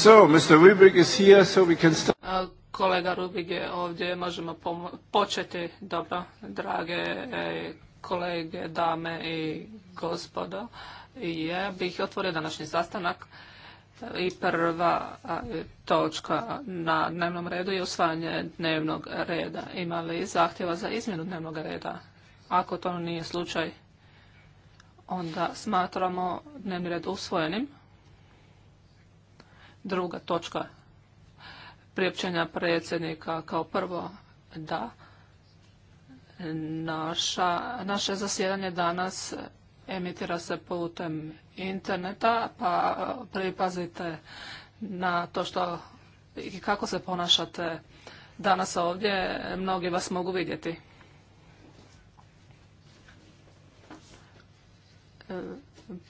So, Mr. is here, so we can Kolega Rubik je ovdje, možemo početi. Dobro, drage e, kolege, dame i gospodo. Ja bih otvorio današnji sastanak i prva točka na dnevnom redu je usvajanje dnevnog reda. Ima li zahtjeva za izmjenu dnevnog reda? Ako to nije slučaj, onda smatramo dnevni red usvojenim. Druga točka priopćenja predsjednika kao prvo da naša, naše zasjedanje danas emitira se putem interneta, pa e, pripazite na to što i kako se ponašate danas ovdje. Mnogi vas mogu vidjeti. E,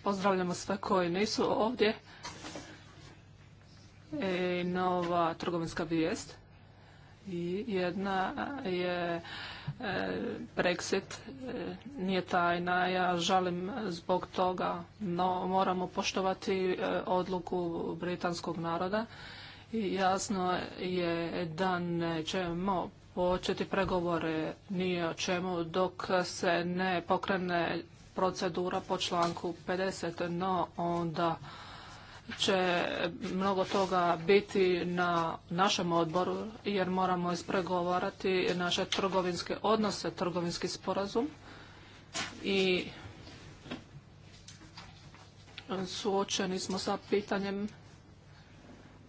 pozdravljamo sve koji nisu ovdje E, nova trgovinska vijest i jedna je e, Brexit, e, nije tajna, ja žalim zbog toga, no moramo poštovati odluku britanskog naroda i jasno je da nećemo početi pregovore Nije o čemu dok se ne pokrene procedura po članku 50, no onda će mnogo toga biti na našem odboru jer moramo ispregovarati naše trgovinske odnose, trgovinski sporazum i suočeni smo sa pitanjem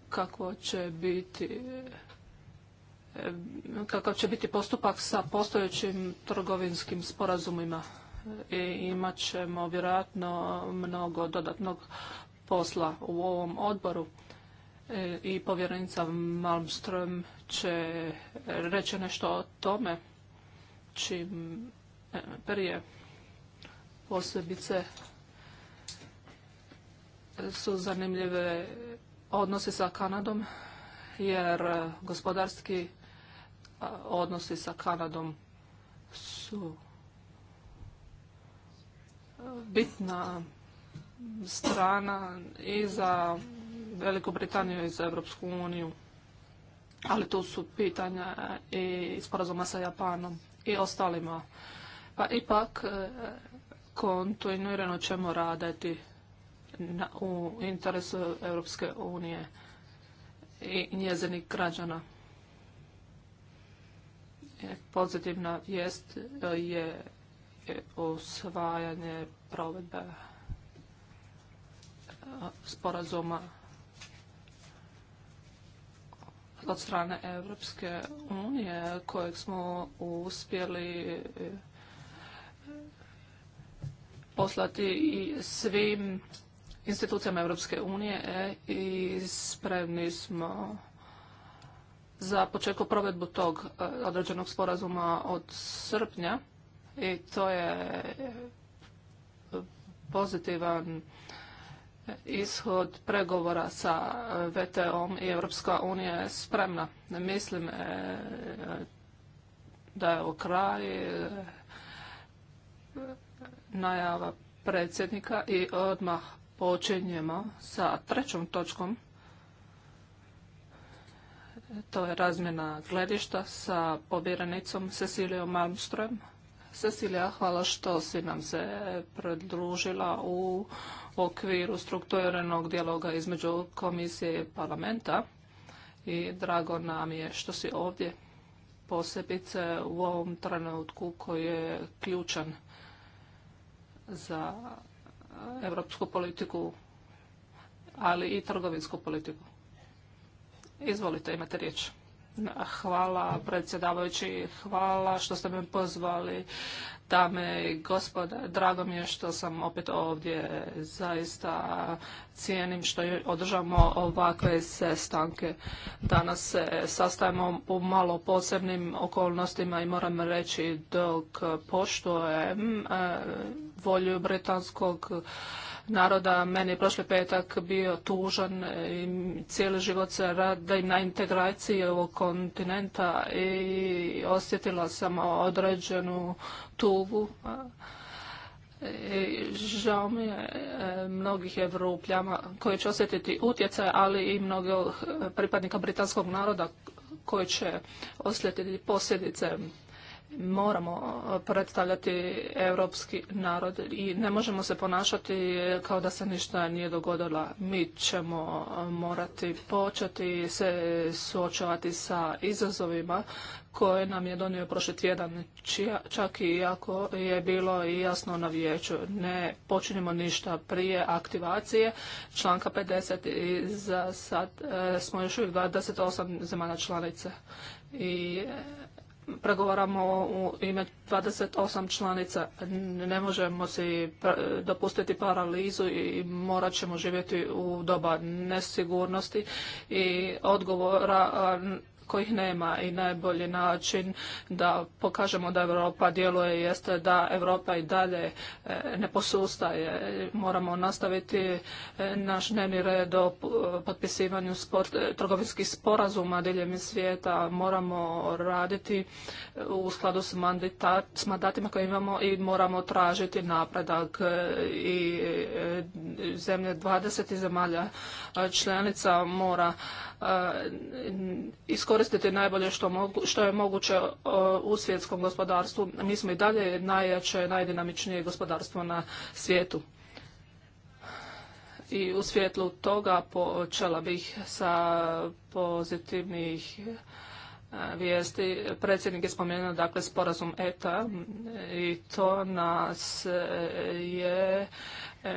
kako će biti kakav će biti postupak sa postojećim trgovinskim sporazumima i imat ćemo vjerojatno mnogo dodatnog posla u ovom odboru e, i povjerenica Malmström će reći nešto o tome čim e, prije posebice su zanimljive odnosi sa Kanadom jer gospodarski e, odnosi sa Kanadom su bitna strana i za Veliku Britaniju i za Europsku uniju. Ali tu su pitanja i sporazuma sa Japanom i ostalima. Pa ipak e, kontinuirano ćemo raditi u interesu Europske unije i njezinih građana. E, pozitivna vijest e, je osvajanje provedbe sporazuma od strane Evropske unije kojeg smo uspjeli eh, poslati i svim institucijama Evropske unije e, i spremni smo za početku provedbu tog eh, određenog sporazuma od srpnja i to je eh, pozitivan ishod pregovora sa e, VTO-om i Europska unija je spremna. Mislim e, da je u kraj e, najava predsjednika i odmah počinjemo sa trećom točkom. To je razmjena gledišta sa povjerenicom Cecilijom Malmström Cecilija, hvala što si nam se predružila u okviru strukturiranog dijaloga između komisije i parlamenta i drago nam je što si ovdje posebice u ovom trenutku koji je ključan za europsku politiku, ali i trgovinsku politiku. Izvolite, imate riječ. Hvala predsjedavajući, hvala što ste me pozvali. Dame i gospode, drago mi je što sam opet ovdje. Zaista cijenim što održamo ovakve sestanke. Danas se sastajemo u malo posebnim okolnostima i moram reći dok poštujem eh, volju britanskog naroda. Meni je prošli petak bio tužan i cijeli život se radim na integraciji ovog kontinenta i osjetila sam određenu tugu. I žao mi je e, mnogih Evropljama koji će osjetiti utjecaj, ali i mnogih pripadnika britanskog naroda koji će osjetiti posljedice moramo e, predstavljati europski narod i ne možemo se ponašati kao da se ništa nije dogodilo. Mi ćemo morati početi se suočavati sa izazovima koje nam je donio prošli tjedan, čak i ako je bilo i jasno na vijeću. Ne počinimo ništa prije aktivacije članka 50 i za sad e, smo još uvijek 28 zemalja članice. I e, pregovaramo u ime 28 članica. Ne možemo si dopustiti paralizu i morat ćemo živjeti u doba nesigurnosti i odgovora kojih nema i najbolji način da pokažemo da Europa djeluje jeste da Europa i dalje e, ne posustaje. Moramo nastaviti e, naš dnevni red o potpisivanju e, trgovinskih sporazuma diljem svijeta. Moramo raditi u skladu s, s mandatima koje imamo i moramo tražiti napredak i zemlje 20 zemalja članica mora iskoristiti najbolje što, je moguće e, u svjetskom gospodarstvu. Mi smo i dalje najjače, najdinamičnije gospodarstvo na svijetu. I u svjetlu toga počela bih sa pozitivnih e, vijesti. Predsjednik je spomenuo dakle sporazum ETA i to nas e, je E,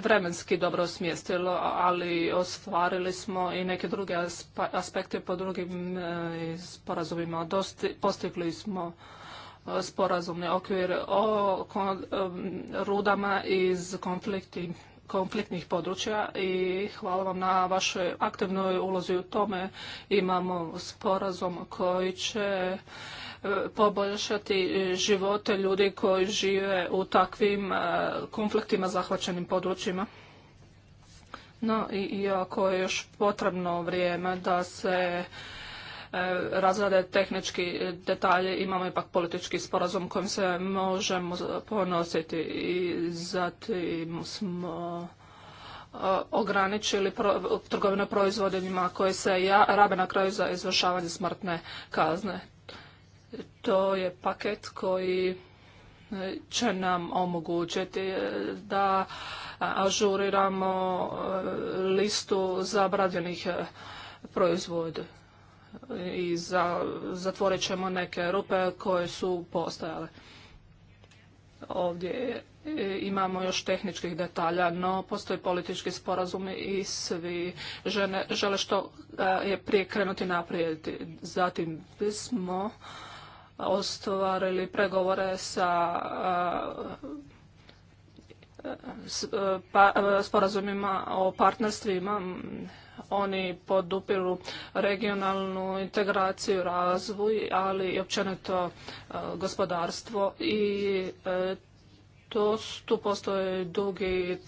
vremenski dobro smjestilo, ali ostvarili smo i neke druge aspekte po drugim e, sporazumima. postigli smo e, sporazumni okvir o rudama iz konflikti, konfliktnih područja i hvala vam na vašoj aktivnoj ulozi u tome. Imamo sporazum koji će poboljšati e, živote ljudi koji žive u takvim e, konfliktima zahvaćenim područjima. No, iako je još potrebno vrijeme da se e, razrade tehnički detalje, imamo ipak politički sporazum kojim se možemo ponositi i zatim smo ograničili trgovino trgovinu proizvodima koje se rabe na kraju za izvršavanje smrtne kazne. To je paket koji e, će nam omogućiti e, da ažuriramo e, listu zabranjenih proizvoda i zatvorit ćemo neke rupe koje su postojale. Ovdje imamo još tehničkih detalja, no postoji politički sporazum i svi žele što je prije krenuti naprijed. Zatim smo ostvarili pregovore sa eh, eh, pa, eh, sporazumima o partnerstvima. Oni podupiru regionalnu integraciju, razvoj, ali i općenito gospodarstvo i tu postoje dugi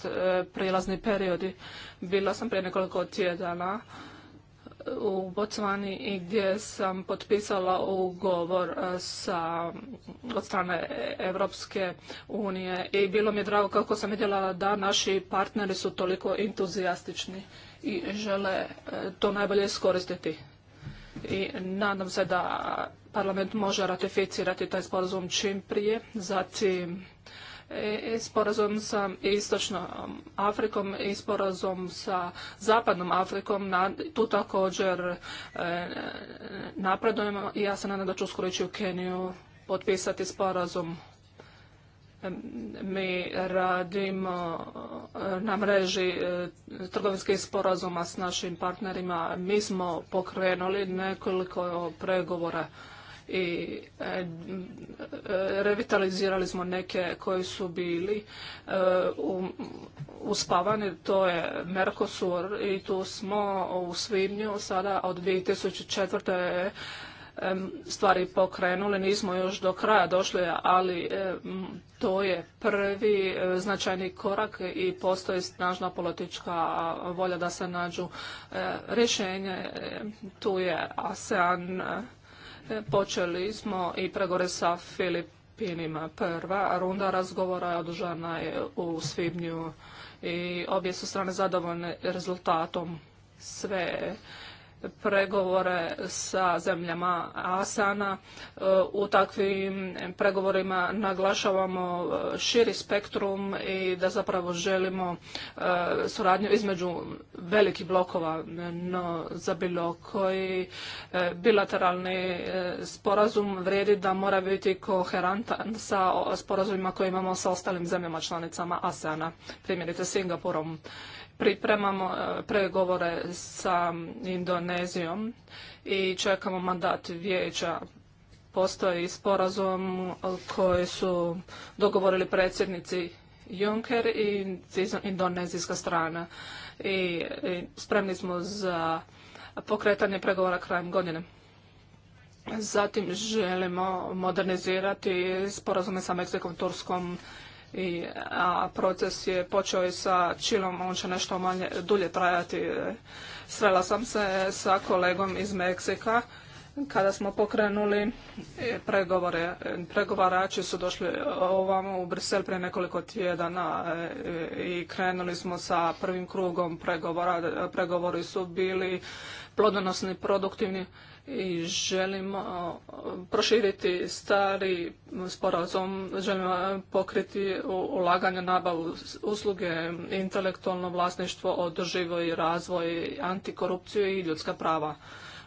prilazni periodi. Bila sam prije nekoliko tjedana u Bocvani i gdje sam potpisala ugovor e, sa, od strane Evropske unije i bilo mi je drago kako sam vidjela da naši partneri su toliko entuzijastični i žele e, to najbolje iskoristiti. I nadam se da parlament može ratificirati taj sporazum čim prije. Zatim sporazum sa Istočnom Afrikom i sporazum sa Zapadnom Afrikom. Tu također e, napredujemo i ja se nadam da ću uskoro ići u Keniju potpisati sporazum mi radimo e, na mreži e, trgovinskih sporazuma s našim partnerima. Mi smo pokrenuli nekoliko pregovora i e, revitalizirali smo neke koji su bili e, uspavani, to je Mercosur i tu smo u svibnju sada od 2004 e, stvari pokrenuli, nismo još do kraja došli, ali to je prvi značajni korak i postoji snažna politička volja da se nađu rješenje. Tu je ASEAN Počeli smo i pregore sa Filipinima. Prva runda razgovora je održana u svibnju i obje su strane zadovoljne rezultatom. Sve pregovore sa zemljama Asana. E, u takvim pregovorima naglašavamo e, širi spektrum i da zapravo želimo e, suradnju između velikih blokova, no za bilo koji bilateralni sporazum vrijedi da mora biti koherentan sa sporazumima koje imamo sa ostalim zemljama članicama Asana, primjerice Singapurom pripremamo e, pregovore sa Indonezijom i čekamo mandat vijeća. Postoji sporazum koji su dogovorili predsjednici Juncker i indonezijska strana. I spremni smo za pokretanje pregovora krajem godine. Zatim želimo modernizirati sporazume sa Meksikom, Turskom i, a proces je počeo i sa Čilom, on će nešto manje, dulje trajati. Srela sam se sa kolegom iz Meksika kada smo pokrenuli e, pregovore. Pregovarači su došli ovamo u Brisel prije nekoliko tjedana e, i krenuli smo sa prvim krugom pregovora. Pregovori su bili plodonosni, produktivni i želimo proširiti stari sporazum, želim pokriti ulaganje nabavu usluge, intelektualno vlasništvo, održivo i razvoj, antikorupciju i ljudska prava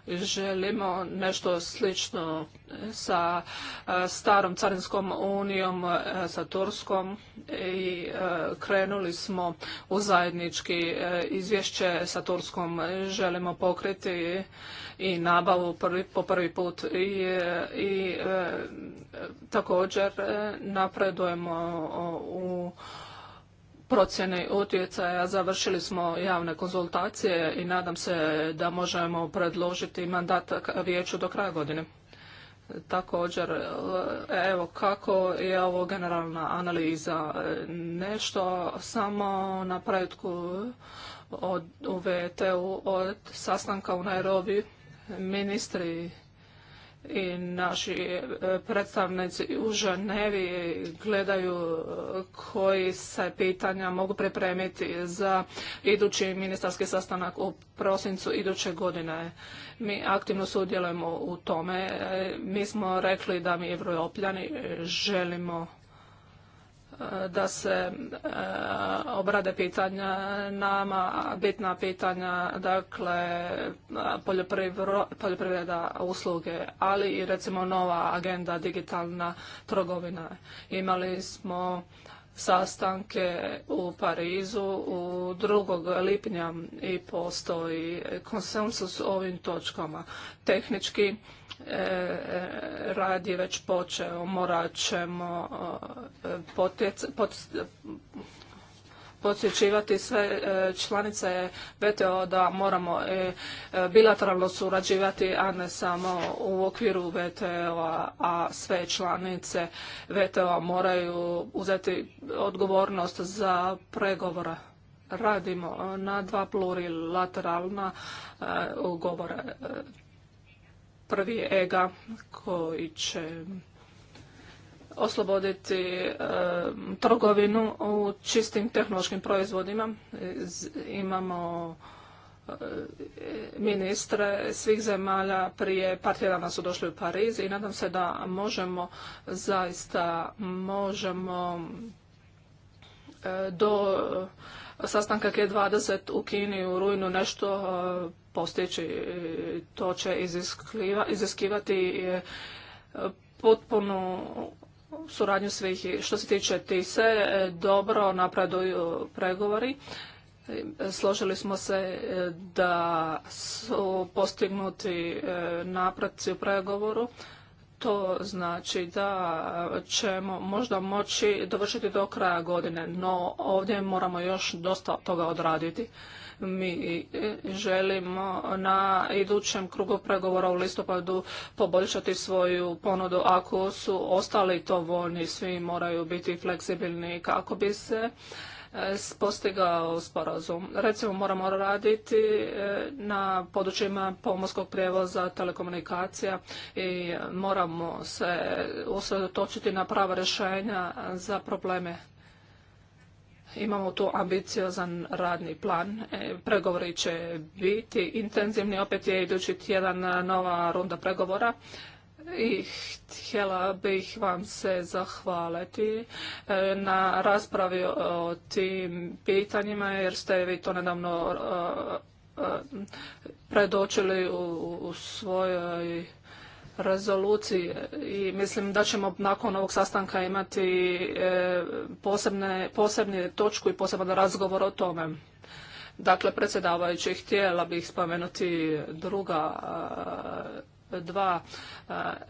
želimo nešto slično sa e, starom carinskom unijom, e, sa Turskom i e, krenuli smo u zajednički izvješće sa Turskom. Želimo pokriti i nabavu po prvi put i također napredujemo u procjeni utjecaja završili smo javne konzultacije i nadam se da možemo predložiti mandat vijeću do kraja godine. Također, evo kako je ovo generalna analiza nešto samo na pretku od, u u od sastanka u Nairobi ministri i naši e, predstavnici u Ženevi gledaju e, koji se pitanja mogu pripremiti za idući ministarski sastanak u prosincu iduće godine. Mi aktivno sudjelujemo u tome. E, mi smo rekli da mi evropljani želimo da se e, obrade pitanja nama, bitna pitanja, dakle poljoprivreda, usluge, ali i recimo nova agenda digitalna trgovina. Imali smo sastanke u Parizu u 2. lipnja i postoji konsensus o ovim točkama. Tehnički E, rad je već počeo. Morat ćemo e, podsjećivati sve e, članice VTO da moramo bilateralno surađivati, a ne samo u okviru VTO-a, a sve članice VTO-a moraju uzeti odgovornost za pregovore radimo na dva plurilateralna ugovore Prvi EGA koji će osloboditi trgovinu u čistim tehnološkim proizvodima. Imamo ministre svih zemalja prije par tjedana su došli u Pariz i nadam se da možemo zaista možemo do sastanka G20 u Kini u rujnu nešto e, postići. E, to će iziskivati e, potpunu suradnju svih. Što se tiče TISE, dobro napreduju pregovori. Složili smo se da su postignuti napreci u pregovoru to znači da ćemo možda moći dovršiti do kraja godine, no ovdje moramo još dosta toga odraditi. Mi želimo na idućem krugu pregovora u listopadu poboljšati svoju ponudu. Ako su ostali to voljni, svi moraju biti fleksibilni kako bi se postigao sporazum. Recimo moramo raditi e, na područjima pomorskog prijevoza, telekomunikacija i moramo se usredotočiti na prava rješenja za probleme Imamo tu ambiciozan radni plan. E, pregovori će biti intenzivni. Opet je idući tjedan nova runda pregovora i htjela bih vam se zahvaliti e, na raspravi o tim pitanjima jer ste vi to nedavno e, e, predočili u svojoj rezoluciji i mislim da ćemo nakon ovog sastanka imati posebne, točku i poseban razgovor o tome. Dakle, predsjedavajući, htjela bih spomenuti druga dva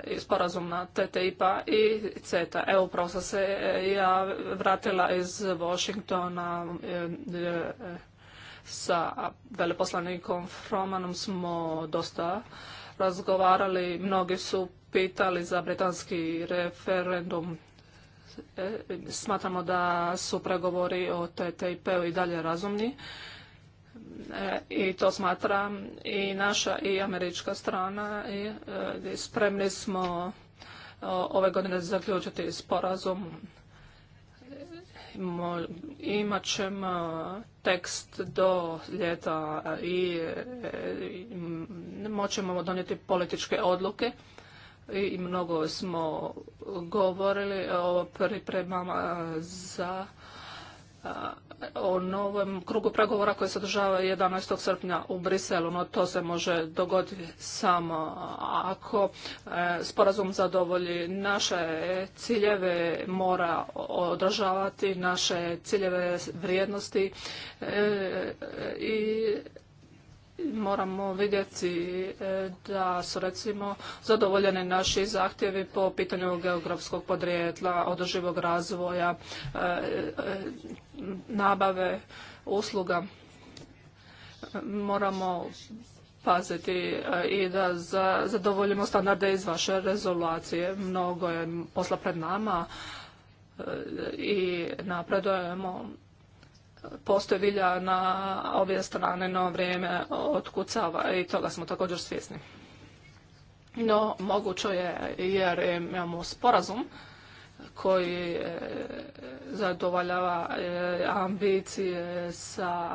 e, sporazumna TTIP-a i CETA. P-a e Evo, upravo sam se e, ja vratila iz Washingtona sa veleposlanikom Fromanom smo dosta razgovarali. Mnogi su pitali za britanski referendum. Smatramo da su pregovori o TTIP-u i dalje razumni i to smatram i naša i američka strana i e, spremni smo ove godine zaključiti sporazum imat ćemo tekst do ljeta i e, moćemo donijeti političke odluke i mnogo smo govorili o pripremama za o novom krugu pregovora koji se održava 11. srpnja u Briselu, no to se može dogoditi samo ako e, sporazum zadovolji naše ciljeve, mora održavati naše ciljeve vrijednosti e, i moramo vidjeti e, da su recimo zadovoljeni naši zahtjevi po pitanju geografskog podrijetla, održivog razvoja, e, e, nabave usluga. Moramo paziti i da zadovoljimo standarde iz vaše rezolucije. Mnogo je posla pred nama i napredujemo postoje vilja na obje strane, no vrijeme otkucava i toga smo također svjesni. No, moguće je jer imamo sporazum koji e, zadovoljava e, ambicije sa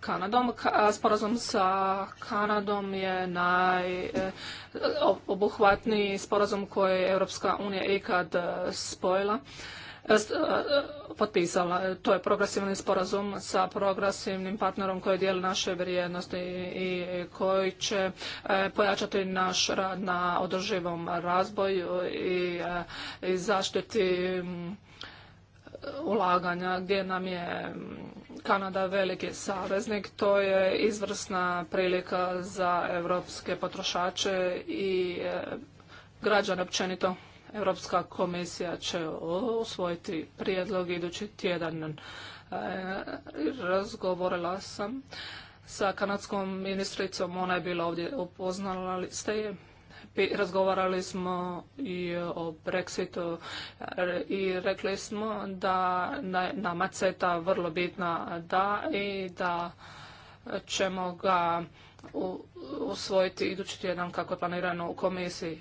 Kanadom. Sporazum sa Kanadom je najobuhvatniji e, sporazum koji je Europska unija ikad spojila E, potpisala. To je progresivni sporazum sa progresivnim partnerom koji dijeli naše vrijednosti i koji će e, pojačati naš rad na održivom razvoju i e, zaštiti ulaganja gdje nam je Kanada veliki saveznik. To je izvrsna prilika za evropske potrošače i građane općenito. Europska komisija će usvojiti prijedlog idući tjedan. E, razgovorila sam sa kanadskom ministricom, ona je bila ovdje, upoznala ste je. Razgovarali smo i o Brexitu e, i rekli smo da namaceta vrlo bitna da i da ćemo ga usvojiti idući tjedan kako je planirano u komisiji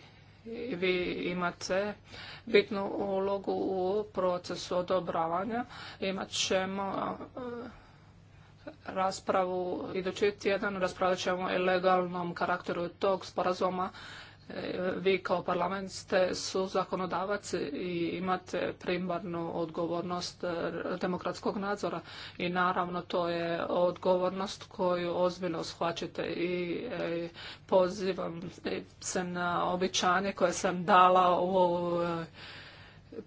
vi imate bitnu ulogu u procesu odobravanja. Imat ćemo e, raspravu idući tjedan, raspravit ćemo o legalnom karakteru tog sporazuma E, vi kao parlament ste su zakonodavac i imate primarnu odgovornost e, demokratskog nadzora i naravno to je odgovornost koju ozbiljno shvaćate i e, pozivam se na običanje koje sam dala u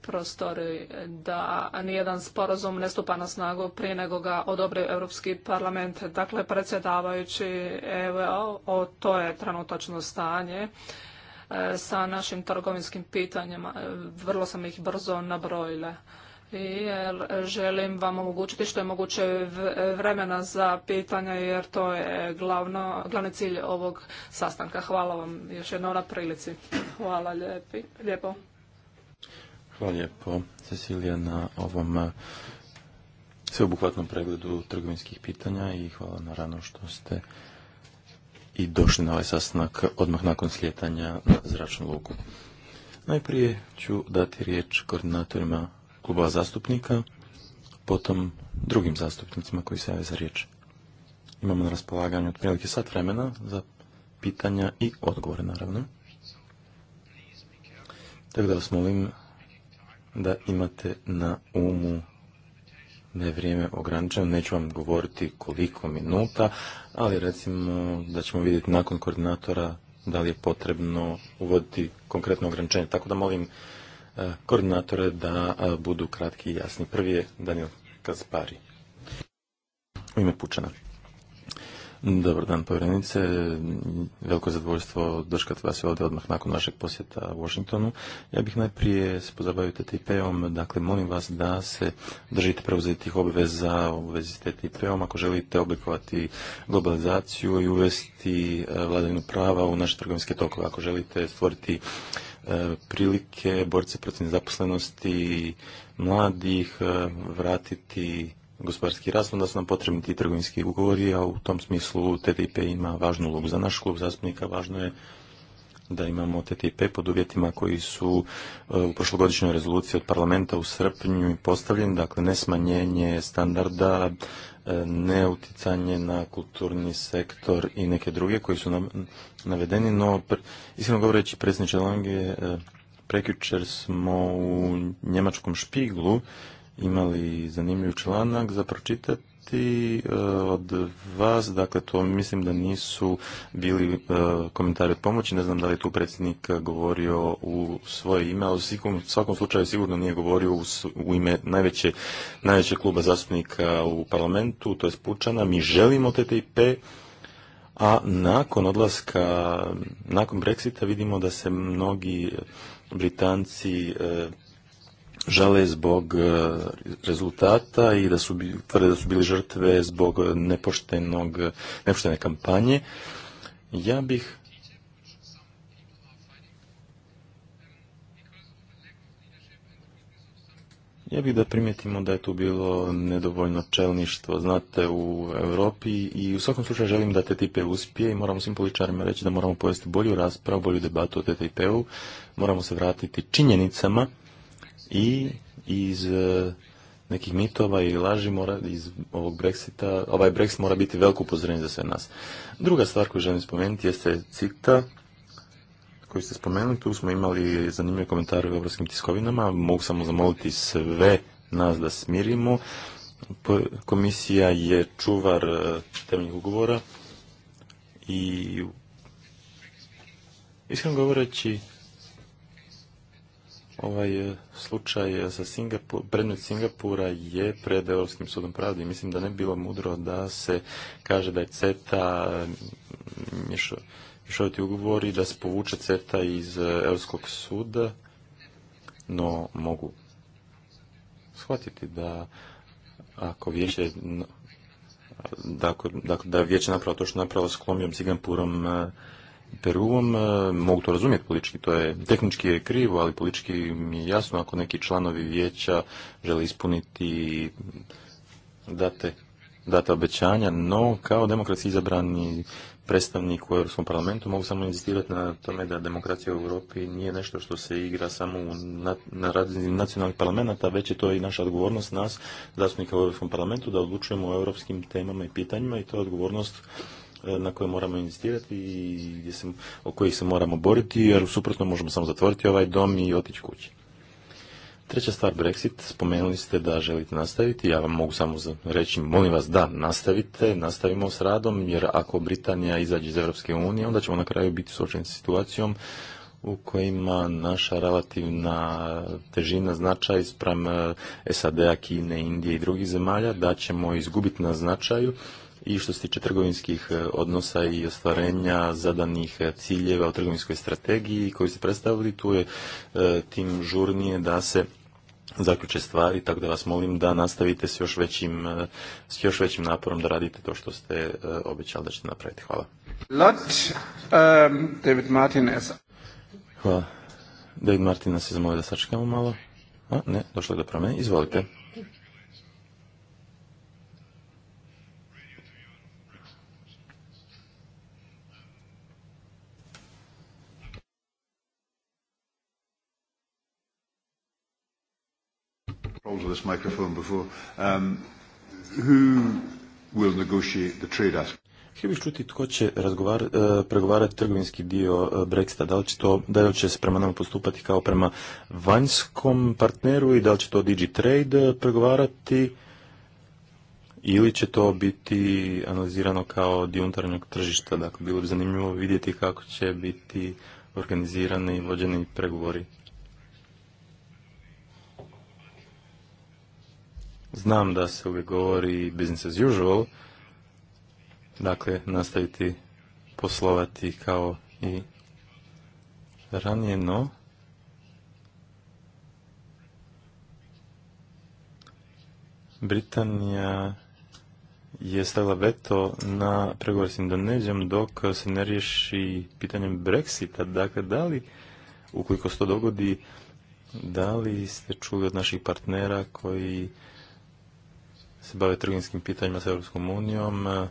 prostori da nijedan sporazum ne stupa na snagu prije nego ga odobri Europski parlament. Dakle, predsjedavajući, evo, to je trenutačno stanje. E, sa našim trgovinskim pitanjima. E, vrlo sam ih brzo nabrojila I e, želim vam omogućiti što je moguće vremena za pitanja jer to je glavno, glavni cilj ovog sastanka. Hvala vam još jednom na prilici. Hvala lijepi, lijepo. Hvala lijepo Cecilija na ovom sveobuhvatnom pregledu trgovinskih pitanja i hvala naravno što ste i došli na ovaj sastanak odmah nakon slijetanja na zračnu luku. Najprije ću dati riječ koordinatorima kluba zastupnika, potom drugim zastupnicima koji se jave za riječ. Imamo na raspolaganju otprilike sat vremena za pitanja i odgovore, naravno. Tako da vas molim da imate na umu da vrijeme ograničeno, neću vam govoriti koliko minuta, ali recimo da ćemo vidjeti nakon koordinatora da li je potrebno uvoditi konkretno ograničenje. Tako da molim e, koordinatore da e, budu kratki i jasni. Prvi je Daniel Kaspari. U ime Pučana. Dobar dan, povjerenice. Veliko zadovoljstvo držkati vas ovdje odmah nakon našeg posjeta u Washingtonu. Ja bih najprije se pozabavio TTIP-om. Dakle, molim vas da se držite preuzetih obveza u vezi s TTIP-om. Ako želite oblikovati globalizaciju i uvesti e, vladavinu prava u naše trgovinske tokove, ako želite stvoriti e, prilike borce protiv nezaposlenosti mladih, e, vratiti gospodarski rast, onda su nam potrebni ti trgovinski ugovori, a u tom smislu TTIP ima važnu ulogu za naš klub zastupnika. Važno je da imamo TTIP pod uvjetima koji su e, u prošlogodišnjoj rezoluciji od parlamenta u srpnju postavljeni, dakle ne smanjenje standarda, e, ne uticanje na kulturni sektor i neke druge koji su navedeni, no iskreno govoreći predsjedniče Lange, e, prekjučer smo u njemačkom špiglu imali zanimljiv članak za pročitati e, od vas, dakle to mislim da nisu bili e, komentari od pomoći, ne znam da li je tu predsjednik govorio u svoje ime, ali u svakom slučaju sigurno nije govorio u ime najveće, najveće kluba zastupnika u parlamentu, to je Pučana, mi želimo TTIP, a nakon odlaska, nakon Brexita vidimo da se mnogi Britanci e, žale zbog e, rezultata i da su tvrde da su bili žrtve zbog nepoštenog, nepoštene kampanje. Ja bih Ja bih da primijetimo da je tu bilo nedovoljno čelništvo, znate, u Europi i u svakom slučaju želim da TTIP uspije i moramo svim političarima reći da moramo povesti bolju raspravu, bolju debatu o TTIP-u, moramo se vratiti činjenicama i iz e, nekih mitova i laži mora iz ovog Brexita, ovaj Brexit mora biti veliko upozorenje za sve nas. Druga stvar koju želim spomenuti jeste CITA, koji ste spomenuli, tu smo imali zanimljive komentare u europskim tiskovinama, mogu samo zamoliti sve nas da smirimo. Komisija je čuvar e, temeljnih ugovora i iskreno govoreći Ovaj e, slučaj e, sa Singapur, predmet Singapura je pred Europskim sudom pravde i mislim da ne bi bilo mudro da se kaže da je CETA još mm, da se povuče CETA iz e, Europskog suda, no mogu shvatiti da ako vijeće da, da, da vijeće napravo to što napravo s Singapurom, Peruvom, e, mogu to razumjeti politički, to je tehnički je krivo, ali politički mi je jasno ako neki članovi vijeća žele ispuniti date, data obećanja, no kao demokratski izabrani predstavnik u Europskom parlamentu mogu samo inzistirati na tome da demokracija u Europi nije nešto što se igra samo na, na razini nacionalnih parlamenta, već je to i naša odgovornost nas, zastupnika u Europskom parlamentu, da odlučujemo o europskim temama i pitanjima i to je odgovornost E, na koje moramo investirati i gdje se, o kojih se moramo boriti, jer u suprotno možemo samo zatvoriti ovaj dom i otići kući. Treća stvar, Brexit. Spomenuli ste da želite nastaviti. Ja vam mogu samo reći, molim vas da nastavite, nastavimo s radom, jer ako Britanija izađe iz Europske unije, onda ćemo na kraju biti suočeni sa situacijom u kojima naša relativna težina značaj spram e, SAD-a, Kine, Indije i drugih zemalja, da ćemo izgubiti na značaju i što se tiče trgovinskih e, odnosa i ostvarenja zadanih e, ciljeva u trgovinskoj strategiji koji se predstavili, tu je e, tim žurnije da se zaključe stvari, tako da vas molim da nastavite s još većim, s još većim naporom da radite to što ste obećali da ćete napraviti. Hvala. Lot, um, David Martin Hvala. David Martina se zamolio da sačekamo malo. A, ne, došlo je do promene. Izvolite. Problems with this microphone before. Um, who will negotiate the trade aspect? Htio bih čuti tko će e, pregovarati trgovinski dio e, Brexita, da li, će to, da će se prema nama postupati kao prema vanjskom partneru i da li će to Digitrade pregovarati ili će to biti analizirano kao dio unutarnjeg tržišta. Dakle, bilo bi zanimljivo vidjeti kako će biti organizirani i vođeni pregovori. Znam da se uvijek govori business as usual, dakle nastaviti poslovati kao i ranije, no Britanija je stavila veto na pregovor s Indonezijom dok se ne riješi pitanjem Brexita. Dakle, da li, ukoliko se to dogodi, da li ste čuli od naših partnera koji se bave trgovinskim pitanjima sa Europskom unijom.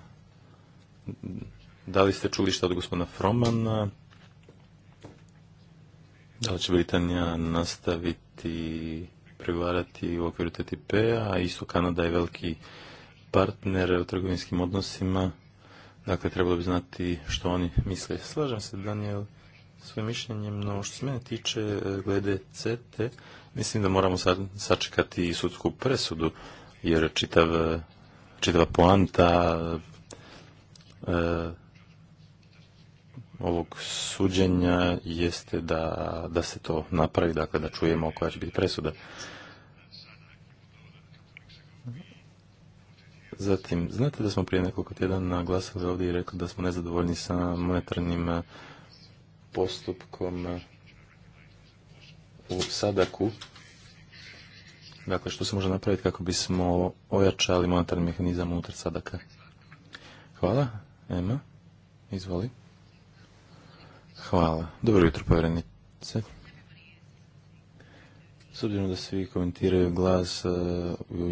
Da li ste čuli šta od gospodina Fromana? Da li će Britanija nastaviti pregovarati u okviru TTIP-a, isto Kanada je veliki partner u trgovinskim odnosima, dakle trebalo bi znati što oni misle. Slažem se, Daniel, svojim mišljenjem, no što se mene tiče glede CT, mislim da moramo sačekati i sudsku presudu jer čitav, čitava poanta e, ovog suđenja jeste da, da se to napravi, dakle da čujemo koja će biti presuda. Zatim, znate da smo prije nekoliko tjedana glasali ovdje i rekli da smo nezadovoljni sa monetarnim e, postupkom u Sadaku Dakle, što se može napraviti kako bismo ojačali monetarni mehanizam unutar sadaka? Hvala. Ema, izvoli. Hvala. Dobro jutro, povjerenice. S obzirom da svi komentiraju glas e, u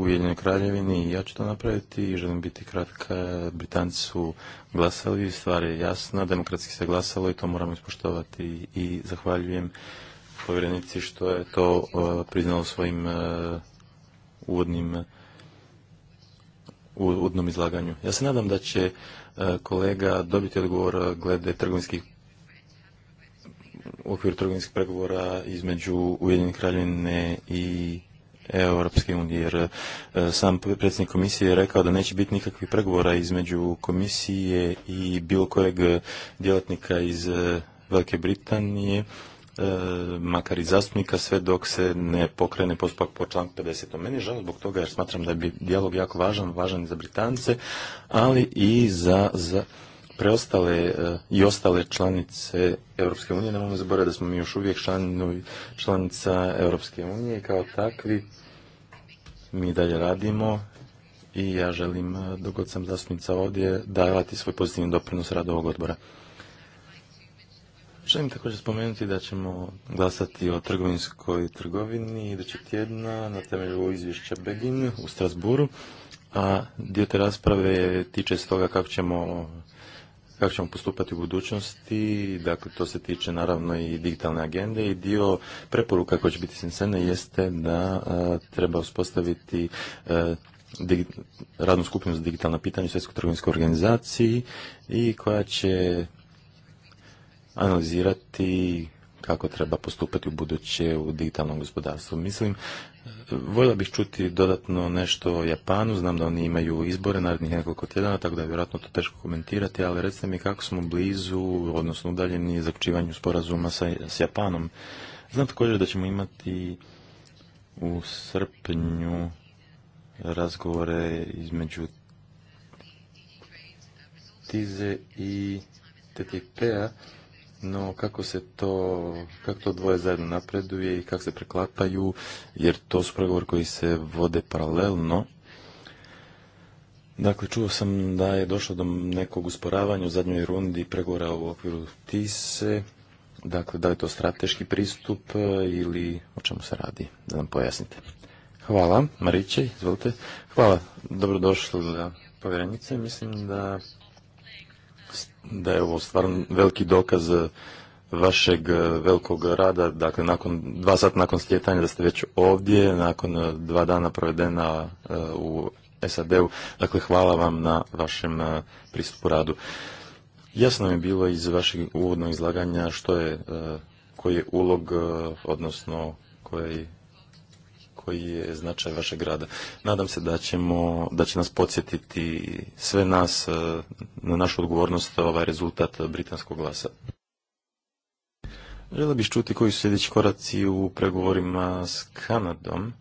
Ujedinjenoj kraljevini, ja ću to napraviti i želim biti kratka. Britanci su glasali, stvar je jasna, demokratski se glasalo i to moramo ispoštovati i zahvaljujem povjerenici što je to e, priznalo svojim e, uvodnim e, uvodnom izlaganju. Ja se nadam da će kolega dobiti odgovor glede trgovinskih u okviru trgovinskih pregovora između Ujedinjene kraljevine i Europske unije, jer sam predsjednik komisije je rekao da neće biti nikakvih pregovora između komisije i bilo kojeg djelatnika iz Velike Britanije E, makar i zastupnika, sve dok se ne pokrene postupak po članku 50. Meni je žao zbog toga jer smatram da je dijalog jako važan, važan i za Britance, ali i za, preostale e, i ostale članice Europske unije. Nemojmo zaboraviti da smo mi još uvijek članica Europske unije i kao takvi mi dalje radimo i ja želim, e, dok sam zastupnica ovdje, davati svoj pozitivni doprinos radu ovog odbora. Želim također spomenuti da ćemo glasati o trgovinskoj trgovini idućeg tjedna na temelju izvješća Begin u Strasburu, a dio te rasprave tiče se toga kako ćemo ćemo postupati u budućnosti, dakle to se tiče naravno i digitalne agende i dio preporuka koje će biti sensene jeste da treba uspostaviti radnu skupinu za digitalna pitanja u Svjetskoj trgovinskoj organizaciji i koja će analizirati kako treba postupati u buduće u digitalnom gospodarstvu. Mislim, voljela bih čuti dodatno nešto o Japanu, znam da oni imaju izbore narednih nekoliko tjedana, tako da je vjerojatno to teško komentirati, ali recite mi kako smo blizu, odnosno udaljeni zaključivanju sporazuma sa, s Japanom. Znam također da ćemo imati u srpnju razgovore između Tize i TTP-a no kako se to, kako to dvoje zajedno napreduje i kako se preklapaju, jer to su pregovori koji se vode paralelno. Dakle, čuo sam da je došlo do nekog usporavanja u zadnjoj rundi pregovora u okviru TISE. Dakle, da li je to strateški pristup e, ili o čemu se radi? Da nam pojasnite. Hvala, Mariće, izvolite. Hvala, dobrodošli za povjerenice. Mislim da da je ovo stvarno veliki dokaz eh, vašeg eh, velikog rada, dakle nakon dva sata nakon stjetanja da ste već ovdje, nakon eh, dva dana provedena u SAD-u. Dakle, hvala vam na vašem pristupu radu. Jasno je bilo iz vašeg uvodnog izlaganja što je, koji je ulog, odnosno koji koji je značaj vašeg grada. Nadam se da, ćemo, da će nas podsjetiti sve nas e, na našu odgovornost ovaj rezultat britanskog glasa. Žele bih čuti koji su sljedeći koraci u pregovorima s Kanadom.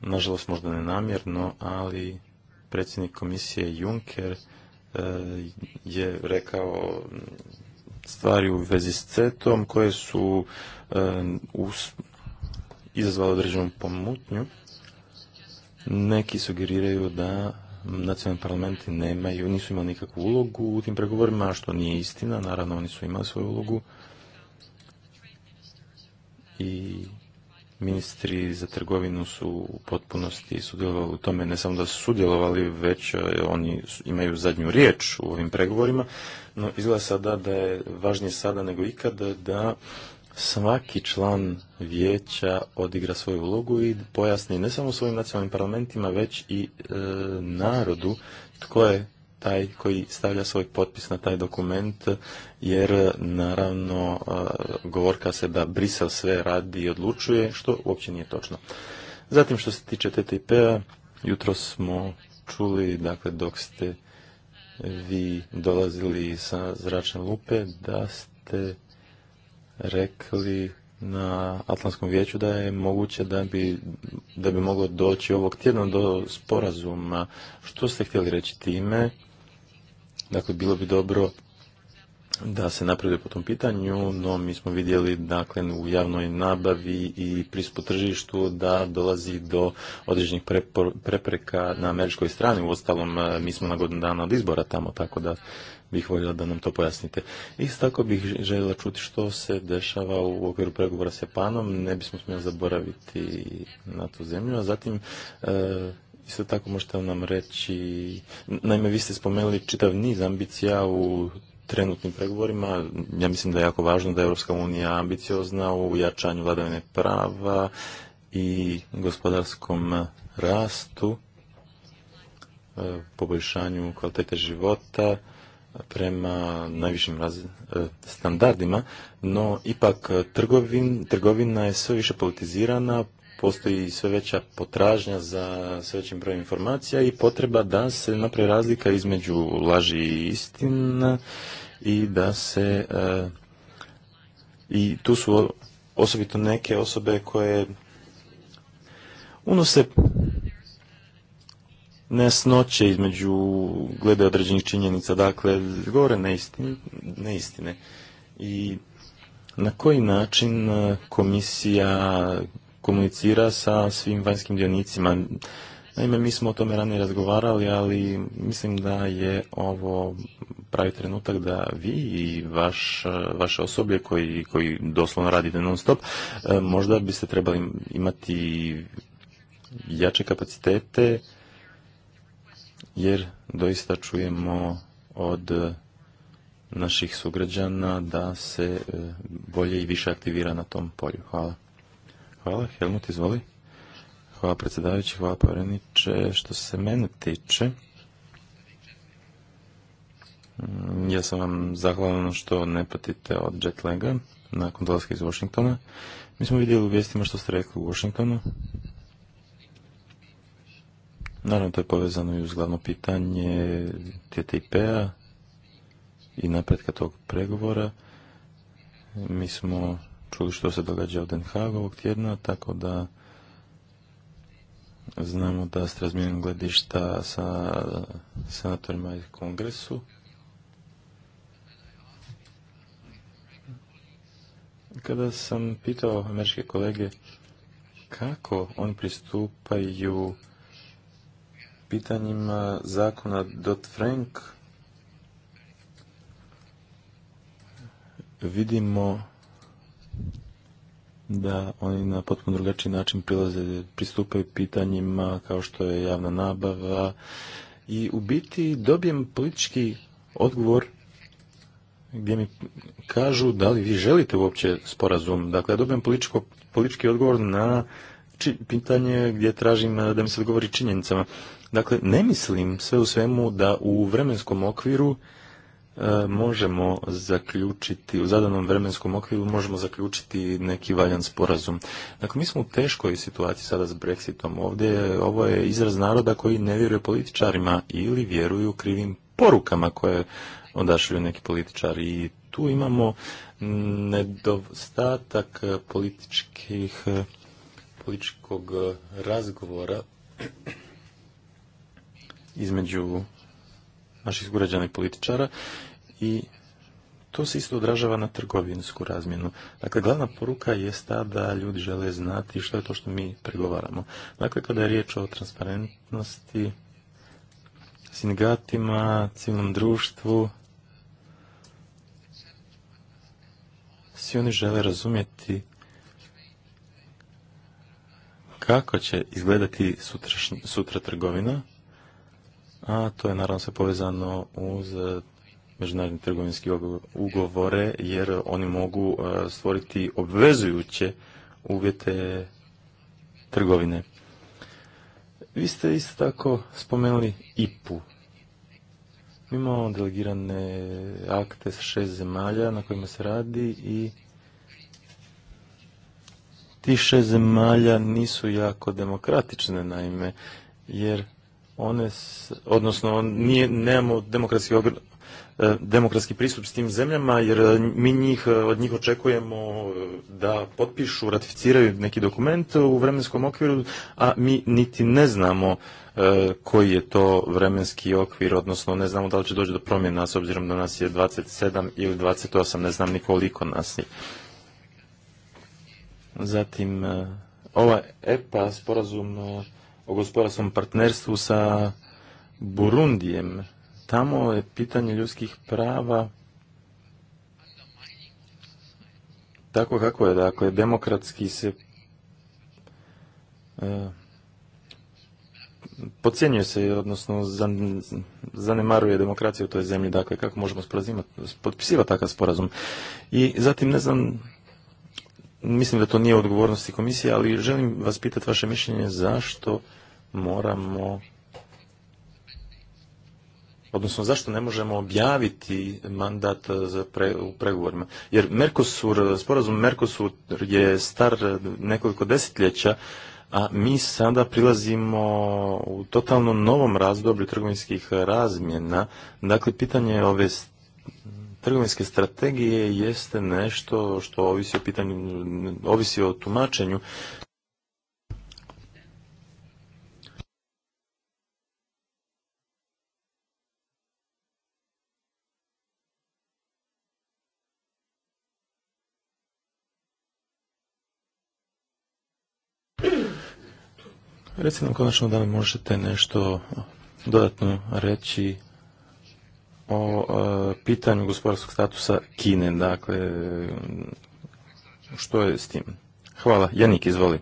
Nažalost, možda nenamjerno, ali predsjednik komisije Juncker e, je rekao stvari u vezi s CETom koje su e, izazvalo određenu pomutnju. Neki sugeriraju da nacionalni parlamenti nemaju, nisu imali nikakvu ulogu u tim pregovorima, što nije istina. Naravno, oni su imali svoju ulogu. I ministri za trgovinu su u potpunosti sudjelovali u tome, ne samo da su sudjelovali, već e, oni imaju zadnju riječ u ovim pregovorima, no izgleda sada da je važnije sada nego ikada da svaki član vijeća odigra svoju ulogu i pojasni ne samo svojim nacionalnim parlamentima, već i e, narodu tko je taj koji stavlja svoj potpis na taj dokument, jer naravno e, govorka se da Brisel sve radi i odlučuje, što uopće nije točno. Zatim što se tiče TTIP-a, jutro smo čuli, dakle dok ste vi dolazili sa zračne lupe, da ste rekli na Atlantskom vijeću da je moguće da bi, da bi moglo doći ovog tjedna do sporazuma. Što ste htjeli reći time? Dakle, bilo bi dobro da se napravi po tom pitanju, no mi smo vidjeli dakle, u javnoj nabavi i pristupu tržištu da dolazi do određenih prepreka na američkoj strani. Uostalom, mi smo na godinu dana od izbora tamo, tako da bih voljela da nam to pojasnite. Isto tako bih željela čuti što se dešava u okviru pregovora s Japanom, ne bismo smjeli zaboraviti na tu zemlju, a zatim e, isto tako možete nam reći, naime vi ste spomenuli čitav niz ambicija u trenutnim pregovorima. Ja mislim da je jako važno da je Europska unija ambiciozna u jačanju vladavine prava i gospodarskom rastu, e, poboljšanju kvalitete života, prema najvišim e, standardima, no ipak e, trgovin, trgovina je sve više politizirana, postoji sve veća potražnja za sve većim brojem informacija i potreba da se napravi razlika između laži i istina i da se e, i tu su osobito neke osobe koje unose nesnoće između glede određenih činjenica. Dakle, govore neistine, neistine. I na koji način e, komisija komunicira sa svim vanjskim dionicima? Naime, mi smo o tome ranije razgovarali, ali mislim da je ovo pravi trenutak da vi i e, vaše osoblje koji, koji doslovno radite non stop, e, možda biste trebali imati jače kapacitete jer doista čujemo od e, naših sugrađana da se e, bolje i više aktivira na tom polju. Hvala. Hvala, Helmut, izvoli. Hvala predsjedavajući, hvala povjereniče. Što se mene tiče, mm, ja sam vam zahvalan što ne patite od jetlaga nakon dolaska iz Washingtona. Mi smo vidjeli u vijestima što ste rekli u Washingtonu. Naravno, to je povezano i uz glavno pitanje TTIP-a i napretka tog pregovora. Mi smo čuli što se događa u Den ovog tjedna, tako da znamo da ste razmijenili gledišta sa senatorima i kongresu. Kada sam pitao američke kolege kako oni pristupaju pitanjima zakona dot frank vidimo da oni na potpuno drugačiji način prilaze, pristupaju pitanjima kao što je javna nabava i u biti dobijem politički odgovor gdje mi kažu da li vi želite uopće sporazum. Dakle, ja dobijem političko, politički odgovor na pitanje gdje tražim da mi se odgovori činjenicama. Dakle, ne mislim sve u svemu da u vremenskom okviru e, možemo zaključiti, u zadanom vremenskom okviru možemo zaključiti neki valjan sporazum. Dakle, mi smo u teškoj situaciji sada s Brexitom ovdje. Ovo je izraz naroda koji ne vjeruje političarima ili vjeruju krivim porukama koje odašlju neki političari i tu imamo nedostatak političkih političkog razgovora između naših sugrađana i političara i to se isto odražava na trgovinsku razmjenu. Dakle, glavna poruka je ta da ljudi žele znati što je to što mi pregovaramo. Dakle, kada je riječ o transparentnosti, sindikatima, civilnom društvu, svi oni žele razumjeti kako će izgledati sutra trgovina, a to je naravno sve povezano uz e, međunarodne trgovinske ugovore, jer oni mogu e, stvoriti obvezujuće uvjete trgovine. Vi ste isto tako spomenuli IPU. Mi imamo delegirane akte sa šest zemalja na kojima se radi i ti šest zemalja nisu jako demokratične, naime, jer one, odnosno nije, nemamo demokratski, e, demokratski pristup s tim zemljama jer e, mi njih, e, od njih očekujemo da potpišu, ratificiraju neki dokument u vremenskom okviru, a mi niti ne znamo koji je to vremenski okvir, odnosno ne znamo da li će doći do promjena s obzirom da nas je 27 ili 28, ne znam nikoliko nas je. Zatim, ova EPA sporazum o gospodarskom partnerstvu sa Burundijem. Tamo je pitanje ljudskih prava tako kako je, dakle, demokratski se e, podcjenjuje se, odnosno zanemaruje demokracija u toj zemlji, dakle, kako možemo potpisivati takav sporazum. I zatim, ne znam, mislim da to nije odgovornosti komisije, ali želim vas pitati vaše mišljenje zašto moramo odnosno zašto ne možemo objaviti mandat u pregovorima. Jer Mercosur, sporazum Mercosur je star nekoliko desetljeća, a mi sada prilazimo u totalno novom razdoblju trgovinskih razmjena. Dakle, pitanje ove trgovinske strategije jeste nešto što ovisi o pitanju, ovisi o tumačenju. Recimo konačno da li možete nešto dodatno reći o e, pitanju gospodarskog statusa Kine, dakle, što je s tim? Hvala. Janik, izvoli.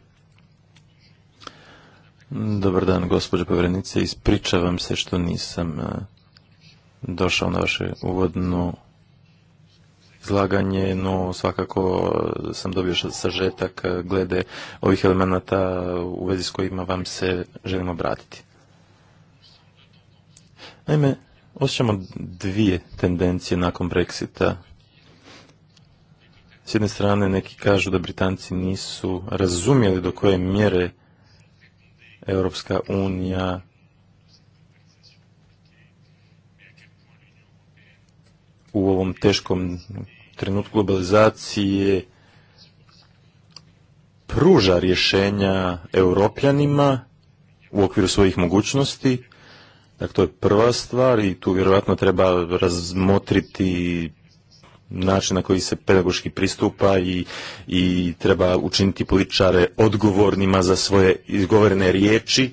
Dobar dan, gospođo povjerenice. Ispričavam se što nisam e, došao na vaše uvodno izlaganje, no svakako e, sam dobio sažetak glede ovih elemenata u vezi s kojima vam se želim obratiti. Naime, osjećamo dvije tendencije nakon Brexita. S jedne strane neki kažu da Britanci nisu razumjeli do koje mjere Europska unija u ovom teškom trenutku globalizacije pruža rješenja europljanima u okviru svojih mogućnosti Dakle, to je prva stvar i tu vjerojatno treba razmotriti način na koji se pedagoški pristupa i, i treba učiniti političare odgovornima za svoje izgovorene riječi.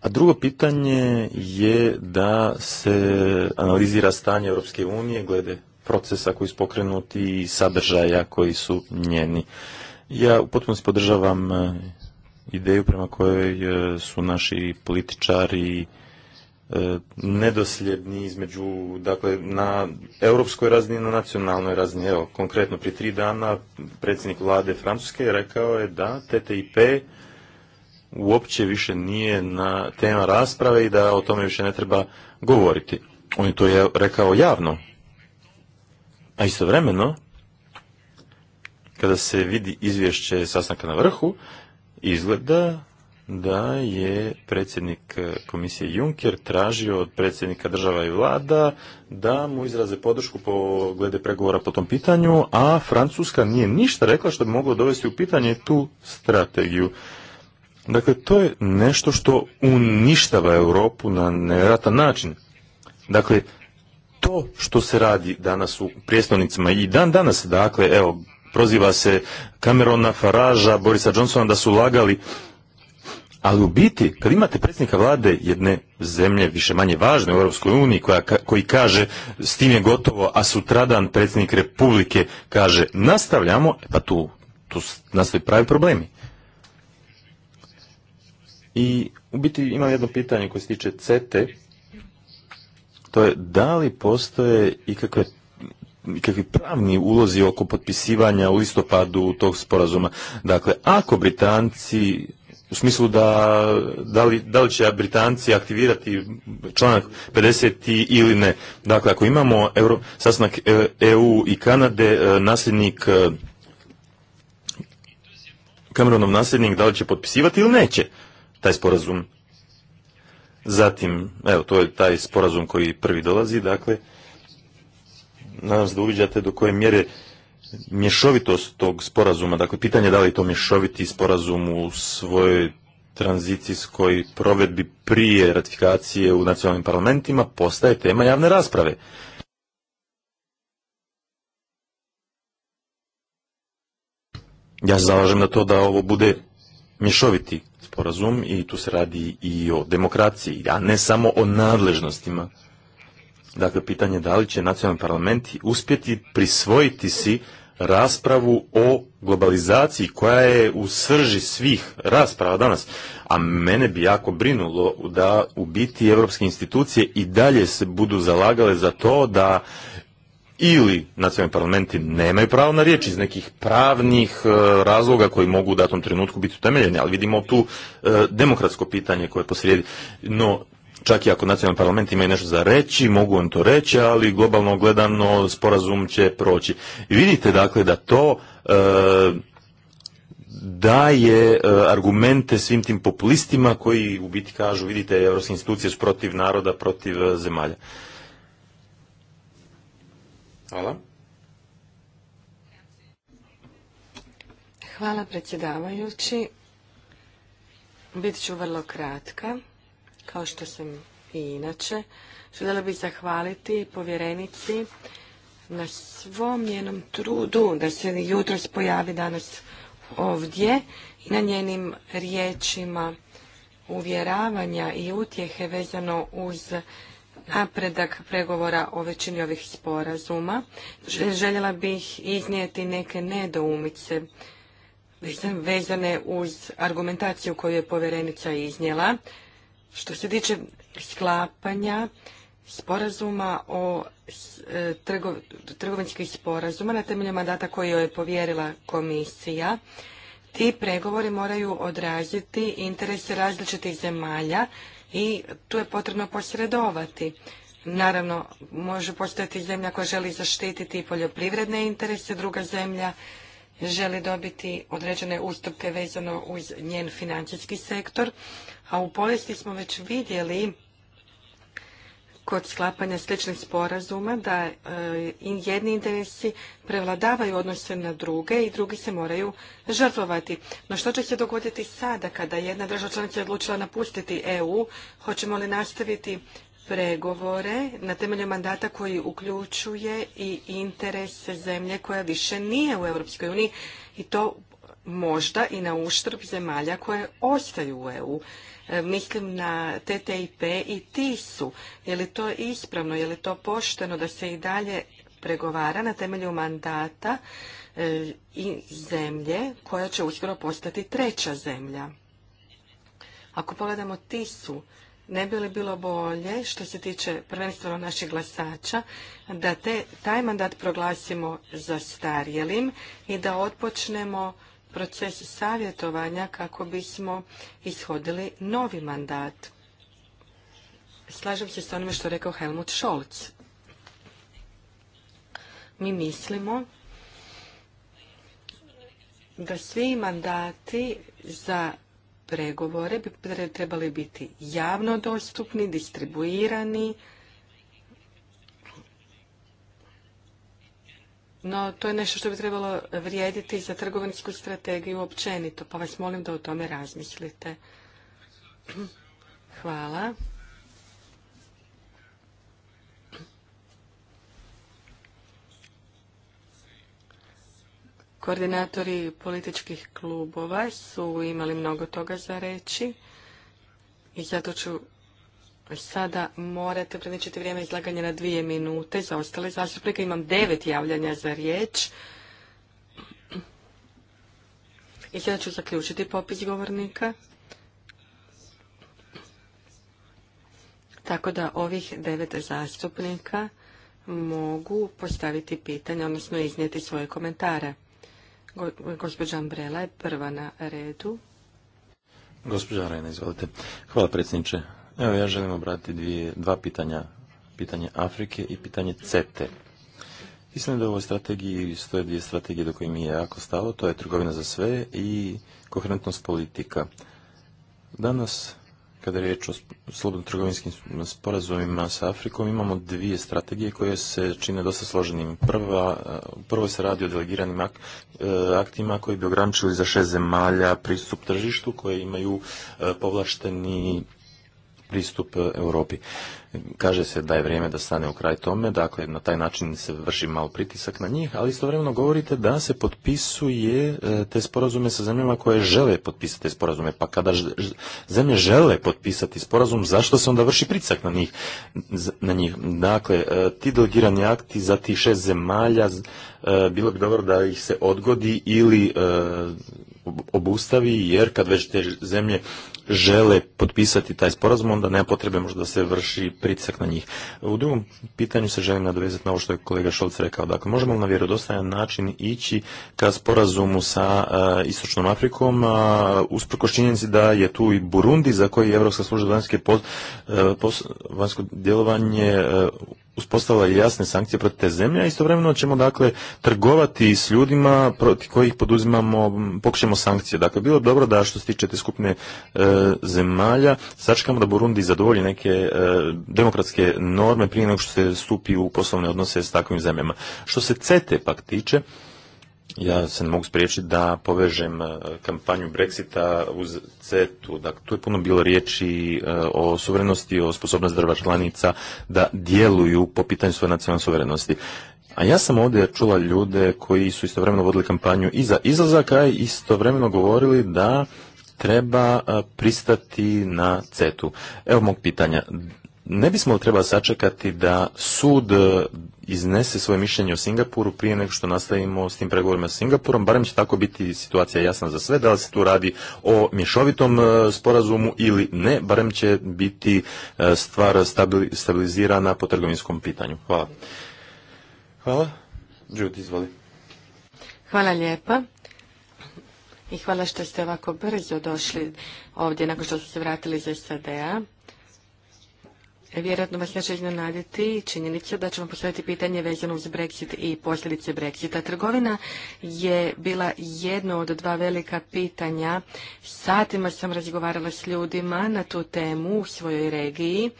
A drugo pitanje je da se analizira stanje Europske unije glede procesa koji su pokrenuti i sadržaja koji su njeni. Ja u potpunosti podržavam ideju prema kojoj e, su naši političari e, nedosljedni između, dakle, na europskoj razini i na nacionalnoj razini. Evo, konkretno prije tri dana predsjednik vlade Francuske rekao je da TTIP uopće više nije na tema rasprave i da o tome više ne treba govoriti. On je to rekao javno. A istovremeno, kada se vidi izvješće sastanka na vrhu, Izgleda da je predsjednik komisije Juncker tražio od predsjednika država i vlada da mu izraze podršku po glede pregovora po tom pitanju, a Francuska nije ništa rekla što bi moglo dovesti u pitanje tu strategiju. Dakle, to je nešto što uništava Europu na nevjerojatan način. Dakle, to što se radi danas u prijestavnicima i dan danas, dakle, evo, proziva se Camerona, Faraža, Borisa Johnsona da su lagali. Ali u biti, kad imate predsjednika vlade jedne zemlje više manje važne u Europskoj uniji koja, koji kaže s tim je gotovo, a sutradan predsjednik Republike kaže nastavljamo, e pa tu, tu nastaju pravi problemi. I u biti imam jedno pitanje koje se tiče CETE, to je da li postoje ikakve ikakvi pravni ulozi oko potpisivanja u listopadu tog sporazuma. Dakle, ako Britanci u smislu da da li, da će Britanci aktivirati članak 50 ili ne. Dakle, ako imamo Euro, sastanak EU e i Kanade, e, nasljednik e, Cameronov nasljednik, da li će potpisivati ili neće taj sporazum. Zatim, evo, to je taj sporazum koji prvi dolazi, dakle, nadam se da uviđate do koje mjere mješovitost tog sporazuma, dakle pitanje da li to mješoviti sporazum u svojoj tranzicijskoj provedbi prije ratifikacije u nacionalnim parlamentima postaje tema javne rasprave. Ja se zalažem na to da ovo bude mješoviti sporazum i tu se radi i o demokraciji, a ne samo o nadležnostima. Dakle, pitanje da li će nacionalni parlamenti uspjeti prisvojiti si raspravu o globalizaciji koja je u srži svih rasprava danas. A mene bi jako brinulo da u biti evropske institucije i dalje se budu zalagale za to da ili nacionalni parlamenti nemaju pravo na riječ iz nekih pravnih e, razloga koji mogu u datom trenutku biti utemeljeni, ali vidimo tu e, demokratsko pitanje koje posrijedi. No, čak i ako nacionalni parlament ima nešto za reći, mogu on to reći, ali globalno gledano sporazum će proći. vidite dakle da to e, daje e, argumente svim tim populistima koji u biti kažu vidite europske institucije su protiv naroda, protiv e, zemalja. Hvala. Hvala predsjedavajući. Bit ću vrlo kratka kao što sam i inače. Željela bih zahvaliti povjerenici na svom njenom trudu da se jutros pojavi danas ovdje i na njenim riječima uvjeravanja i utjehe vezano uz napredak pregovora o većini ovih sporazuma. Željela bih iznijeti neke nedoumice vezane uz argumentaciju koju je povjerenica iznijela. Što se tiče sklapanja sporazuma o e, trgovinskih sporazuma na temelju mandata koji je povjerila komisija, ti pregovori moraju odraziti interese različitih zemalja i tu je potrebno posredovati. Naravno, može postojati zemlja koja želi zaštititi poljoprivredne interese, druga zemlja želi dobiti određene ustupke vezano uz njen financijski sektor, a u povijesti smo već vidjeli kod sklapanja sličnih sporazuma da e, jedni interesi prevladavaju odnose na druge i drugi se moraju žrtvovati. No što će se dogoditi sada kada jedna država članica je odlučila napustiti EU? Hoćemo li nastaviti pregovore na temelju mandata koji uključuje i interese zemlje koja više nije u Europskoj uniji i to možda i na uštrb zemalja koje ostaju u EU. E, mislim na TTIP i TISU. Je li to ispravno, je li to pošteno da se i dalje pregovara na temelju mandata e, i zemlje koja će uskoro postati treća zemlja? Ako pogledamo TISU, ne bi li bilo bolje, što se tiče prvenstveno naših glasača, da te, taj mandat proglasimo zastarjelim i da odpočnemo proces savjetovanja kako bismo ishodili novi mandat. Slažem se s onime što je rekao Helmut Scholz. Mi mislimo da svi mandati za pregovore bi trebali biti javno dostupni, distribuirani, no to je nešto što bi trebalo vrijediti za trgovinsku strategiju općenito, pa vas molim da o tome razmislite. Hvala. Koordinatori političkih klubova su imali mnogo toga za reći i zato ću sada morate predničiti vrijeme izlaganja na dvije minute. Za ostale zastupnike imam devet javljanja za riječ. I sada ću zaključiti popis govornika. Tako da ovih devet zastupnika mogu postaviti pitanje, odnosno iznijeti svoje komentare. Gospođa Ambrela je prva na redu. Gospođa Rena, izvolite. Hvala predsjedniče. Evo ja želim obratiti dva pitanja. Pitanje Afrike i pitanje CETE. Mislim da u ovoj strategiji stoje dvije strategije do koje mi je jako stalo. To je trgovina za sve i koherentnost politika. Danas kada je riječ o slobodno trgovinskim sporazumima sa Afrikom, imamo dvije strategije koje se čine dosta složenim. Prva, eh, prvo se radi o delegiranim eh, aktima koji bi ograničili za šest zemalja pristup tržištu, koje imaju eh, povlašteni pristup e, Europi. Kaže se da je vrijeme da stane u kraj tome, dakle na taj način se vrši malo pritisak na njih, ali istovremeno govorite da se potpisuje e, te sporazume sa zemljama koje žele potpisati te sporazume, pa kada zemlje žele potpisati sporazum, zašto se onda vrši pritisak na njih? Na njih? Dakle, e, ti delegirani akti za tih šest zemalja, bilo bi dobro da ih se odgodi ili obustavi, jer kad već te zemlje žele potpisati taj sporazum, onda nema potrebe možda da se vrši pritisak na njih. U drugom pitanju se želim nadovezati na ovo što je kolega Šolc rekao. Dakle, možemo li na vjerodostajan način ići ka sporazumu sa e, Istočnom Afrikom, usprkos činjenici da je tu i Burundi, za koji je Evropska služba vanjske e, vanjsko djelovanje e, uspostavila jasne sankcije protiv te zemlje, a istovremeno ćemo dakle trgovati s ljudima protiv kojih poduzimamo, sankcije. Dakle, bilo bi dobro da što se tiče te skupne zemalja, sačekamo da Burundi zadovolji neke e, demokratske norme prije nego što se stupi u poslovne odnose s takvim zemljama. Što se CETE pak tiče, ja se ne mogu spriječiti da povežem e, kampanju Brexita uz CETU. Dakle, tu je puno bilo riječi e, o suverenosti, o sposobnosti država članica da djeluju po pitanju svoje nacionalne suverenosti. A ja sam ovdje čula ljude koji su istovremeno vodili kampanju i za izlazak, a istovremeno govorili da treba pristati na CETU. Evo mog pitanja. Ne bismo trebali sačekati da sud e, iznese svoje mišljenje o Singapuru prije nego što nastavimo s tim pregovorima s Singapurom, barem će tako biti situacija jasna za sve, da li se tu radi o mješovitom e, sporazumu ili ne, barem će biti e, stvar stabilizirana po trgovinskom pitanju. Hvala. Hvala. Hvala lijepa i hvala što ste ovako brzo došli ovdje nakon što ste se vratili iz SAD-a. Vjerojatno vas neće iznenaditi činjenica da ćemo postaviti pitanje vezano uz Brexit i posljedice Brexita. Trgovina je bila jedno od dva velika pitanja. Satima sam razgovarala s ljudima na tu temu u svojoj regiji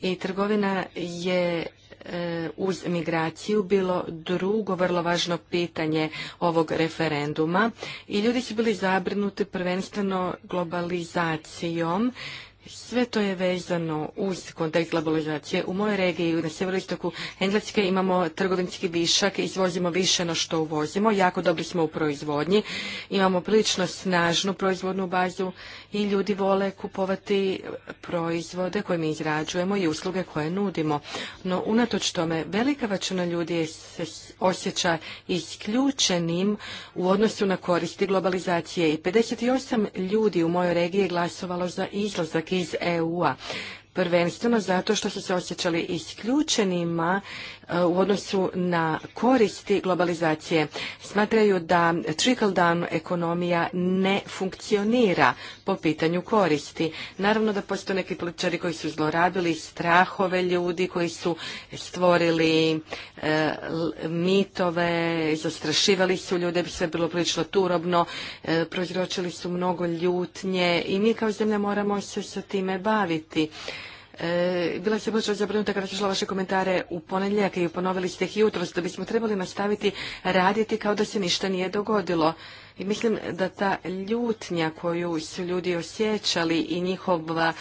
i trgovina je E, uz migraciju bilo drugo vrlo važno pitanje ovog referenduma i ljudi su bili zabrinuti prvenstveno globalizacijom sve to je vezano uz kontekst globalizacije. U mojoj regiji na sjeveroistoku Engleske imamo trgovinski višak, izvozimo više no što uvozimo, jako dobri smo u proizvodnji, imamo prilično snažnu proizvodnu bazu i ljudi vole kupovati proizvode koje mi izrađujemo i usluge koje nudimo. No unatoč tome velika većina ljudi se osjeća isključenim u odnosu na koristi globalizacije i 58 ljudi u mojoj regiji je glasovalo za izlazak iz EU-a prvenstveno zato što su se osjećali isključenima E, u odnosu na koristi globalizacije. Smatraju da trickle-down ekonomija ne funkcionira po pitanju koristi. Naravno da postoje neki političari koji su zlorabili strahove ljudi, koji su stvorili e, mitove, zastrašivali su ljude, sve bilo prilično turobno, e, proizročili su mnogo ljutnje i mi kao zemlja moramo se sa time baviti. E, bila sam možda zabrinuta kada sam vaše komentare u ponedjeljak i ponovili ste ih jutros da bismo trebali nastaviti raditi kao da se ništa nije dogodilo. I mislim da ta ljutnja koju su ljudi osjećali i njihova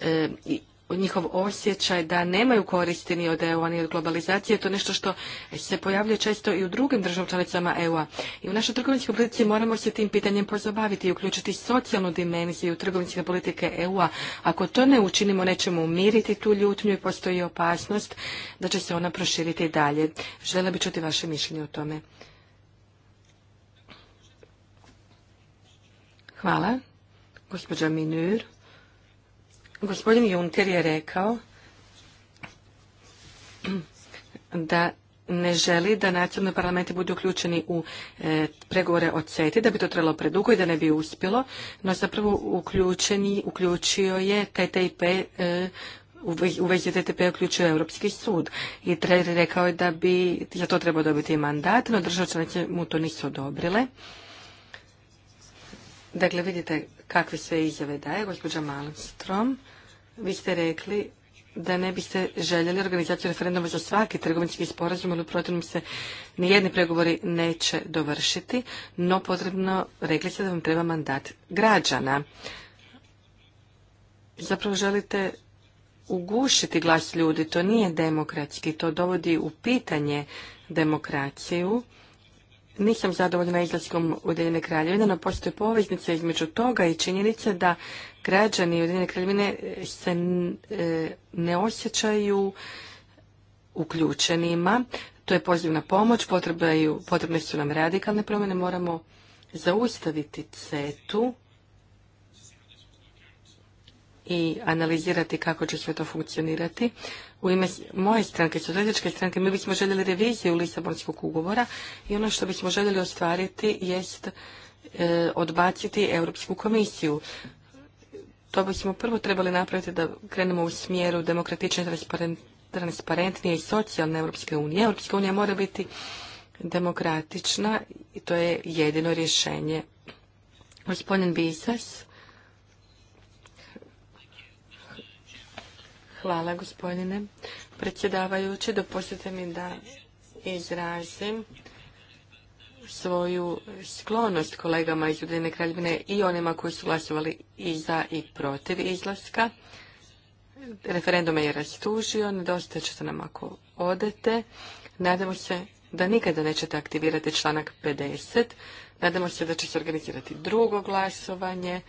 e, njihov osjećaj da nemaju koristi ni od eu ni od globalizacije, to je nešto što se pojavljuje često i u drugim državama članicama EU-a. I u našoj trgovinskoj politici moramo se tim pitanjem pozabaviti i uključiti socijalnu dimenziju trgovinske politike EU-a. Ako to ne učinimo, nećemo umiriti tu ljutnju i postoji opasnost da će se ona proširiti dalje. Žele bi čuti vaše mišljenje o tome. Hvala. Gospođa Minur. Gospodin Juncker je rekao da ne želi da nacionalni parlamenti budu uključeni u e, pregovore o CETI, da bi to trebalo predugo i da ne bi uspjelo, no zapravo uključeni, uključio je TTIP, e, u vezi TTP uključio Europski sud i tre, rekao je da bi za to trebao dobiti mandat, no države članice mu to nisu odobrile. Dakle, vidite kakve sve izjave daje gospođa Malmstrom vi ste rekli da ne biste željeli organizaciju referenduma za svaki trgovinski sporazum, ali u protivnom se nijedni pregovori neće dovršiti, no potrebno, rekli ste da vam treba mandat građana. Zapravo želite ugušiti glas ljudi, to nije demokratski, to dovodi u pitanje demokraciju nisam zadovoljna izlaskom Ujedinjene kraljevine, no postoje poveznice između toga i činjenice da građani Ujedinjene kraljevine eh, se eh, ne osjećaju uključenima. To je poziv na pomoć, potrebne su nam radikalne promjene, moramo zaustaviti cetu i analizirati kako će sve to funkcionirati. U ime moje stranke, socijalističke stranke, mi bismo željeli reviziju Lisabonskog ugovora i ono što bismo željeli ostvariti jest e, odbaciti Europsku komisiju. To bismo prvo trebali napraviti da krenemo u smjeru demokratične, transparentnije i socijalne Europske unije. Europska unija mora biti demokratična i to je jedino rješenje. Gospodin Bisas. Hvala gospodine predsjedavajući. Dopustite mi da izrazim svoju sklonost kolegama iz Udine Kraljevine i onima koji su glasovali i za i protiv izlaska. Referendum je rastužio, nedostajat ćete nam ako odete. Nadamo se da nikada nećete aktivirati članak 50. Nadamo se da će se organizirati drugo glasovanje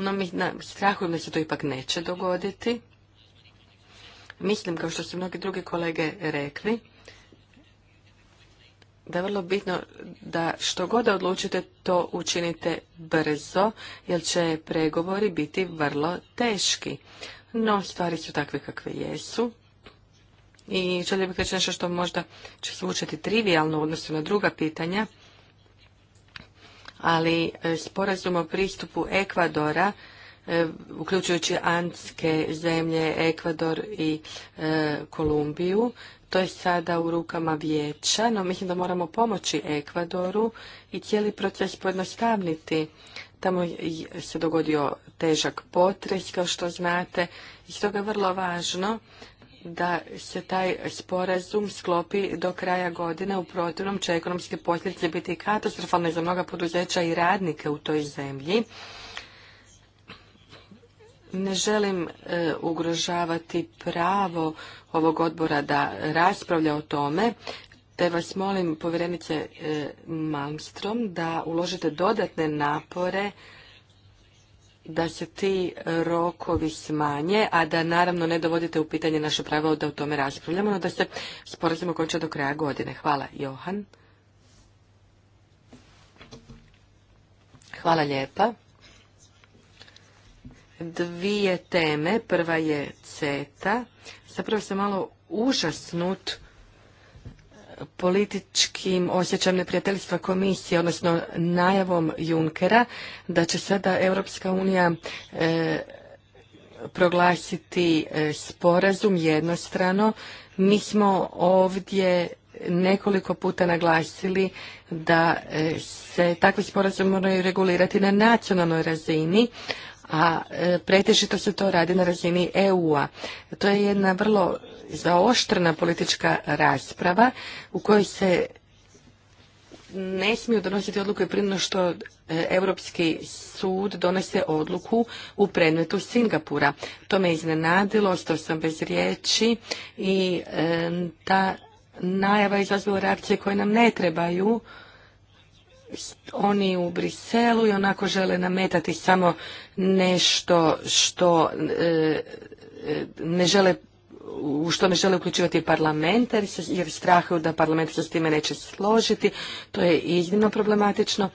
no mi strahujem da se to ipak neće dogoditi. Mislim, kao što su mnogi drugi kolege rekli, da je vrlo bitno da što god da odlučite, to učinite brzo, jer će pregovori biti vrlo teški. No, stvari su takve kakve jesu. I želio bih reći nešto što možda će zvučati trivialno u odnosu na druga pitanja, ali e, sporazum o pristupu Ekvadora, e, uključujući Andske zemlje, Ekvador i e, Kolumbiju, to je sada u rukama vijeća, no mislim da moramo pomoći Ekvadoru i cijeli proces pojednostavniti. Tamo se dogodio težak potres, kao što znate, i stoga je vrlo važno da se taj sporazum sklopi do kraja godine. U protivnom će ekonomske posljedice biti katastrofalne za mnoga poduzeća i radnike u toj zemlji. Ne želim e, ugrožavati pravo ovog odbora da raspravlja o tome, te vas molim, povjerenice e, Malmstrom, da uložite dodatne napore da se ti rokovi smanje, a da naravno ne dovodite u pitanje naše pravo da o tome raspravljamo, no da se sporazum okonča do kraja godine. Hvala, Johan. Hvala lijepa. Dvije teme. Prva je CETA. Zapravo se malo užasnut političkim osjećajem neprijateljstva komisije, odnosno najavom Junkera, da će sada Europska unija e, proglasiti e, sporazum jednostrano. Mi smo ovdje nekoliko puta naglasili da e, se takvi sporazum moraju regulirati na nacionalnoj razini, a pretežito se to radi na razini EU-a. To je jedna vrlo zaoštrena politička rasprava u kojoj se ne smiju donositi odluke i što e, Europski sud donese odluku u predmetu Singapura. To me iznenadilo, ostao sam bez riječi i e, ta najava izazvala reakcije koje nam ne trebaju. Oni u Briselu i onako žele nametati samo nešto što e, ne žele u što ne žele uključivati parlament jer strahuju da parlament se s time neće složiti. To je iznimno problematično.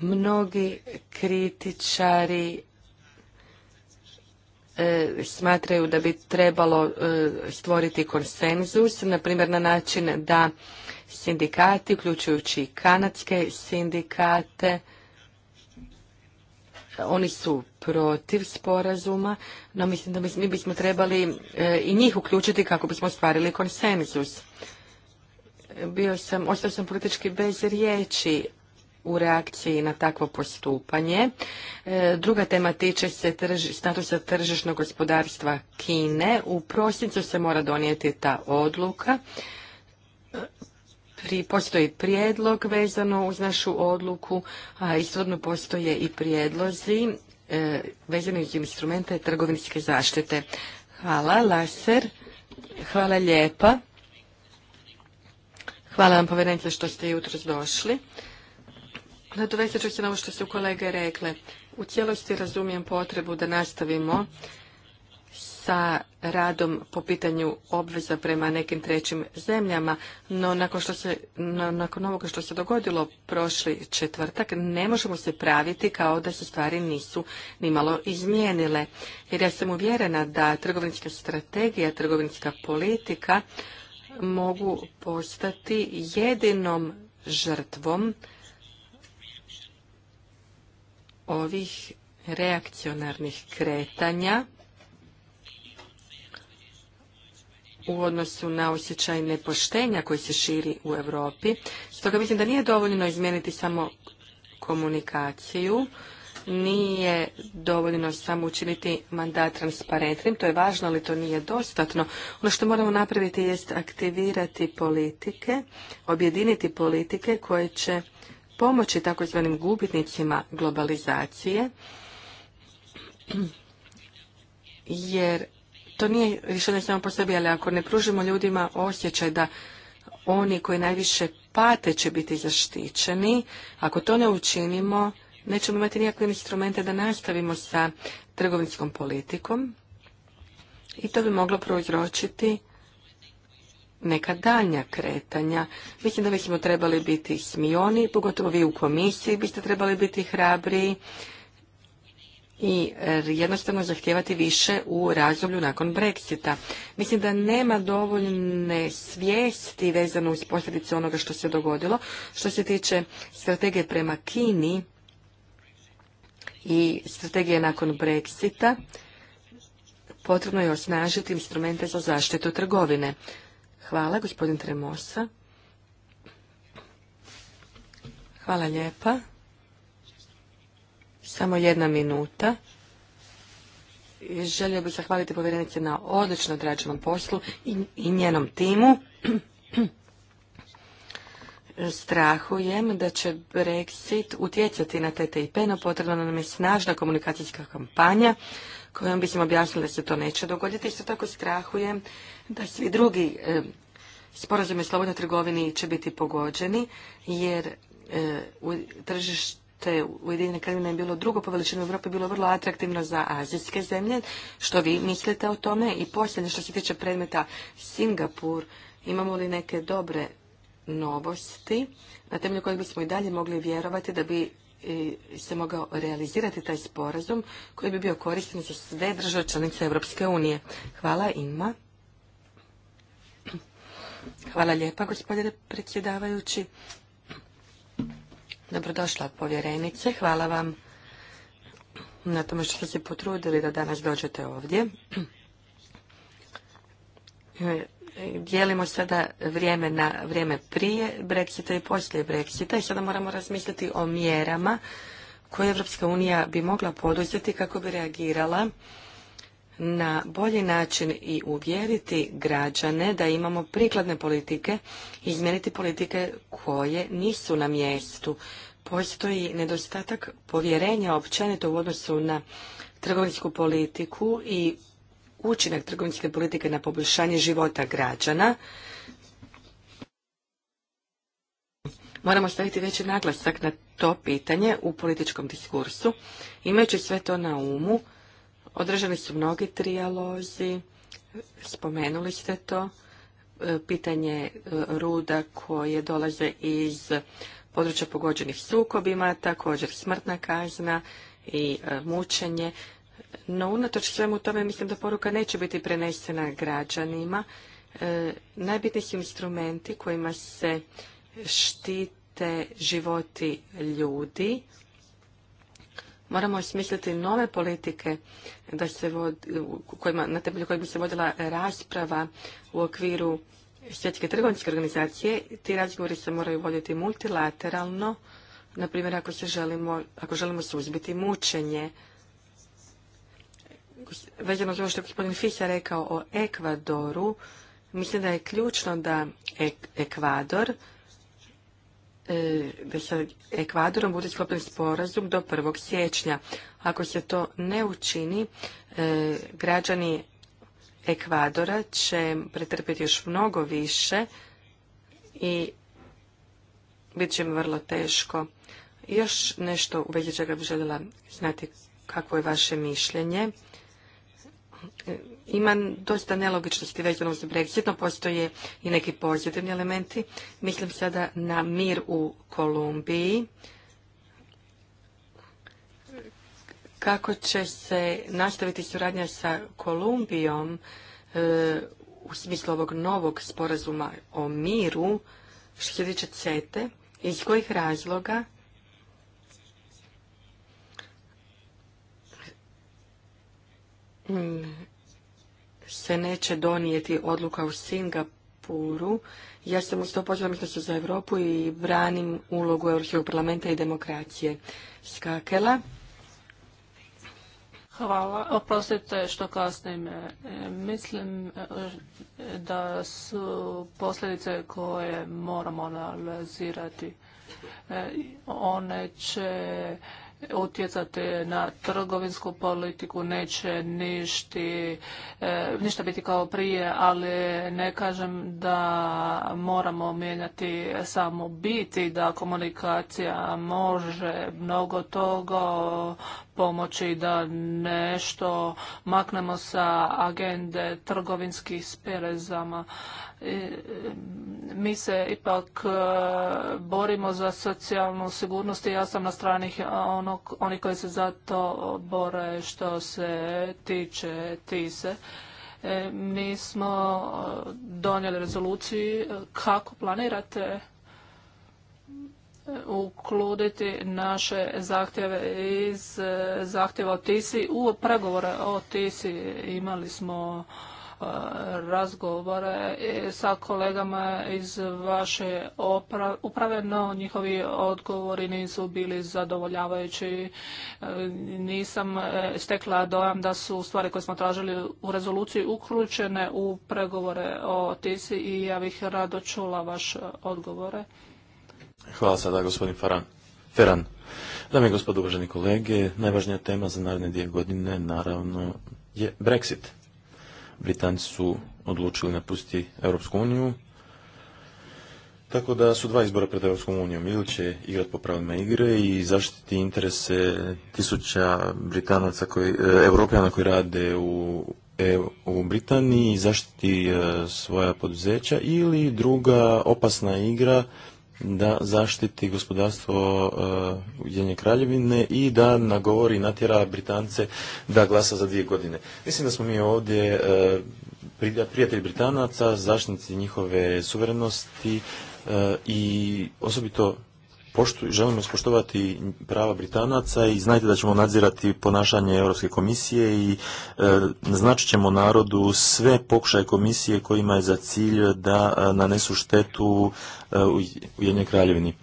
Mnogi kritičari e, smatraju da bi trebalo e, stvoriti konsenzus, na primjer na način da sindikati, uključujući kanadske sindikate, oni su protiv sporazuma, no mislim da mi bismo trebali eh, i njih uključiti kako bismo ostvarili konsenzus. Bio sam, ostao sam politički bez riječi u reakciji na takvo postupanje. Eh, druga tema tiče se statusa tržišnog gospodarstva Kine. U prosincu se mora donijeti ta odluka postoji prijedlog vezano uz našu odluku, a istodno postoje i prijedlozi e, vezani uz instrumente trgovinske zaštite. Hvala, Laser. Hvala lijepa. Hvala vam, povjerenice, što ste jutros došli. Nadovezat ću se na ovo što su kolege rekle. U cijelosti razumijem potrebu da nastavimo sa radom po pitanju obveza prema nekim trećim zemljama, no nakon, što se, nakon ovoga što se dogodilo prošli četvrtak, ne možemo se praviti kao da se stvari nisu nimalo izmijenile. Jer ja sam uvjerena da trgovinska strategija, trgovinska politika mogu postati jedinom žrtvom ovih reakcionarnih kretanja u odnosu na osjećaj nepoštenja koji se širi u Europi. Stoga mislim da nije dovoljno izmijeniti samo komunikaciju, nije dovoljno samo učiniti mandat transparentnim, to je važno, ali to nije dostatno. Ono što moramo napraviti jest aktivirati politike, objediniti politike koje će pomoći takozvanim gubitnicima globalizacije, jer to nije rješenje samo po sebi, ali ako ne pružimo ljudima osjećaj da oni koji najviše pate će biti zaštićeni, ako to ne učinimo, nećemo imati nikakve instrumente da nastavimo sa trgovinskom politikom i to bi moglo prouzročiti neka daljnja kretanja. Mislim da bismo trebali biti smioni, pogotovo vi u komisiji biste trebali biti hrabri i e, jednostavno zahtijevati više u razdoblju nakon Brexita. Mislim da nema dovoljne svijesti vezano uz posljedice onoga što se dogodilo. Što se tiče strategije prema Kini i strategije nakon Brexita, potrebno je osnažiti instrumente za zaštitu trgovine. Hvala, gospodin Tremosa. Hvala lijepa. Samo jedna minuta. Želio bih zahvaliti povjerenice na odlično odrađenom poslu i, njenom timu. Strahujem da će Brexit utjecati na TTIP, no potrebna nam je snažna komunikacijska kampanja kojom bi se objasnili da se to neće dogoditi. Isto tako strahujem da svi drugi e, sporazumi slobodnoj trgovini će biti pogođeni, jer e, u tržištu te Ujedinjene kraljevine je bilo drugo po veličini u bilo vrlo atraktivno za azijske zemlje. Što vi mislite o tome? I posljednje što se tiče predmeta Singapur, imamo li neke dobre novosti na temelju kojih bismo i dalje mogli vjerovati da bi e, se mogao realizirati taj sporazum koji bi bio koristan za sve države članice Europske unije. Hvala, Inma. Hvala lijepa, gospodine predsjedavajući. Dobrodošla povjerenice, hvala vam na tome što ste se potrudili da danas dođete ovdje. Dijelimo sada vrijeme na vrijeme prije Brexita i poslije Brexita i sada moramo razmisliti o mjerama koje Evropska unija bi mogla poduzeti kako bi reagirala na bolji način i uvjeriti građane da imamo prikladne politike i izmijeniti politike koje nisu na mjestu. Postoji nedostatak povjerenja općenito u odnosu na trgovinsku politiku i učinak trgovinske politike na poboljšanje života građana. Moramo staviti veći naglasak na to pitanje u političkom diskursu. Imajući sve to na umu, Održani su mnogi trijalozi, spomenuli ste to, e, pitanje e, ruda koje dolaze iz područja pogođenih sukobima, također smrtna kazna i e, mučenje. No, unatoč svemu tome, mislim da poruka neće biti prenesena građanima. najbitniji su instrumenti kojima se štite životi ljudi Moramo smisliti nove politike da se vod, kojima, na temelju kojih bi se vodila rasprava u okviru svjetske trgovinske organizacije. Ti razgovori se moraju voditi multilateralno, na primjer ako, se želimo, ako želimo suzbiti mučenje. Vezano za ovo što je gospodin Fisa rekao o Ekvadoru, mislim da je ključno da Ekvador E, da sa Ekvadorom bude sklopljen sporazum do 1. siječnja. Ako se to ne učini, e, građani Ekvadora će pretrpjeti još mnogo više i bit će im vrlo teško. Još nešto u vezi čega bi željela znati kako je vaše mišljenje. Ima dosta nelogičnosti vezano za Brexit, no postoje i neki pozitivni elementi. Mislim sada na mir u Kolumbiji. Kako će se nastaviti suradnja sa Kolumbijom e, u smislu ovog novog sporazuma o miru, što se tiče CETE, iz kojih razloga se neće donijeti odluka u Singapuru. Ja sam u to počela misliti za Europu i branim ulogu Europskog parlamenta i demokracije. Skakela. Hvala. Oprostite što kasnim. E, mislim e, da su posljedice koje moramo analizirati. E, one će utjecati na trgovinsku politiku, neće ništi, e, ništa biti kao prije, ali ne kažem da moramo mijenjati samo biti, da komunikacija može mnogo toga pomoći da nešto maknemo sa agende trgovinskih sperezama E, mi se ipak e, borimo za socijalnu sigurnost i ja sam na strani onih koji se za to bore što se tiče tise. E, mi smo donijeli rezoluciju kako planirate ukluditi naše zahtjeve iz zahtjeva o TISI. U pregovore o TISI imali smo razgovore sa kolegama iz vaše uprave, no njihovi odgovori nisu bili zadovoljavajući. E, nisam e, stekla dojam da su stvari koje smo tražili u rezoluciji uključene u pregovore o TISI i ja bih rado čula vaš odgovore. Hvala sada gospodin Faran. Feran. Dame i gospod uvaženi kolege, najvažnija tema za naredne dvije godine naravno je Brexit. Britanci su odlučili napustiti Europsku uniju. Tako da su dva izbora pred Europskom unijom. Ili će igrati po pravilima igre i zaštiti interese tisuća Britanaca koji, e, koji rade u, e, u Britaniji i zaštiti e, svoja poduzeća. Ili druga opasna igra da zaštiti gospodarstvo eh, Ujedinjene kraljevine i da nagovori i natjera Britance da glasa za dvije godine. Mislim da smo mi ovdje eh, prijatelji Britanaca, zaštitnici njihove suverenosti eh, i osobito želimo ispoštovati prava Britanaca i znajte da ćemo nadzirati ponašanje Europske komisije i e, ćemo narodu sve pokušaje komisije kojima je za cilj da e, nanesu štetu e, u Jednoj kraljevini.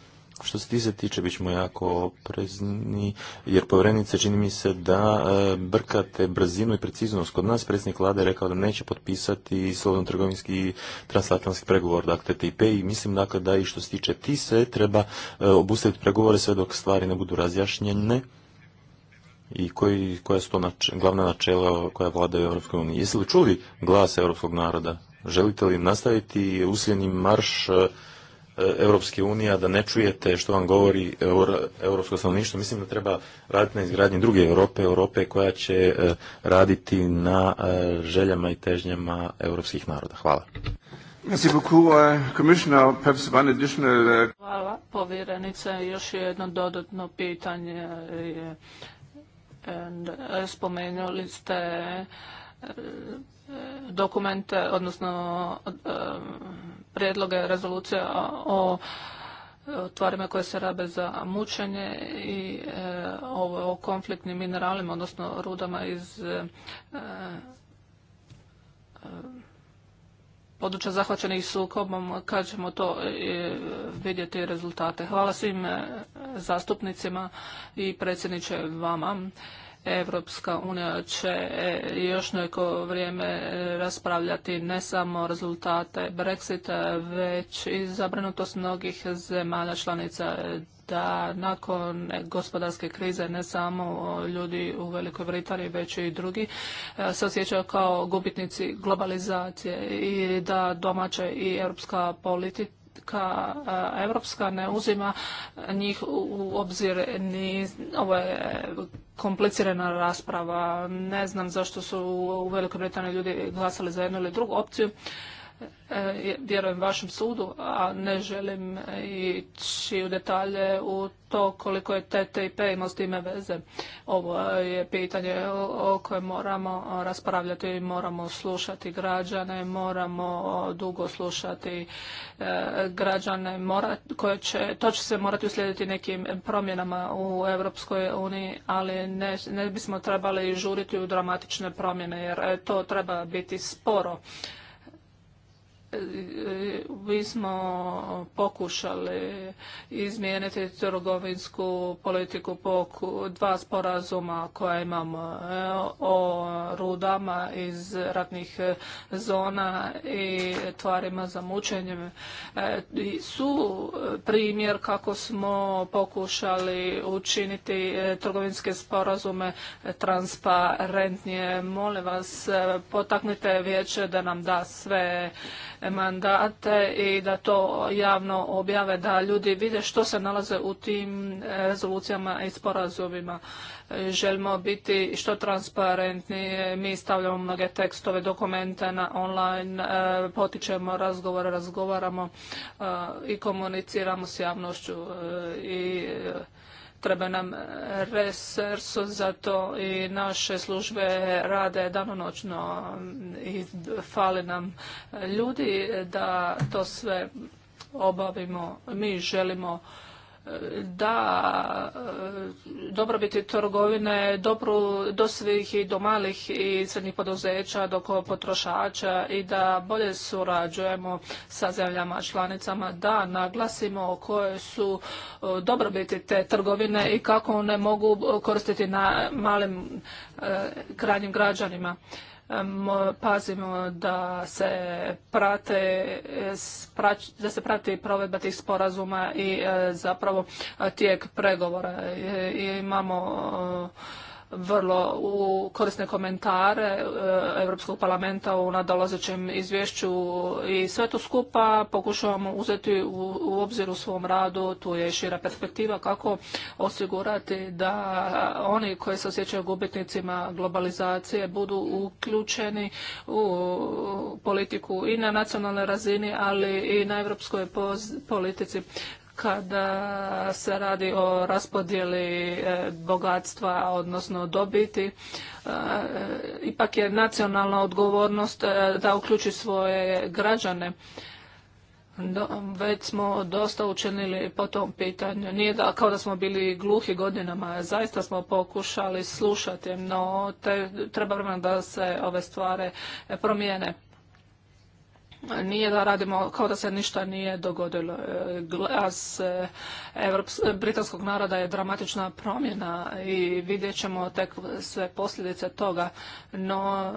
Što se ti se tiče, bit ćemo jako oprezni, jer povjerenice čini mi se da e, brkate brzinu i preciznost. Kod nas predsjednik vlade je rekao da neće potpisati slobodno trgovinski transatlantski pregovor, dakle TTIP, i mislim dakle da i što se tiče TISE treba e, obustaviti pregovore sve dok stvari ne budu razjašnjene i koja su to glavna načela koja vlada u Europskoj uniji. Jeste li čuli glas europskog naroda? Želite li nastaviti usljenim marš e, Europske unije, a da ne čujete što vam govori europsko stanovništvo, mislim da treba raditi na izgradnji druge Europe, Europe koja će e, raditi na e, željama i težnjama europskih naroda. Hvala. Uh, uh, Hvala, povjerenice. Još jedno dodatno pitanje. E, spomenuli ste dokumente, odnosno e, prijedloge rezolucije o tvarima koje se rabe za mučenje i e, o konfliktnim mineralima, odnosno rudama iz e, područja zahvaćenih sukobom, kad ćemo to vidjeti rezultate. Hvala svim zastupnicima i predsjedniče vama Evropska unija će e, još neko vrijeme e, raspravljati ne samo rezultate Brexita, već i zabrinutost mnogih zemalja članica e, da nakon gospodarske krize ne samo ljudi u Velikoj Britaniji, već i drugi se osjećaju kao gubitnici globalizacije i da domaća i europska politika ka Evropska ne uzima njih u obzir ni ovo je komplicirana rasprava. Ne znam zašto su u Velikoj Britaniji ljudi glasali za jednu ili drugu opciju. E, vjerujem vašem sudu, a ne želim ići u detalje u to koliko je TTIP imao s time veze. Ovo je pitanje o kojem moramo raspravljati, moramo slušati građane, moramo dugo slušati e, građane, to će se morati uslijediti nekim promjenama u Europskoj uniji, ali ne, ne bismo trebali žuriti u dramatične promjene jer e, to treba biti sporo E, e, smo pokušali izmijeniti trgovinsku politiku po dva sporazuma koja imamo e, o rudama iz ratnih zona i tvarima za mučenje su primjer kako smo pokušali učiniti trgovinske sporazume transparentnije. Molim vas, potaknite vijeće da nam da sve mandate i da to javno objave, da ljudi vide što se nalaze u tim e, rezolucijama i sporazumima. E, želimo biti što transparentni, mi stavljamo mnoge tekstove, dokumente na online, e, potičemo razgovore, razgovaramo i komuniciramo s javnošću i treba nam e, resursu, zato i naše službe rade danonoćno i fali nam ljudi da to sve obavimo. Mi želimo da e, dobrobiti trgovine do svih i do malih i srednjih poduzeća, do potrošača i da bolje surađujemo sa zemljama članicama, da naglasimo koje su e, dobrobiti te trgovine i kako one mogu koristiti na malim e, krajnjim građanima pazimo da se prate da se prati provedba tih sporazuma i e, zapravo e, tijek pregovora. E, imamo vrlo u korisne komentare e, Europskog parlamenta u nadolazećem izvješću i sve to skupa pokušavamo uzeti u, u obzir u svom radu. Tu je šira perspektiva kako osigurati da oni koji se osjećaju gubitnicima globalizacije budu uključeni u politiku i na nacionalnoj razini, ali i na europskoj politici kada se radi o raspodjeli e, bogatstva, odnosno dobiti. E, ipak je nacionalna odgovornost e, da uključi svoje građane. već smo dosta učinili po tom pitanju. Nije da, kao da smo bili gluhi godinama, zaista smo pokušali slušati, no te, treba vremena da se ove stvari promijene. Nije da radimo kao da se ništa nije dogodilo. E, glas e, britanskog naroda je dramatična promjena i vidjet ćemo tek sve posljedice toga, no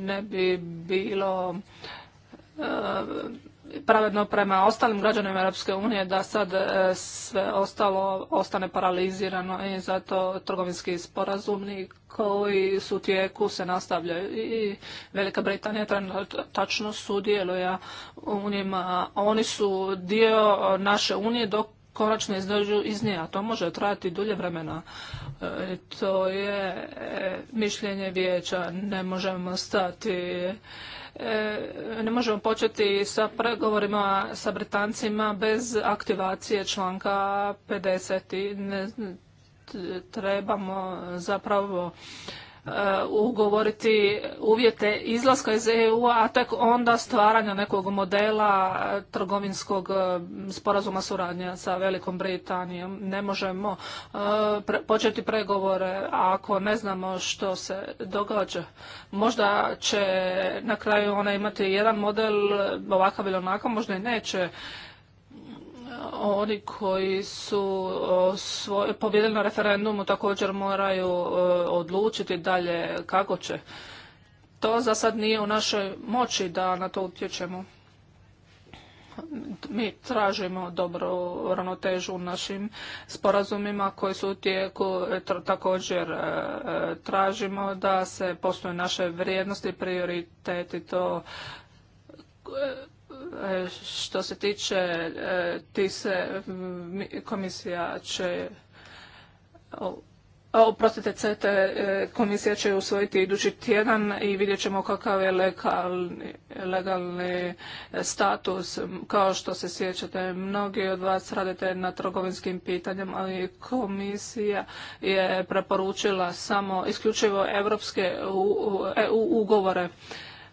ne bi bilo e, pravedno prema ostalim građanima Europske unije da sad e, sve ostalo ostane paralizirano i zato trgovinski sporazumni koji su u tijeku se nastavljaju i Velika Britanija tačno sudjeluje u njima. Oni su dio naše unije dok konačno izađu iz nje, a to može trajati dulje vremena. E, to je e, mišljenje vijeća, ne možemo stati E, ne možemo početi sa pregovorima sa Britancima bez aktivacije članka 50. trebamo zapravo E, ugovoriti uvjete izlaska iz EU-a, tek onda stvaranja nekog modela e, trgovinskog e, sporazuma suradnje sa Velikom Britanijom. Ne možemo početi pregovore ako ne znamo što se događa. Možda će na kraju ona imati jedan model ovakav ili onakav, možda i neće oni koji su pobijedili pobjedili na referendumu također moraju odlučiti dalje kako će. To za sad nije u našoj moći da na to utječemo. Mi tražimo dobru ravnotežu u našim sporazumima koji su u tijeku. E, također e, e, tražimo da se postoje naše vrijednosti, prioriteti. To što se tiče eh, TISE, mm, komisija će Oprostite, eh, komisija će usvojiti idući tjedan i vidjet ćemo kakav je legalni, status. Kao što se sjećate, mnogi od vas radite na trgovinskim pitanjima, ali komisija je preporučila samo isključivo evropske ugovore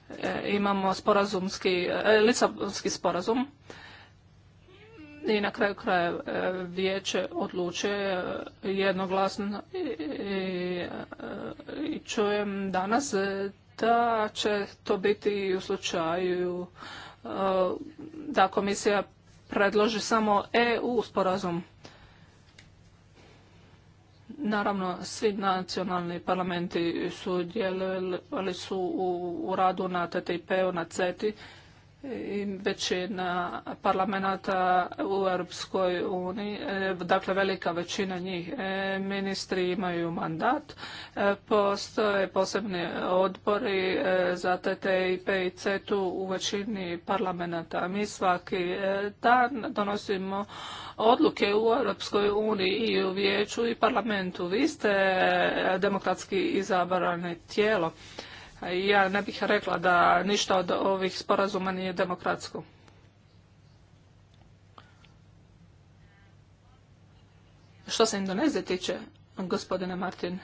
E, imamo sporazumski, e, Lisabonski sporazum i na kraju kraja e, vijeće odlučuje jednoglasno i, čujem danas da će to biti i u slučaju da komisija predloži samo EU sporazum. Naravno, svi nacionalni parlamenti sudjelovali su u, u radu na TTIP-u, na CETI i većina parlamenta u Europskoj uniji, e, dakle velika većina njih e, ministri imaju mandat. E, postoje posebni odbori za TTIP i CETU u većini parlamenta. Mi svaki dan donosimo odluke u Europskoj uniji i u vijeću i parlamentu. Vi ste demokratski izabrane tijelo. Ja ne bih rekla da ništa od ovih sporazuma nije demokratsko. Što se Indonezije tiče, gospodine Martin,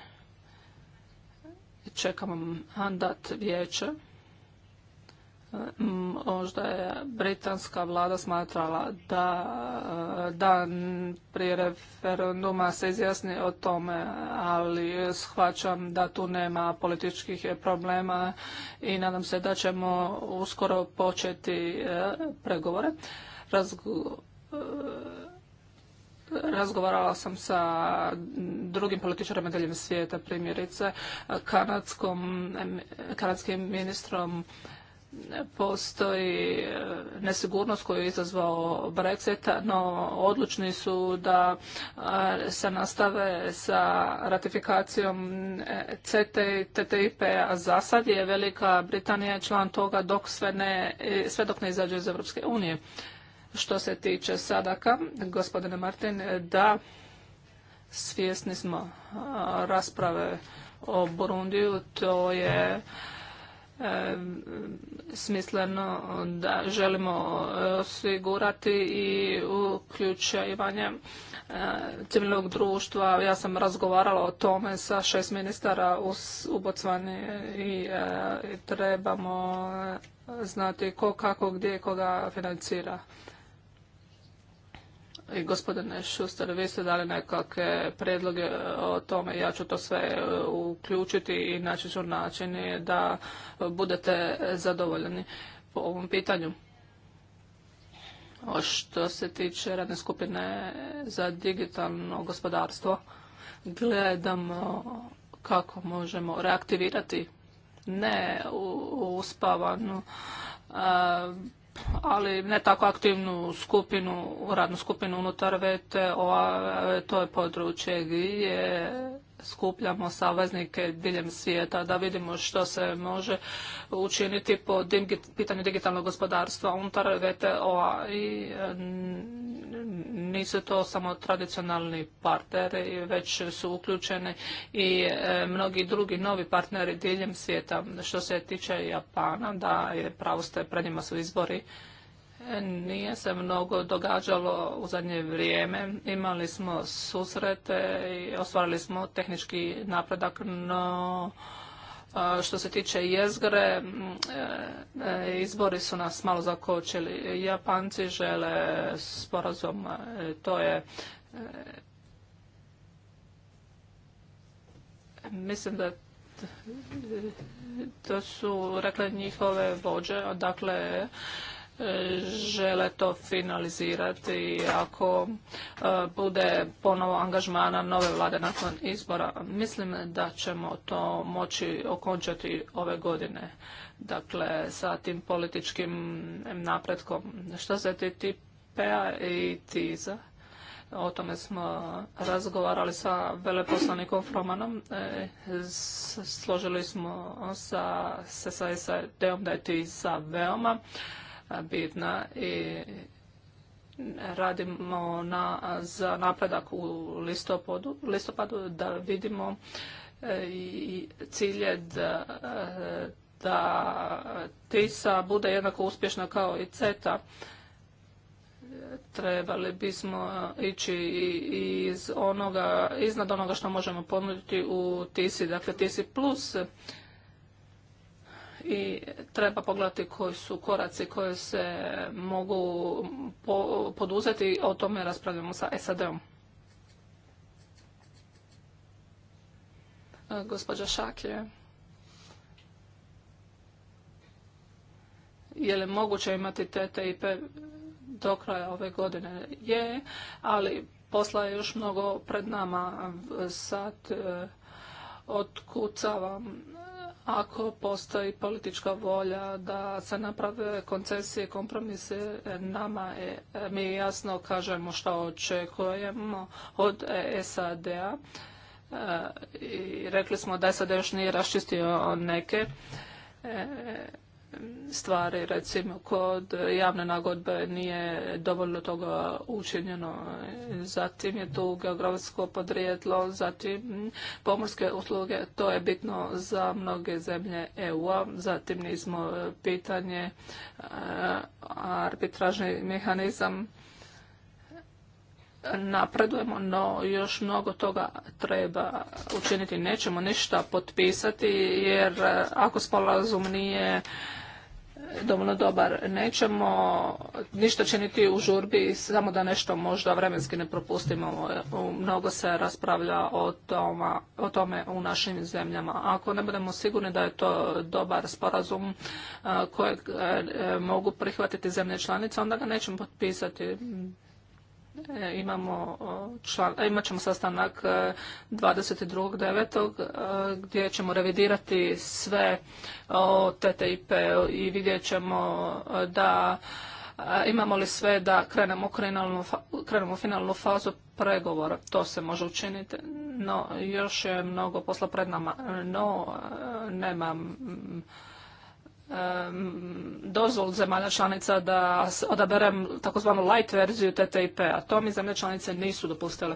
čekamo mandat vijeća. Možda je britanska vlada smatrala da eh, dan prije referenduma se izjasni o tome, ali shvaćam da tu nema političkih problema i nadam se da ćemo uskoro početi eh, pregovore. Eh, razgovarala sam sa drugim političarima diljem svijeta, primjerice kanadskim ministrom postoji e, nesigurnost koju je izazvao Brexit, no odlučni su da e, se nastave sa ratifikacijom e, CT a Za sad je Velika Britanija član toga dok sve, ne, sve dok ne izađe iz Europske unije. Što se tiče sadaka, gospodine Martin, da svjesni smo rasprave o Burundiju, to je smisleno da želimo e, osigurati i uključivanje e, civilnog društva. Ja sam razgovarala o tome sa šest ministara u Bocvani i e, trebamo znati ko kako, gdje koga financira i gospodine Šuster, vi ste dali nekakve predloge e, o tome, ja ću to sve e, uključiti i naći ću način da budete zadovoljni po ovom pitanju. O što se tiče radne skupine za digitalno gospodarstvo, gledamo kako možemo reaktivirati ne uspavanu ali ne tako aktivnu skupinu, radnu skupinu unutar VTO-a, to je područje gdje skupljamo saveznike diljem svijeta da vidimo što se može učiniti po pitanju digitalnog gospodarstva unutar VTO-a i nisu to samo tradicionalni partneri, već su uključeni i e, mnogi drugi novi partneri diljem svijeta. Što se tiče Japana, da je pravo ste, pred njima su izbori nije se mnogo događalo u zadnje vrijeme. Imali smo susrete i ostvarili smo tehnički napredak, no što se tiče jezgre, e, e, izbori su nas malo zakočili. Japanci žele sporazum, e, to je mislim da to su rekle njihove vođe, dakle žele to finalizirati ako e, bude ponovo angažmana nove vlade nakon izbora. Mislim da ćemo to moći okončati ove godine. Dakle, sa tim političkim napretkom. Što se ti a p-a i TISA? O tome smo razgovarali sa veleposlanikom Fromanom. E, složili smo sa, se sa om da je veoma bitna i radimo na, za napredak u listopadu, listopadu da vidimo e, i cilje da, da TISA bude jednako uspješna kao i CETA. E, trebali bismo ići iz onoga, iznad onoga što možemo ponuditi u TISI, dakle TISI plus i treba pogledati koji su koraci koje se mogu poduzeti poduzeti. O tome raspravljamo sa SAD-om. E, gospođa Šakje. Je li moguće imati TTIP do kraja ove godine? Je, ali posla je još mnogo pred nama. Sad e, otkucavam ako postoji politička volja da se naprave koncesije, kompromise, nama je, mi jasno kažemo što očekujemo od e SAD-a. E, I rekli smo da SAD još nije raščistio neke e, stvari, recimo kod javne nagodbe nije dovoljno toga učinjeno. Zatim je tu geografsko podrijetlo, zatim pomorske usluge, to je bitno za mnoge zemlje EU-a. Zatim nismo e, pitanje e, arbitražni mehanizam napredujemo, no još mnogo toga treba učiniti. Nećemo ništa potpisati jer e, ako sporazum nije dovoljno dobar. Nećemo ništa činiti u žurbi, samo da nešto možda vremenski ne propustimo. Mnogo se raspravlja o, o tome u našim zemljama. Ako ne budemo sigurni da je to dobar sporazum kojeg mogu prihvatiti zemlje članice, onda ga nećemo potpisati. E, imamo član, e, imat ćemo sastanak 22.9. E, gdje ćemo revidirati sve o TTIP i vidjet ćemo da imamo li sve da krenemo krenemo u finalnu fazu pregovora. To se može učiniti, no još je mnogo posla pred nama. No, nemam dozvol zemalja članica da odaberem takozvanu light verziju TTIP-a. To mi zemlje članice nisu dopustile.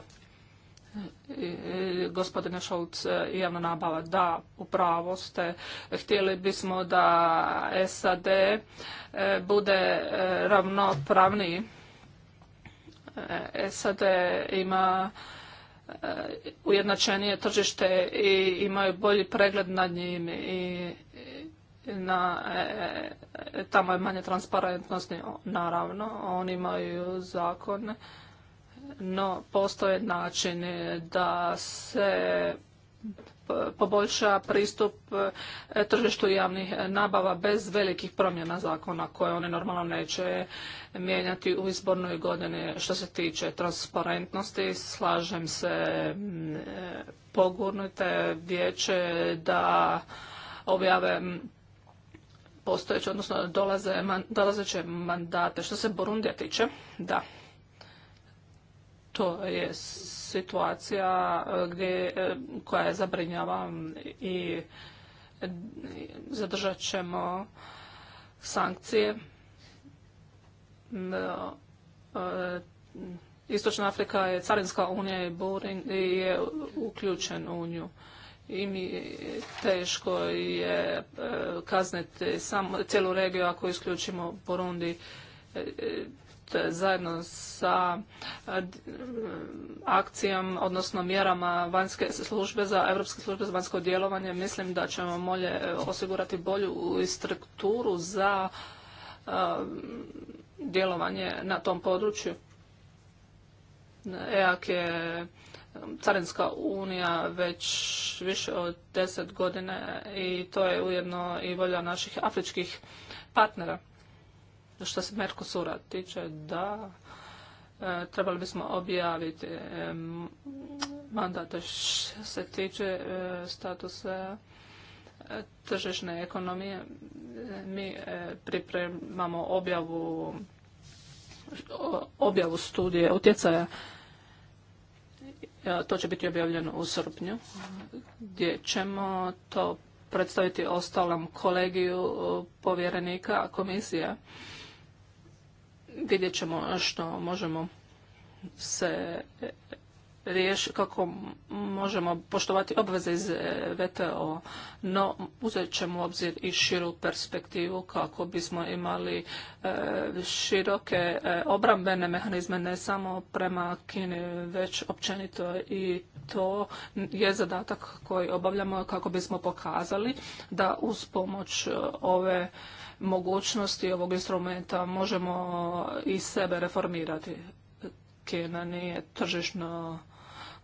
Gospodine Šolc, e, javna nabava, da, upravo ste. Htjeli bismo da SAD e, bude e, ravnopravniji. SAD ima ujednačenije tržište i imaju bolji pregled nad njim i na, e, e, tamo je manje transparentnosti, naravno, oni imaju zakon, no postoje načini da se poboljša pristup e, tržištu javnih nabava bez velikih promjena zakona koje oni normalno neće mijenjati u izbornoj godini. Što se tiče transparentnosti, slažem se, pogurnite vijeće da objave postojeće, odnosno dolazeće mandate. Što se Borundija tiče, da, to je situacija e, e, koja je zabrinjava i zadržat ćemo sankcije. E, Istočna Afrika je carinska unija i je uključen u nju i mi e, teško je e, kazniti samo cijelu regiju ako isključimo Burundi e, zajedno sa akcijom, odnosno mjerama vanjske službe za, Europske službe za vanjsko djelovanje, mislim da ćemo molje osigurati bolju strukturu za djelovanje na tom području. EAK je Carinska unija već više od deset godina i to je ujedno i volja naših afričkih partnera. Što se Merkosura tiče, da, e, trebali bismo objaviti e, mandate što se tiče e, statusa tržišne ekonomije. Mi pripremamo objavu objavu studije utjecaja E, to će biti objavljeno u srpnju gdje ćemo to predstaviti ostalom kolegiju e, povjerenika komisija. Vidjet ćemo što možemo se riješi kako možemo poštovati obveze iz VTO, no uzet ćemo u obzir i širu perspektivu kako bismo imali e, široke e, obrambene mehanizme ne samo prema Kini, već općenito i to je zadatak koji obavljamo kako bismo pokazali da uz pomoć e, ove mogućnosti ovog instrumenta možemo i sebe reformirati. Kina nije tržišno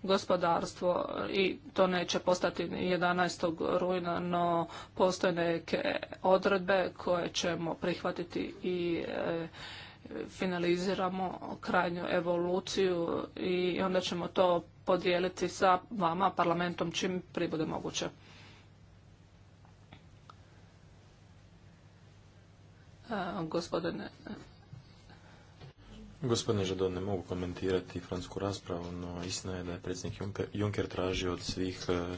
gospodarstvo i to neće postati 11. rujna, no postoje neke odredbe koje ćemo prihvatiti i e, finaliziramo krajnju evoluciju i onda ćemo to podijeliti sa vama, parlamentom, čim pribude moguće. E, gospodine Gospodine Žadon, ne mogu komentirati francusku raspravu, no istina je da je predsjednik Juncker tražio od svih eh,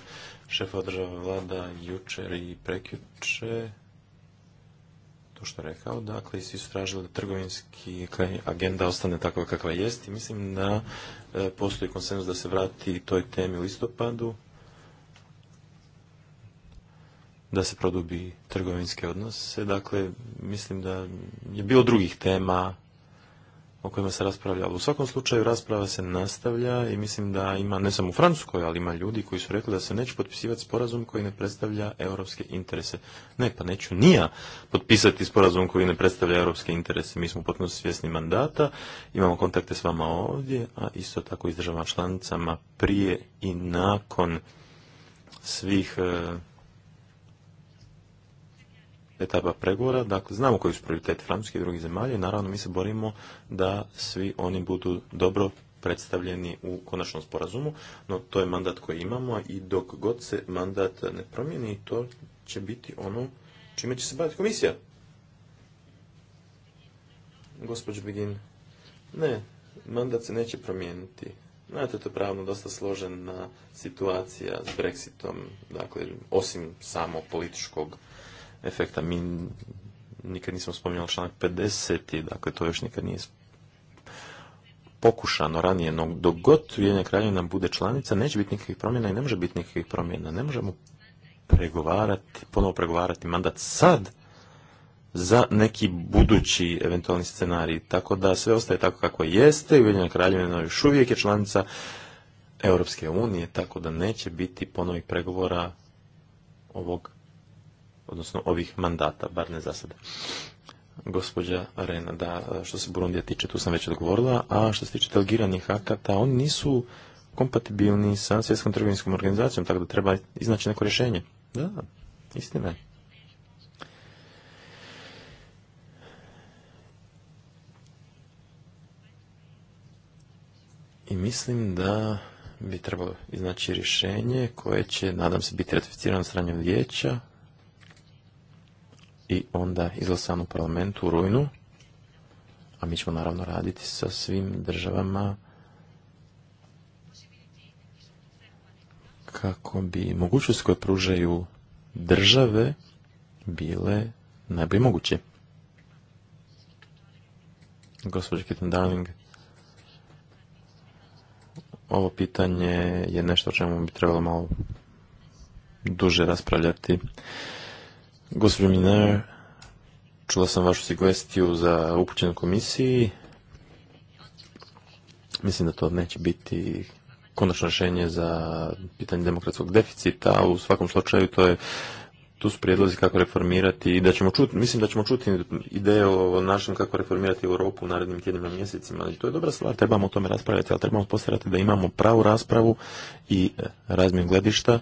šefa država vlada jučer i prekjuče to što je rekao, dakle, svi su tražili da trgovinski agenda ostane takva kakva jest i mislim da eh, postoji konsenzus da se vrati toj temi u listopadu, da se produbi trgovinske odnose, dakle, mislim da je bilo drugih tema o kojima se raspravljalo. U svakom slučaju rasprava se nastavlja i mislim da ima, ne samo u Francuskoj, ali ima ljudi koji su rekli da se neće potpisivati sporazum koji ne predstavlja europske interese. Ne, pa neću nija potpisati sporazum koji ne predstavlja europske interese. Mi smo potpuno svjesni mandata, imamo kontakte s vama ovdje, a isto tako i s državama članicama prije i nakon svih eh, etapa pregovora. Dakle, znamo koji su prioriteti Francuske i drugih zemalja i naravno mi se borimo da svi oni budu dobro predstavljeni u konačnom sporazumu, no to je mandat koji imamo i dok god se mandat ne promijeni, to će biti ono čime će se baviti komisija. Gospođo Begin, ne, mandat se neće promijeniti. Znate, to je pravno dosta složena situacija s Brexitom, dakle, osim samo političkog efekta. Mi nikad nismo spominjali članak 50. Dakle, to još nikad nije pokušano ranije, no dok god kraljevina bude članica, neće biti nikakvih promjena i ne može biti nikakvih promjena. Ne možemo pregovarati, ponovo pregovarati mandat sad za neki budući eventualni scenarij. Tako da sve ostaje tako kako jeste. Ujedinjena kraljevina još uvijek je članica Europske unije, tako da neće biti ponovih pregovora ovog odnosno ovih mandata, bar ne za sada. Gospođa Rena, da, što se Burundija tiče, tu sam već odgovorila, a što se tiče delegiranih akata, oni nisu kompatibilni sa svjetskom trgovinskom organizacijom, tako da treba iznaći neko rješenje. Da, istina je. I mislim da bi trebalo iznaći rješenje koje će, nadam se, biti ratificirano od vijeća i onda izglasan u parlamentu u rujnu, a mi ćemo naravno raditi sa svim državama kako bi mogućnosti koje pružaju države bile najbolje moguće. Gospođa Kitten Darling, ovo pitanje je nešto o čemu bi trebalo malo duže raspravljati. Gospodin Miner, čula sam vašu sugestiju za upućenu komisiji. Mislim da to neće biti konačno rješenje za pitanje demokratskog deficita. a U svakom slučaju to je tu su prijedlozi kako reformirati i da ćemo čuti, mislim da ćemo čuti ideje o našem kako reformirati Europu u narednim tjednima mjesecima. ali to je dobra stvar, trebamo o tome raspravljati, ali trebamo postarati da imamo pravu raspravu i e, razmijen gledišta.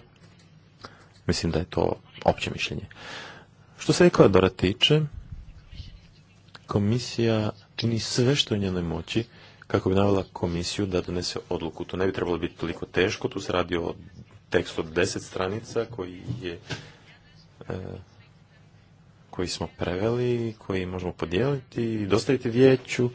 Mislim da je to opće mišljenje. Što se Ekvadora tiče, komisija čini sve što je njenoj moći kako bi navela komisiju da donese odluku. To ne bi trebalo biti toliko teško, tu se radi o tekstu od deset stranica koji je e, koji smo preveli, koji možemo podijeliti i dostaviti vijeću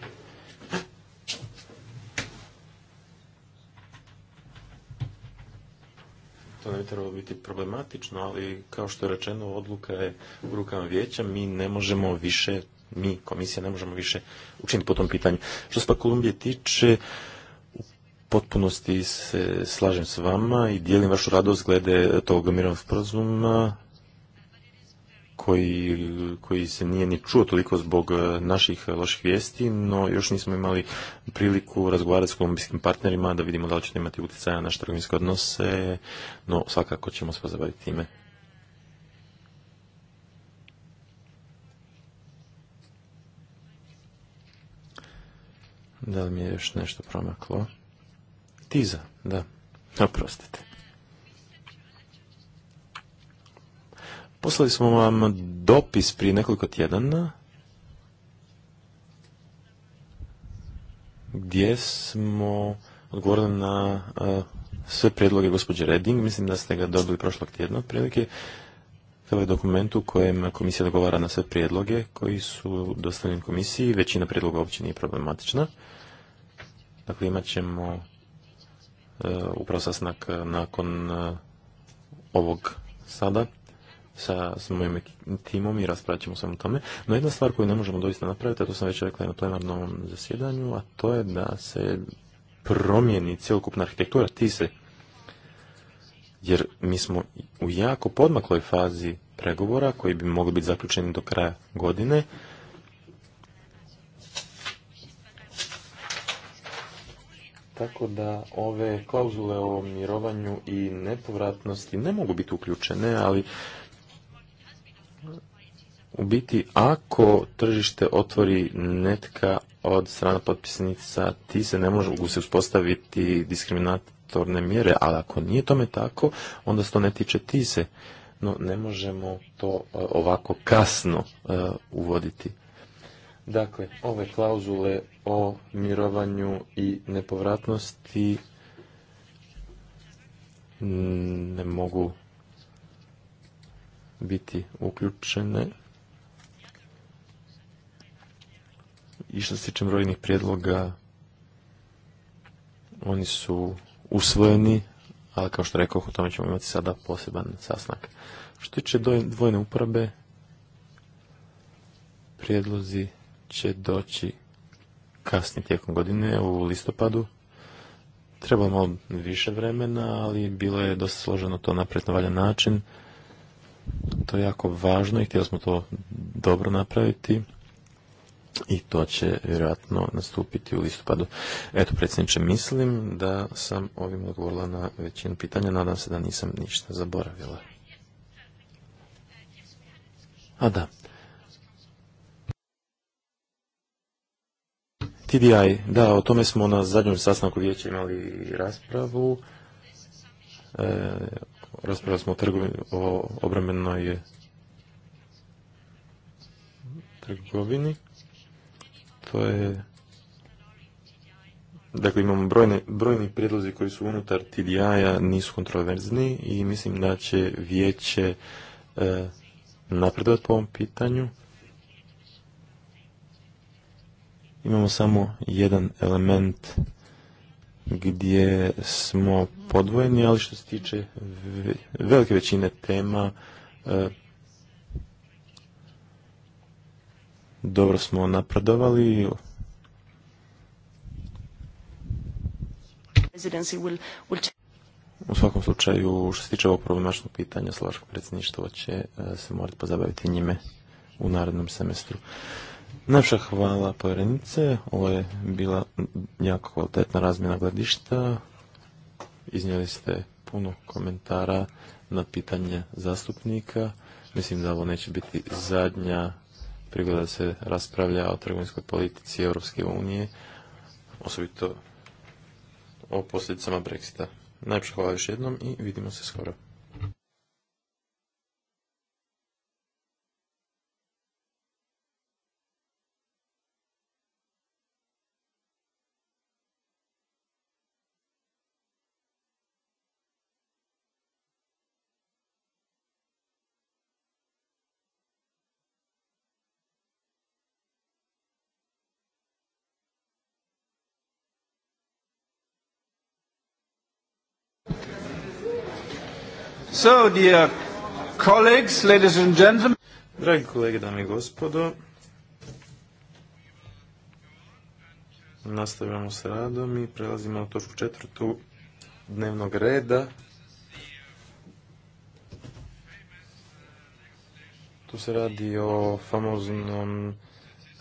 to ne bi trebalo biti problematično, ali kao što je rečeno, odluka je u rukama vijeća, mi ne možemo više, mi, komisija, ne možemo više učiniti po tom pitanju. Što se pa Kolumbije tiče, u potpunosti se slažem s vama i dijelim vašu radost glede tog mirovnog sporazuma koji, koji se nije ni čuo toliko zbog e, naših e, loših vijesti, no još nismo imali priliku razgovarati s kolumbijskim partnerima da vidimo da li ćete imati utjecaja na naše trgovinske odnose, no svakako ćemo se pozabaviti time. Da li mi je još nešto promaklo? Tiza, da. Oprostite. Poslali smo vam dopis prije nekoliko tjedana gdje smo odgovorili na sve prijedloge gospođe Reding. Mislim da ste ga dobili prošlog tjedna prilike. To je dokument u kojem komisija dogovara na sve prijedloge koji su dostavljeni komisiji. Većina prijedloga uopće nije problematična. Dakle, imat ćemo e, upravo sasnak e, nakon e, ovog sada sa, s mojim timom i raspravit ćemo o tome. No jedna stvar koju ne možemo doista napraviti, a to sam već rekla i na plenarnom zasjedanju, a to je da se promijeni cjelokupna arhitektura TISE. Jer mi smo u jako podmakloj fazi pregovora koji bi mogli biti zaključeni do kraja godine. tako da ove klauzule o mirovanju i nepovratnosti ne mogu biti uključene, ali u biti ako tržište otvori netka od strana potpisnica, ti se ne mogu se uspostaviti diskriminatorne mjere, ali ako nije tome tako, onda se to ne tiče ti se. No, ne možemo to e, ovako kasno e, uvoditi. Dakle, ove klauzule o mirovanju i nepovratnosti ne mogu biti uključene i što se tiče brojnih prijedloga, oni su usvojeni, ali kao što rekao, o tome ćemo imati sada poseban sasnak. Što tiče dvojne uporabe, prijedlozi će doći kasnije tijekom godine u listopadu. treba malo više vremena, ali bilo je dosta složeno to napraviti na valjan način. To je jako važno i htjeli smo to dobro napraviti i to će vjerojatno nastupiti u listopadu. Eto, predsjedniče, mislim da sam ovim odgovorila na većinu pitanja. Nadam se da nisam ništa zaboravila. A da. TDI, da, o tome smo na zadnjem sastanku vijeća imali raspravu. E, raspravili smo o, trgovini, o obrambenoj trgovini to je... Dakle, imamo brojni prijedlozi koji su unutar TDI-a, nisu kontroverzni i mislim da će vijeće e, napredovati po ovom pitanju. Imamo samo jedan element gdje smo podvojeni, ali što se tiče velike većine tema, e, dobro smo napredovali. U svakom slučaju, što se tiče ovog problemačnog pitanja, slovačko predsjedništvo će e, se morati pozabaviti njime u narednom semestru. Najpša hvala povjerenice, ovo je bila jako kvalitetna razmjena gledišta, iznijeli ste puno komentara na pitanje zastupnika, mislim da ovo neće biti zadnja prigoda da se raspravlja o trgovinskoj politici Europske unije, osobito o posljedicama Brexita. Najprej hvala još jednom i vidimo se skoro. So, dear colleagues, ladies and gentlemen. Dragi kolege, dame i gospodo, nastavljamo s radom i prelazimo na točku četvrtu dnevnog reda. Tu se radi o famoznom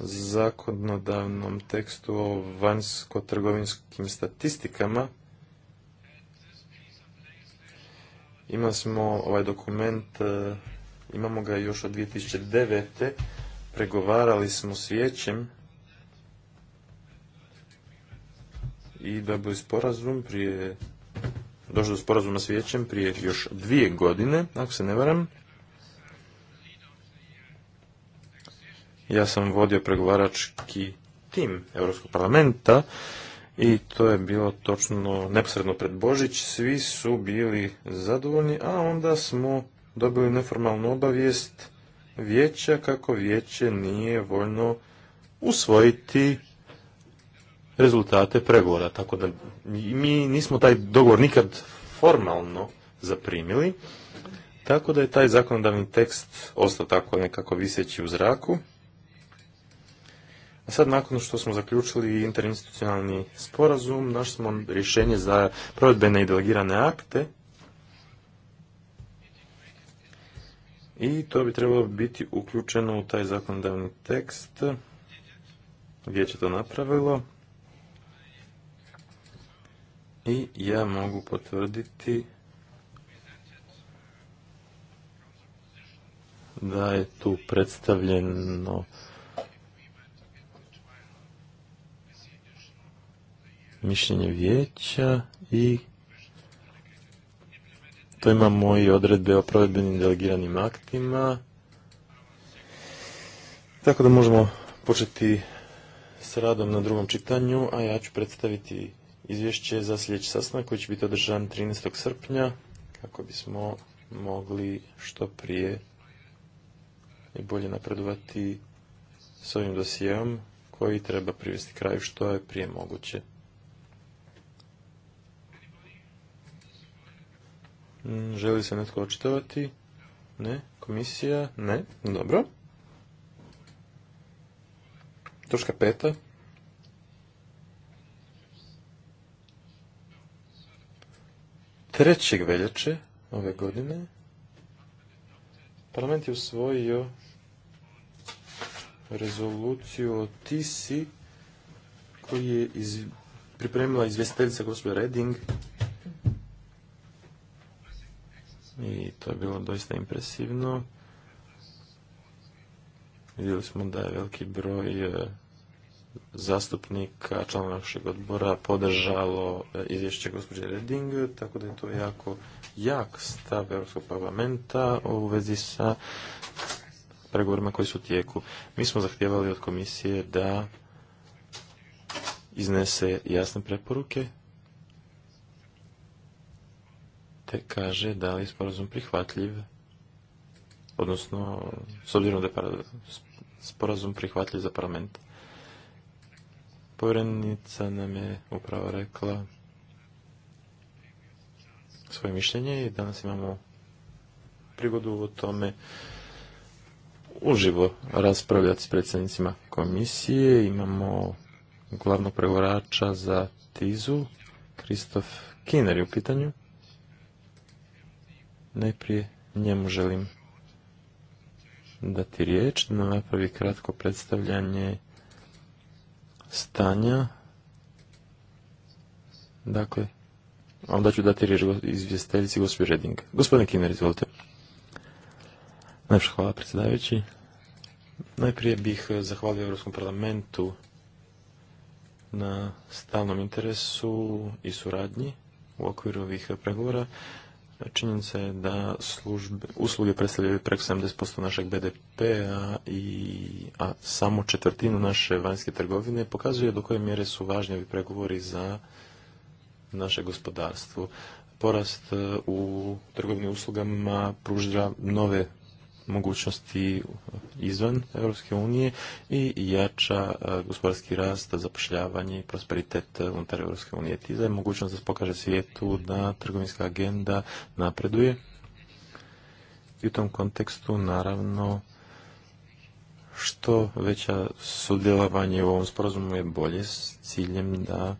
zakonodavnom tekstu o vanjsko-trgovinskim statistikama Imali smo ovaj dokument, e, imamo ga još od 2009. Pregovarali smo s vijećem i dobili sporazum prije došlo do sporazuma s vijećem prije još dvije godine, ako se ne varam. Ja sam vodio pregovarački tim Europskog parlamenta i to je bilo točno neposredno pred Božić. Svi su bili zadovoljni, a onda smo dobili neformalnu obavijest vijeća kako vijeće nije voljno usvojiti rezultate pregovora. Tako da mi nismo taj dogovor nikad formalno zaprimili, tako da je taj zakonodavni tekst ostao tako nekako viseći u zraku. A sad nakon što smo zaključili interinstitucionalni sporazum, našli smo rješenje za provedbene i delegirane akte i to bi trebalo biti uključeno u taj zakonodavni tekst. Vijeće to napravilo i ja mogu potvrditi da je tu predstavljeno mišljenje vijeća i to imamo i odredbe o provedbenim delegiranim aktima. Tako da možemo početi s radom na drugom čitanju, a ja ću predstaviti izvješće za sljedeći sastanak koji će biti održan 13. srpnja kako bismo mogli što prije i bolje napredovati s ovim dosijeom koji treba privesti kraju što je prije moguće. Mm, želi se netko očitovati? Ne. Komisija? Ne. Dobro. Točka peta. Trećeg veljače ove godine parlament je usvojio rezoluciju o TISI koji je pripremila izvjestiteljica gospođa Reding i to je bilo doista impresivno. Vidjeli smo da je veliki broj e, zastupnika članova našeg odbora podržalo e, izvješće gospođe Reding, tako da je to jako jak stav Europskog parlamenta u vezi sa pregovorima koji su u tijeku. Mi smo zahtjevali od komisije da iznese jasne preporuke te kaže da li je sporazum prihvatljiv, odnosno s obzirom da je sporazum prihvatljiv za parlament. Povjerenica nam je upravo rekla svoje mišljenje i danas imamo prigodu o tome uživo raspravljati s predsjednicima komisije. Imamo glavnog pregovorača za Tizu, Kristof Kiner je u pitanju. Najprije njemu želim dati riječ, da napravi kratko predstavljanje stanja. Dakle, onda ću dati riječ izvjestiteljici gospođe Reding. Gospodine Kiner, izvolite. Najprije hvala predsjedavajući. Najprije bih zahvalio Europskom parlamentu na stalnom interesu i suradnji u okviru ovih pregovora. Činjenica je da usluge predstavljaju preko 70% našeg BDP-a, a samo četvrtinu naše vanjske trgovine pokazuje do koje mjere su važni ovi pregovori za naše gospodarstvo. Porast e, u trgovini uslugama pruža nove mogućnosti izvan Europske unije i jača e, gospodarski rast, zapošljavanje i prosperitet unutar Europske unije. Tiza je mogućnost da se pokaže svijetu da trgovinska agenda napreduje. I u tom kontekstu, naravno, što veća sudjelovanje u ovom sporazumu je bolje s ciljem da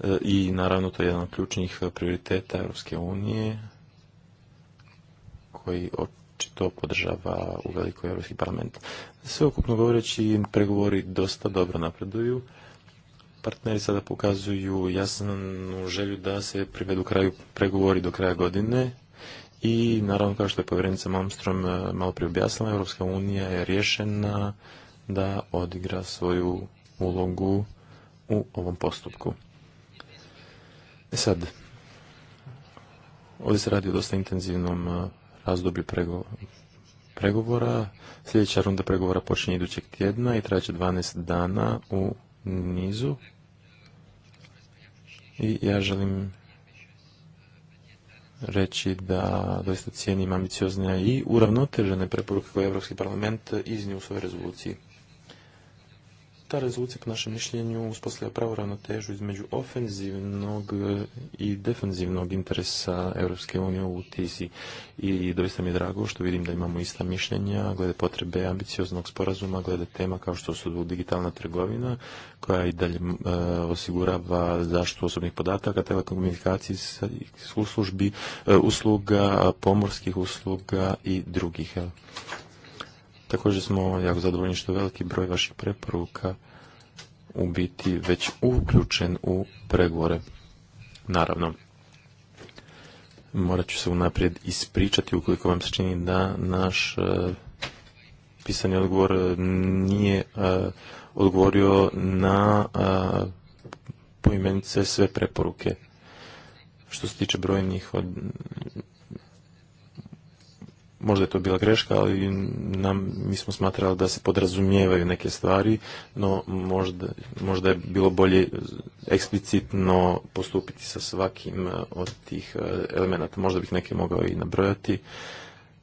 e, i naravno to je jedan od ključnih prioriteta Europske unije koji Znači, to podržava u velikoj Europski parlament. Sveukupno govoreći, pregovori dosta dobro napreduju. Partneri sada pokazuju jasnu želju da se privedu kraju pregovori do kraja godine i naravno kao što je povjerenica Malmström eh, malo prije objasnila, Europska unija je rješena da odigra svoju ulogu u ovom postupku. E sad, ovdje se radi o dosta intenzivnom eh, razdoblju pregovora. Sljedeća runda pregovora počinje idućeg tjedna i traće 12 dana u nizu. I ja želim reći da doista cijenim ambiciozne i uravnotežene preporuke koje je Europski parlament iznio u svojoj rezoluciji ta rezolucija po našem mišljenju uspostavlja pravu ravnotežu između ofenzivnog i defenzivnog interesa Europske unije u tizi i doista mi je drago što vidim da imamo ista mišljenja glede potrebe ambicioznog sporazuma, glede tema kao što su digitalna trgovina koja i dalje e, osigurava zaštitu osobnih podataka, telekomunikacijskih uslužbi, e, usluga, pomorskih usluga i drugih. Također smo jako zadovoljni što veliki broj vaših preporuka u biti već uključen u pregovore. Naravno, morat ću se unaprijed ispričati ukoliko vam se čini da naš e, pisani odgovor nije e, odgovorio na e, poimenice sve preporuke. Što se tiče brojnih od možda je to bila greška, ali nam, mi smo smatrali da se podrazumijevaju neke stvari, no možda, možda je bilo bolje eksplicitno postupiti sa svakim e, od tih e, elemenata. Možda bih neke mogao i nabrojati.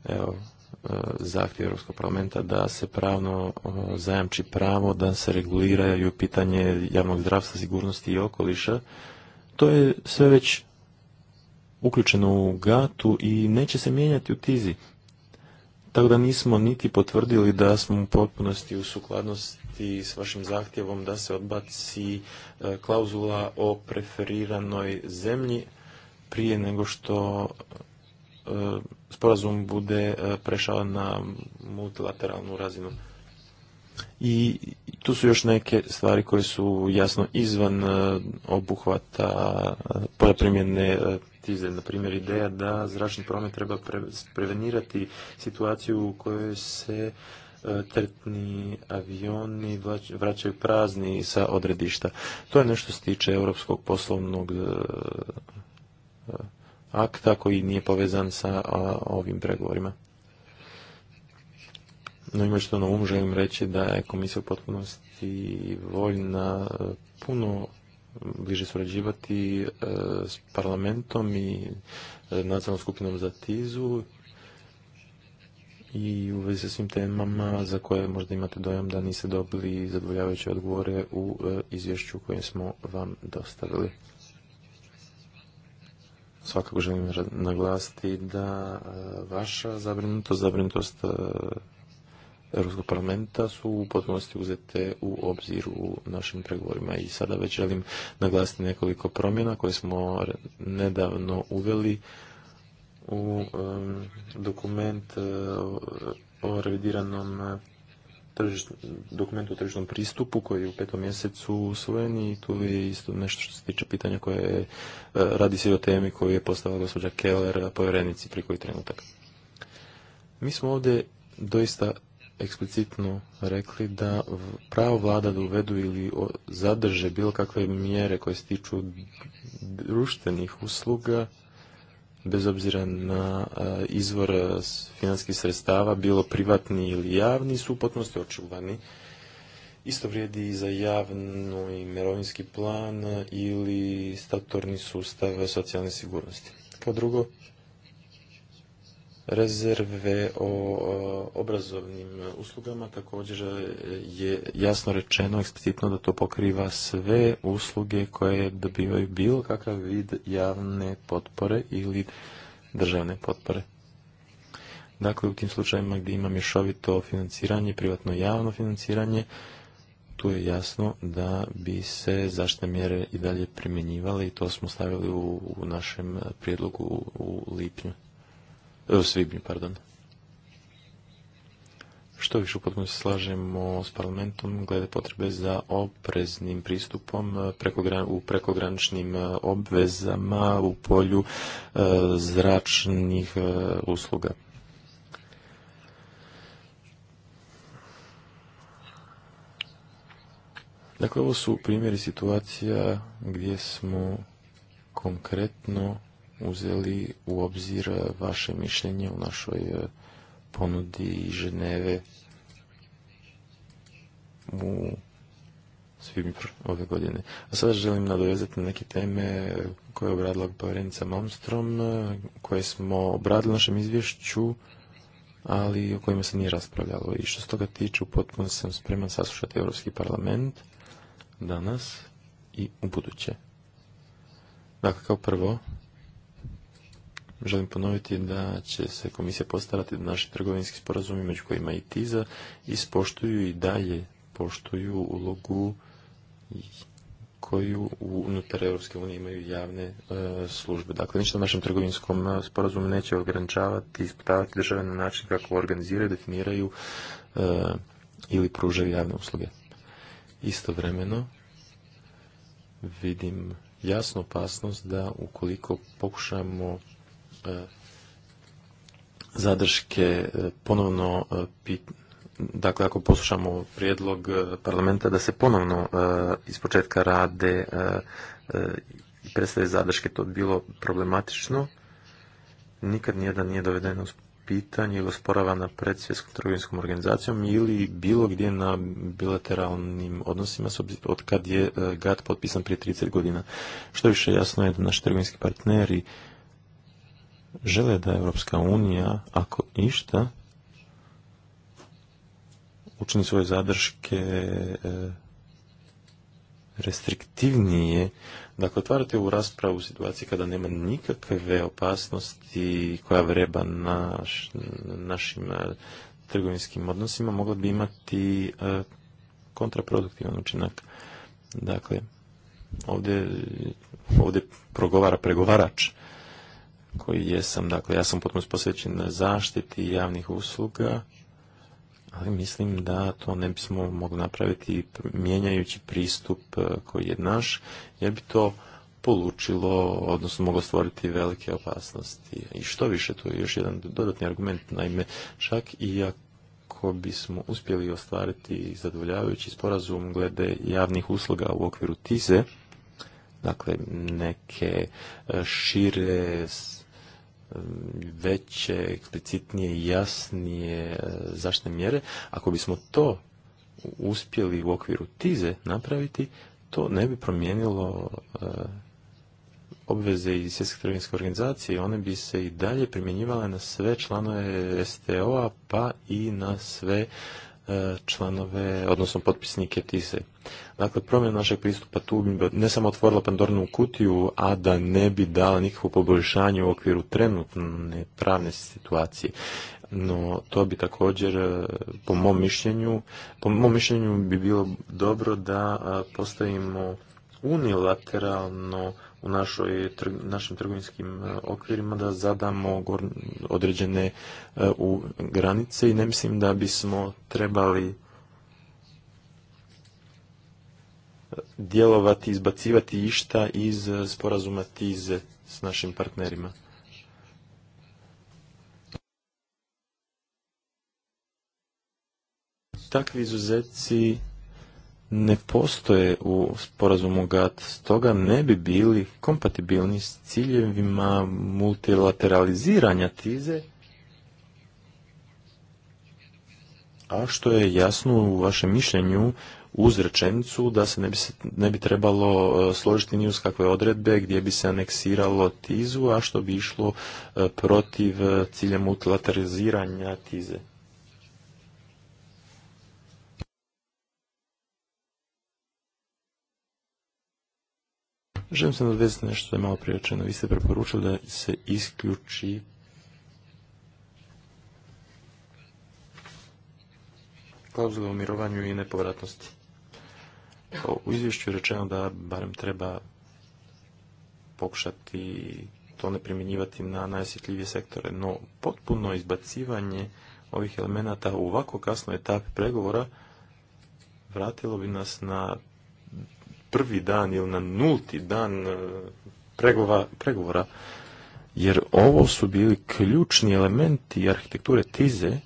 Evo, e, zahtjev Europskog parlamenta da se pravno zajamči pravo da se reguliraju pitanje javnog zdravstva, sigurnosti i okoliša. To je sve već uključeno u gatu i neće se mijenjati u tizi. Tako da nismo niti potvrdili da smo u potpunosti u sukladnosti s vašim zahtjevom da se odbaci e, klauzula o preferiranoj zemlji prije nego što e, sporazum bude e, prešao na multilateralnu razinu. I tu su još neke stvari koje su jasno izvan obuhvata poljoprimjene stize, Na primjer, ideja da zračni promet treba prevenirati situaciju u kojoj se e, tretni avioni vraćaju prazni sa odredišta. To je nešto se tiče europskog poslovnog e, e, akta koji nije povezan sa ovim pregovorima. No ima što na umu, želim reći da je komisija u potpunosti voljna puno bliže surađivati e, s parlamentom i e, nacionalnom skupinom za tizu i u vezi sa svim temama za koje možda imate dojam da niste dobili zadovoljavajuće odgovore u e, izvješću koje smo vam dostavili. Svakako želim naglasiti da vaša zabrinutost, zabrinutost Europskog parlamenta su u potpunosti uzete u obzir u našim pregovorima i sada već želim naglasiti nekoliko promjena koje smo nedavno uveli u dokument e, o revidiranom e, dokumentu o tržišnom pristupu koji je u petom mjesecu usvojen i tu je isto nešto što se tiče pitanja koje e, radi se o temi koju je postavila gospođa Keller povjerenici pri koji trenutak. Mi smo ovdje doista eksplicitno rekli da pravo vlada da uvedu ili zadrže bilo kakve mjere koje se tiču društvenih usluga, bez obzira na izvor finanskih sredstava, bilo privatni ili javni, su u potpunosti očuvani. Isto vrijedi i za javno i mirovinski plan ili statorni sustav socijalne sigurnosti. Kao drugo, rezerve o obrazovnim uslugama također e, je jasno rečeno eksplicitno da to pokriva sve usluge koje dobivaju bilo kakav vid javne potpore ili državne potpore. Dakle, u tim slučajevima gdje ima mješovito financiranje, privatno javno financiranje, tu je jasno da bi se zaštitne mjere i dalje primjenjivale i to smo stavili u našem prijedlogu u lipnju u svibnju, pardon. Što više u se slažemo s parlamentom glede potrebe za opreznim pristupom e, u prekograničnim e, obvezama u polju e, zračnih usluga. Dakle, ovo su primjeri situacija gdje smo konkretno uzeli u obzir e, vaše mišljenje u našoj e, ponudi Ženeve u svibnju ove godine. A sada želim nadovezati na neke teme e, koje je obradila povjerenica Malmstrom, koje smo obradili našem izvješću, ali o kojima se nije raspravljalo. I što se toga tiče, potpuno sam spreman saslušati Europski parlament danas i u buduće. Dakle, kao prvo, Želim ponoviti da će se komisija postarati da naši trgovinski sporazumi, među kojima i TIZA, ispoštuju i dalje poštuju ulogu koju unutar EU imaju javne e, službe. Dakle, ništa u našem trgovinskom e, sporazumu neće ograničavati, ispitavati države na način kako organiziraju, definiraju e, ili pružaju javne usluge. Istovremeno vidim jasnu opasnost da ukoliko pokušamo E, zadrške e, ponovno e, dakle ako poslušamo prijedlog parlamenta da se ponovno iz početka rade i predstave zadrške to bi bilo problematično nikad nijedan nije doveden u pitanje ili osporavana pred svjetskom trgovinskom organizacijom ili bilo gdje na bilateralnim odnosima od kad je GAT potpisan prije 30 godina. Što više jasno je da naši trgovinski partneri žele da Evropska unija, ako išta, učini svoje zadrške e, restriktivnije. Dakle, otvarate ovu raspravu u situaciji kada nema nikakve opasnosti koja vreba na našim e, trgovinskim odnosima, mogla bi imati e, kontraproduktivan učinak. Dakle, ovdje, ovdje progovara pregovarač koji jesam. Dakle, ja sam potpuno posvećen na zaštiti javnih usluga, ali mislim da to ne bismo mogli napraviti mijenjajući pristup e, koji je naš, jer bi to polučilo, odnosno moglo stvoriti velike opasnosti. I što više, to je još jedan dodatni argument, naime, čak i ako bismo uspjeli ostvariti zadovoljavajući sporazum glede javnih usluga u okviru TIZE, dakle neke e, šire veće, eksplicitnije i jasnije e, zaštne mjere. Ako bismo to uspjeli u okviru tize napraviti, to ne bi promijenilo e, obveze iz Svjetske trgovinske organizacije, one bi se i dalje primjenjivale na sve članove STO-a, pa i na sve E, članove, odnosno potpisnike TISE. Dakle, promjena našeg pristupa tu bi ne samo otvorila Pandornu kutiju, a da ne bi dala nikakvo poboljšanje u okviru trenutne pravne situacije. No, to bi također, e, po mom mišljenju, po mom mišljenju bi bilo dobro da e, postavimo unilateralno u našoj, našim trgovinskim e, okvirima da zadamo određene e, u granice i ne mislim da bismo trebali djelovati, izbacivati išta iz sporazuma TIZE s našim partnerima. Takvi izuzeci ne postoje u sporazumu GATT, stoga ne bi bili kompatibilni s ciljevima multilateraliziranja tize, a što je jasno u vašem mišljenju uz rečenicu da se ne bi, se, ne bi trebalo e, složiti ni uz kakve odredbe gdje bi se aneksiralo tizu, a što bi išlo e, protiv e, cilja multilateraliziranja tize. Želim se nadvezati nešto da je malo priječeno. Vi ste preporučili da se isključi klauzule o mirovanju i nepovratnosti. U izvješću je rečeno da barem treba pokušati to ne primjenjivati na najosjetljivije sektore, no potpuno izbacivanje ovih elemenata u ovako kasno etapi pregovora vratilo bi nas na prvi dan ili na nulti dan e, pregovora, jer ovo su bili ključni elementi arhitekture tize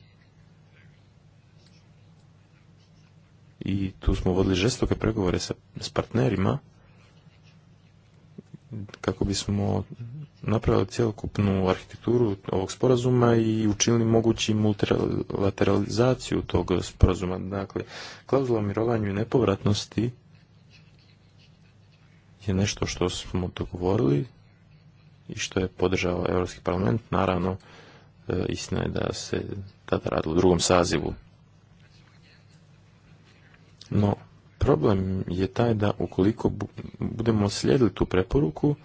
i tu smo vodili žestoke pregovore sa, s partnerima kako bismo napravili cjelokupnu arhitekturu ovog sporazuma i učinili mogući multilateralizaciju tog sporazuma. Dakle, klauzula o mirovanju i nepovratnosti je nešto što smo dogovorili i što je podržao Europski parlament. Naravno, e, istina je da se tada radilo u drugom sazivu. No, problem je taj da ukoliko budemo slijedili tu preporuku,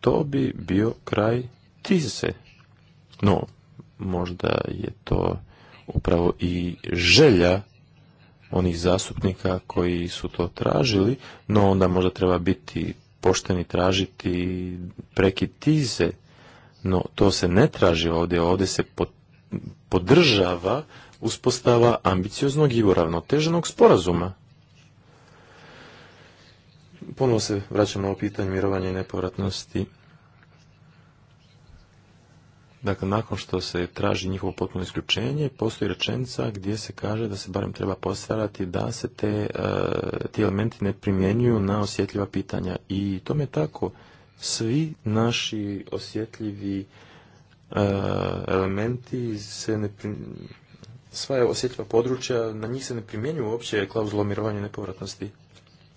to bi bio kraj tize. No, možda je to upravo i želja onih zastupnika koji su to tražili, no onda možda treba biti pošteni tražiti prekitize, no to se ne traži ovdje, ovdje se podržava uspostava ambicioznog i uravnoteženog sporazuma. Ponovo se vraćamo na ovo pitanje mirovanja i nepovratnosti. Dakle, nakon što se traži njihovo potpuno isključenje, postoji rečenica gdje se kaže da se barem treba postarati da se te, e, ti elementi ne primjenjuju na osjetljiva pitanja. I tome je tako. Svi naši osjetljivi e, elementi se ne primjenjuju sva osjetljiva područja, na njih se ne primjenjuju uopće klauzula o nepovratnosti.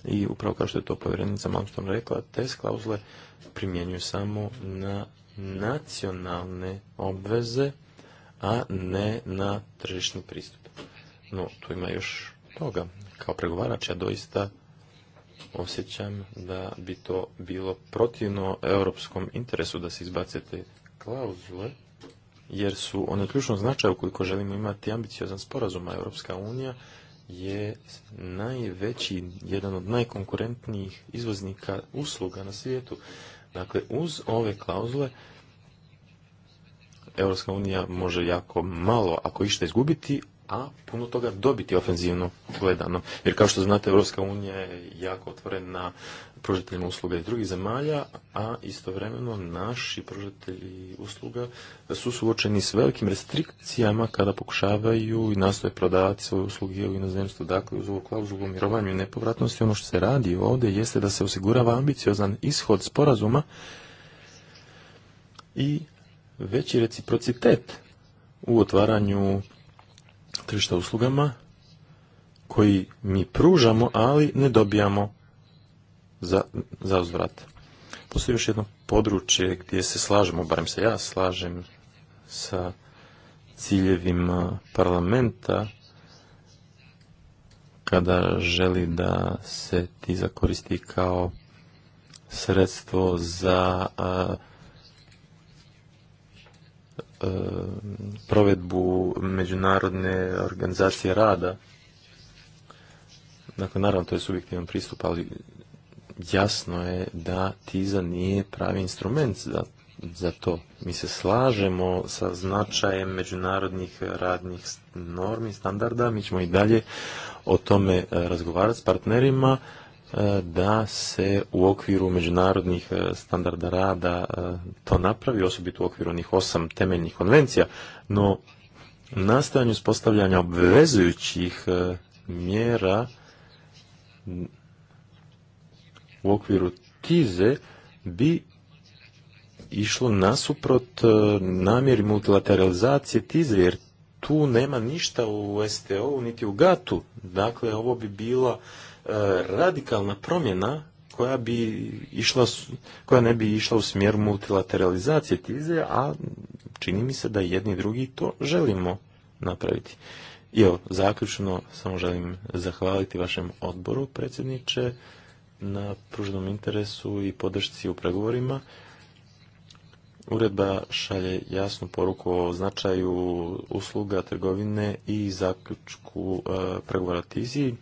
I upravo kao što je to povjerenica Malmstrom rekla, te klauzule primjenjuju samo na nacionalne obveze, a ne na tržišni pristup. No, tu ima još toga. Kao pregovarač ja doista osjećam da bi to bilo protivno europskom interesu da se izbacite klauzule, jer su one ključno značaja koliko želimo imati ambiciozan sporazum, a Europska unija je najveći, jedan od najkonkurentnijih izvoznika usluga na svijetu. Dakle, uz ove klauzule Europska unija može jako malo, ako išta izgubiti, a puno toga dobiti ofenzivno gledano. Jer kao što znate, Europska unija je jako otvorena pružateljima usluga iz drugih zemalja, a istovremeno naši pružatelji usluga su suočeni s velikim restrikcijama kada pokušavaju i nastoje prodavati svoje usluge u inozemstvu. Dakle, uz ovu klauzulu mirovanju i nepovratnosti, ono što se radi ovdje jeste da se osigurava ambiciozan ishod sporazuma i veći reciprocitet u otvaranju tržišta uslugama koji mi pružamo, ali ne dobijamo za, za uzvrat. Postoji još jedno područje gdje se slažemo, barem se ja slažem sa ciljevima parlamenta kada želi da se ti zakoristi kao sredstvo za Eh, provedbu međunarodne organizacije rada. Dakle, naravno, to je subjektivan pristup, ali jasno je da TISA nije pravi instrument za, za to. Mi se slažemo sa značajem međunarodnih radnih normi, standarda. Mi ćemo i dalje o tome eh, razgovarati s partnerima, E, da se u okviru međunarodnih e, standarda rada e, to napravi, osobito u okviru onih osam temeljnih konvencija, no nastojanju spostavljanja obvezujućih mjera u okviru tize bi išlo nasuprot namjeri multilateralizacije tize, jer tu nema ništa u STO-u niti u GATU. Dakle, ovo bi bilo radikalna promjena koja bi išla, koja ne bi išla u smjeru multilateralizacije tize, a čini mi se da jedni i drugi to želimo napraviti. I evo, zaključno samo želim zahvaliti vašem odboru, predsjedniče, na pruženom interesu i podršci u pregovorima. Uredba šalje jasnu poruku o značaju usluga trgovine i zaključku e, pregovora tizi.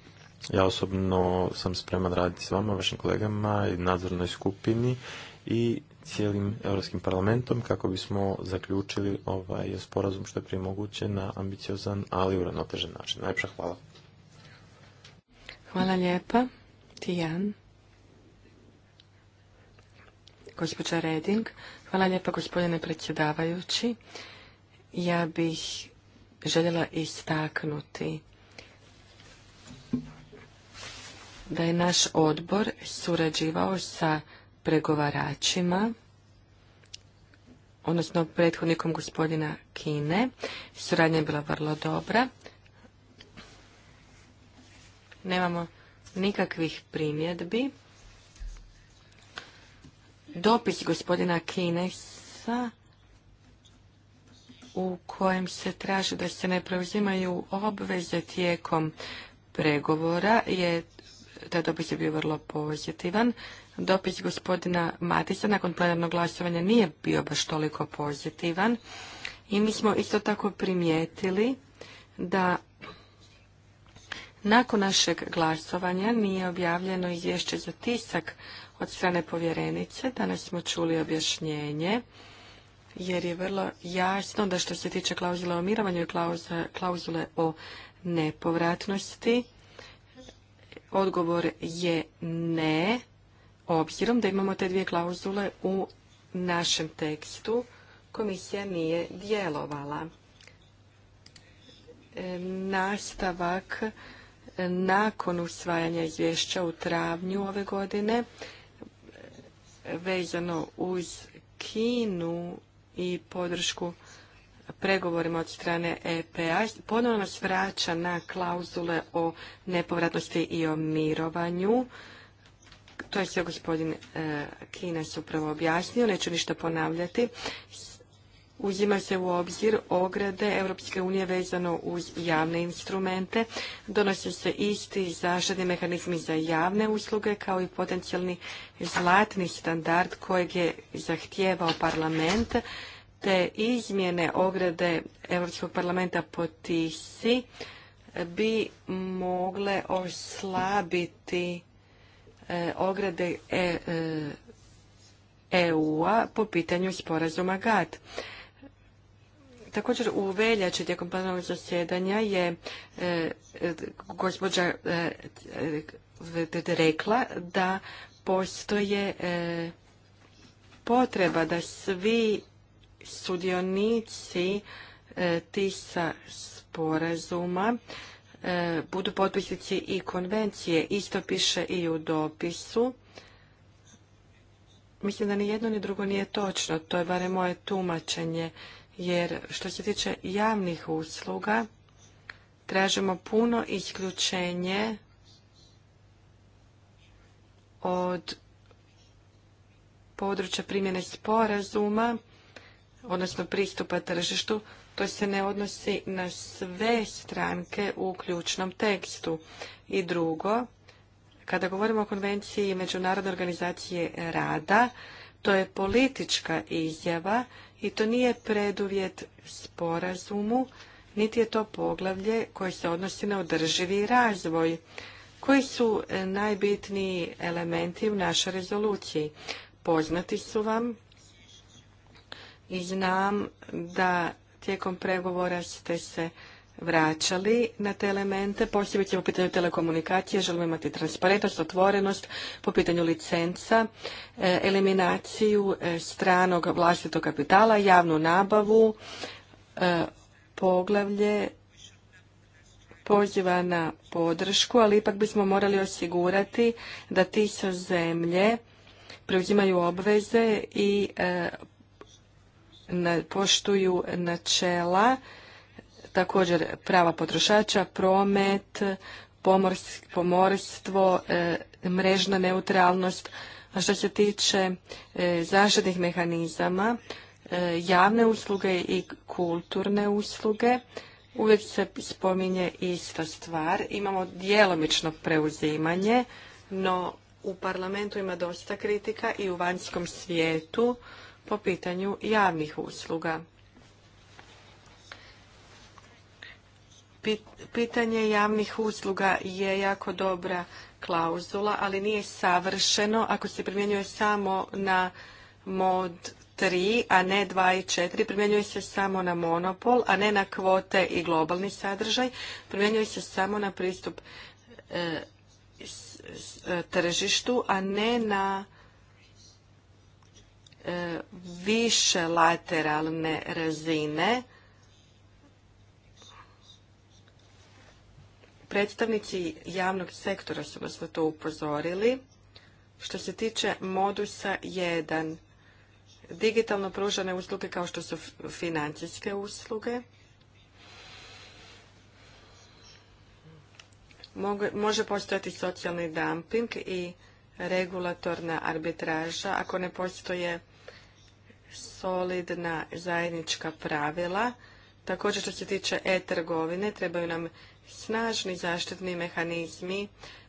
Ja osobno sam spreman raditi s vama, vašim kolegama i nadzornoj skupini i cijelim Europskim parlamentom kako bismo zaključili ovaj sporazum što je prije moguće na ambiciozan, ali uravnotežen način. Najpša hvala. Hvala lijepa. Tijan. Gospođa Reding. Hvala lijepa gospodine predsjedavajući. Ja bih željela istaknuti da je naš odbor surađivao sa pregovaračima, odnosno prethodnikom gospodina Kine. Suradnja je bila vrlo dobra. Nemamo nikakvih primjedbi. Dopis gospodina Kinesa u kojem se traži da se ne preuzimaju obveze tijekom pregovora je taj dopis je bio vrlo pozitivan. Dopis gospodina Matisa nakon plenarnog glasovanja nije bio baš toliko pozitivan. I mi smo isto tako primijetili da nakon našeg glasovanja nije objavljeno izvješće za tisak od strane povjerenice. Danas smo čuli objašnjenje jer je vrlo jasno da što se tiče klauzule o mirovanju i klauzule o nepovratnosti, Odgovor je ne, obzirom da imamo te dvije klauzule u našem tekstu. Komisija nije djelovala. E, nastavak nakon usvajanja izvješća u travnju ove godine vezano uz Kinu i podršku pregovorima od strane EPA ponovno nas vraća na klauzule o nepovratnosti i o mirovanju. To je sve gospodin e, Kinas upravo objasnio, neću ništa ponavljati. Uzima se u obzir ograde Europske unije vezano uz javne instrumente. Donose se isti zaštitni mehanizmi za javne usluge kao i potencijalni zlatni standard kojeg je zahtijevao parlament te izmjene ograde Europskog parlamenta po tisi bi mogle oslabiti e, ograde EU-a e, e po pitanju sporazuma GATT. Također u veljači tijekom planovog zasjedanja je gospođa rekla da postoje potreba da svi sudionici e, TISA sporazuma e, budu potpisnici i konvencije. Isto piše i u dopisu. Mislim da ni jedno ni drugo nije točno. To je barem moje tumačenje. Jer što se tiče javnih usluga, tražimo puno isključenje od područja primjene sporazuma odnosno pristupa tržištu, to se ne odnosi na sve stranke u ključnom tekstu. I drugo, kada govorimo o konvenciji Međunarodne organizacije rada, to je politička izjava i to nije preduvjet sporazumu, niti je to poglavlje koje se odnosi na održivi razvoj. Koji su e, najbitniji elementi u našoj rezoluciji? Poznati su vam, i znam da tijekom pregovora ste se vraćali na te elemente, posebice u pitanju telekomunikacije, želimo imati transparentnost, otvorenost, po pitanju licenca, e, eliminaciju e, stranog vlastitog kapitala, javnu nabavu, e, poglavlje poziva na podršku, ali ipak bismo morali osigurati da ti sa zemlje preuzimaju obveze i poštuju načela, također prava potrošača, promet, pomorstvo, e, mrežna neutralnost. A što se tiče e, zaštitnih mehanizama, e, javne usluge i kulturne usluge, uvijek se spominje ista stvar. Imamo djelomično preuzimanje, no u parlamentu ima dosta kritika i u vanjskom svijetu po pitanju javnih usluga. Pitanje javnih usluga je jako dobra klauzula, ali nije savršeno ako se primjenjuje samo na mod 3, a ne 2 i 4. Primjenjuje se samo na monopol, a ne na kvote i globalni sadržaj. Primjenjuje se samo na pristup e, e, tržištu, a ne na E, više lateralne razine predstavnici javnog sektora su nas na to upozorili. Što se tiče modusa 1, digitalno pružane usluge kao što su financijske usluge, može postojati socijalni dumping i regulatorna arbitraža ako ne postoje solidna zajednička pravila. Također što se tiče e-trgovine, trebaju nam snažni zaštitni mehanizmi,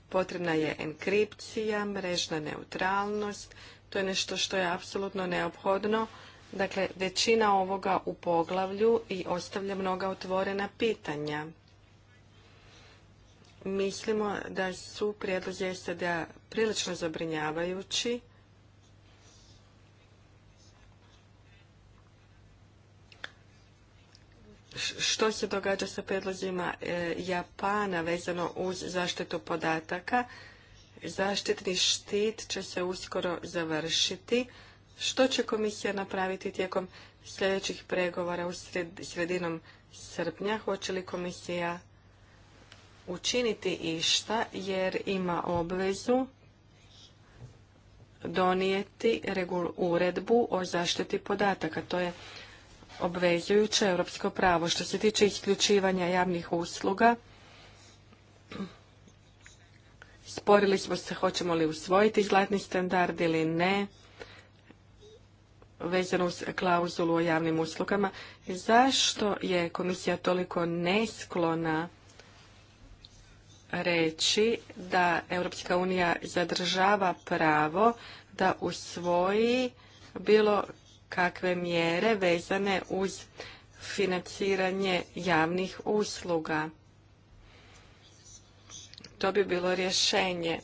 potrebna je enkripcija, mrežna neutralnost, to je nešto što je apsolutno neophodno. Dakle, većina ovoga u poglavlju i ostavlja mnoga otvorena pitanja. Mislimo da su prijedlozi SAD-a prilično zabrinjavajući. što se događa sa predlozima e, Japana vezano uz zaštitu podataka. Zaštitni štit će se uskoro završiti. Što će komisija napraviti tijekom sljedećih pregovora u sredinom srpnja? Hoće li komisija učiniti išta jer ima obvezu donijeti uredbu o zaštiti podataka? To je obvezujuće europsko pravo. Što se tiče isključivanja javnih usluga, sporili smo se hoćemo li usvojiti zlatni standard ili ne, vezano uz klauzulu o javnim uslugama. Zašto je komisija toliko nesklona reći da Europska unija zadržava pravo da usvoji bilo kakve mjere vezane uz financiranje javnih usluga. To bi bilo rješenje.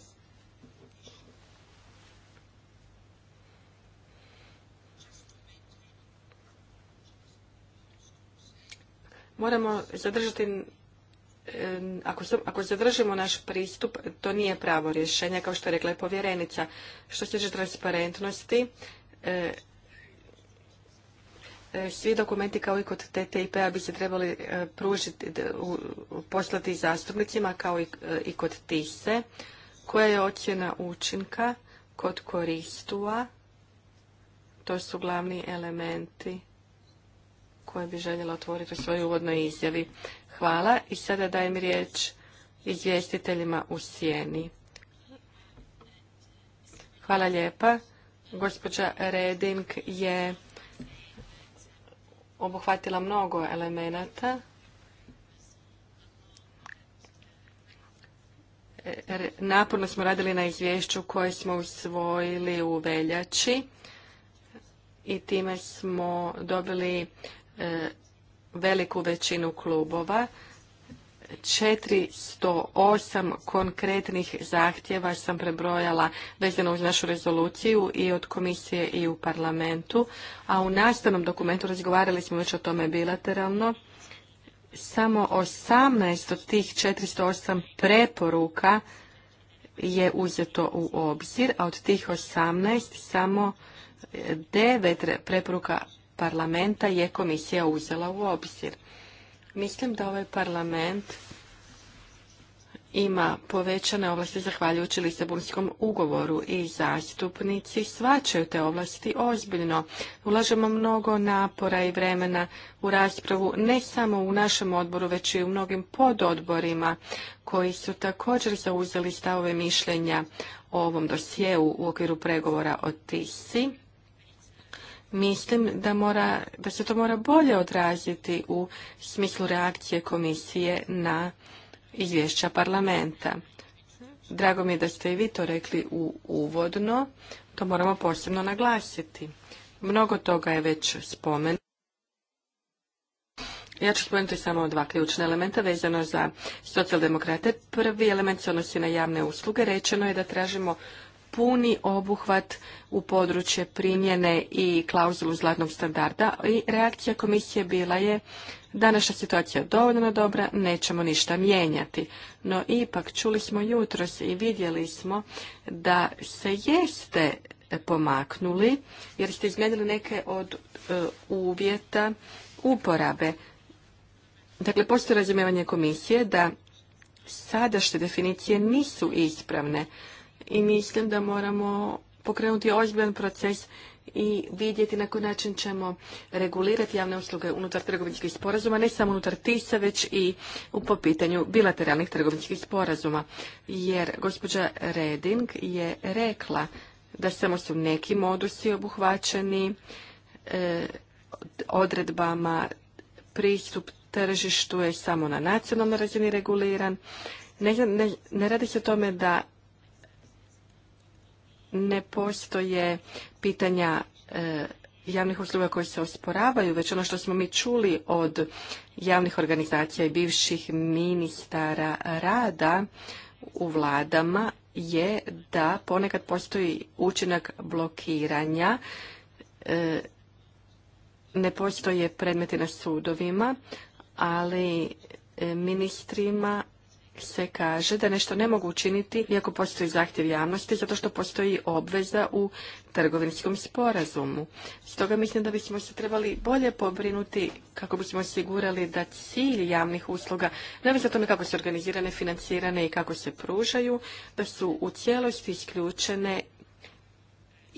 Moramo zadržati e, ako, zadržimo naš pristup, to nije pravo rješenje, kao što je rekla i povjerenica. Što se tiče transparentnosti, e, E, svi dokumenti kao i kod TTIP-a bi se trebali e, pružiti, poslati zastupnicima kao i e, kod TISE. Koja je ocjena učinka kod koristua? To su glavni elementi koje bi željela otvoriti u svojoj uvodnoj izjavi. Hvala i sada dajem riječ izvjestiteljima u sjeni. Hvala lijepa. Gospođa Reding je obuhvatila mnogo elemenata. E, naporno smo radili na izvješću koje smo usvojili u veljači i time smo dobili e, veliku većinu klubova. 408 konkretnih zahtjeva sam prebrojala vezano uz našu rezoluciju i od komisije i u parlamentu, a u nastavnom dokumentu razgovarali smo već o tome bilateralno. Samo 18 od tih 408 preporuka je uzeto u obzir, a od tih 18 samo 9 preporuka parlamenta je komisija uzela u obzir. Mislim da ovaj parlament ima povećane ovlasti zahvaljujući Lisabonskom ugovoru i zastupnici svačaju te ovlasti ozbiljno. Ulažemo mnogo napora i vremena u raspravu ne samo u našem odboru, već i u mnogim pododborima koji su također zauzeli stavove mišljenja o ovom dosjeu u okviru pregovora o TISI mislim da, mora, da se to mora bolje odraziti u smislu reakcije komisije na izvješća parlamenta. Drago mi je da ste i vi to rekli u uvodno, to moramo posebno naglasiti. Mnogo toga je već spomenuto. Ja ću spomenuti samo dva ključna elementa vezano za socijaldemokrate. Prvi element se odnosi na javne usluge. Rečeno je da tražimo puni obuhvat u područje primjene i klauzulu zlatnog standarda i reakcija komisije bila je današnja situacija je dovoljno dobra, nećemo ništa mijenjati. No ipak čuli smo jutros i vidjeli smo da se jeste pomaknuli jer ste izmijenili neke od e, uvjeta uporabe. Dakle, postoje razumijevanje komisije da sadašnje definicije nisu ispravne i mislim da moramo pokrenuti ozbiljan proces i vidjeti na koji način ćemo regulirati javne usluge unutar trgovinskih sporazuma, ne samo unutar TISA, već i u pitanju bilateralnih trgovinskih sporazuma. Jer gospođa Reding je rekla da samo su neki modusi obuhvaćeni e, odredbama pristup tržištu je samo na nacionalnoj razini reguliran. Ne, ne, ne radi se o tome da ne postoje pitanja e, javnih usluga koje se osporavaju, već ono što smo mi čuli od javnih organizacija i bivših ministara rada u vladama je da ponekad postoji učinak blokiranja, e, ne postoje predmeti na sudovima, ali e, ministrima se kaže da nešto ne mogu učiniti iako postoji zahtjev javnosti zato što postoji obveza u trgovinskom sporazumu. Stoga mislim da bismo se trebali bolje pobrinuti kako bismo osigurali da cilj javnih usluga, neovisno o tome kako su organizirane, financirane i kako se pružaju, da su u cijelosti isključene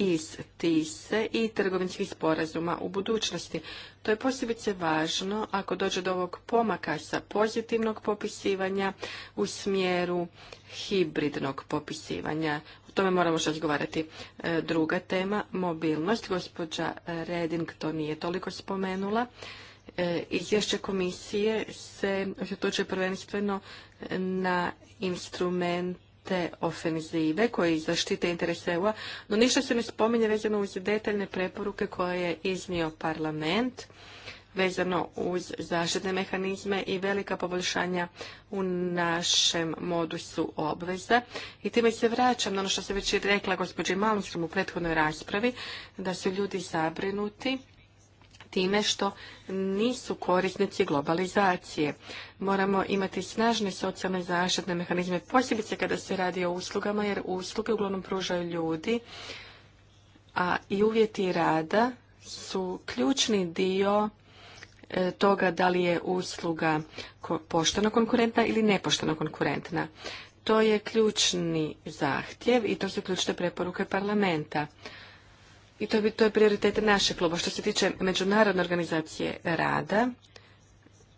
iz TISE i trgovinskih sporazuma u budućnosti. To je posebice važno ako dođe do ovog pomaka sa pozitivnog popisivanja u smjeru hibridnog popisivanja. O tome moramo što razgovarati. E, druga tema, mobilnost. Gospođa Reding to nije toliko spomenula. E, izvješće komisije se tuče prvenstveno na instrument te ofenzive koji zaštite interese EU-a, no ništa se ne spominje vezano uz detaljne preporuke koje je iznio parlament vezano uz zaštitne mehanizme i velika poboljšanja u našem modusu obveza. I time se vraćam na ono što se već i rekla gospođi Malmström u prethodnoj raspravi, da su ljudi zabrinuti time što nisu korisnici globalizacije. Moramo imati snažne socijalne zaštitne mehanizme, posebice kada se radi o uslugama, jer usluge uglavnom pružaju ljudi, a i uvjeti rada su ključni dio e, toga da li je usluga pošteno konkurentna ili nepošteno konkurentna. To je ključni zahtjev i to su ključne preporuke parlamenta i to je, to prioritet naše kluba. Što se tiče Međunarodne organizacije rada,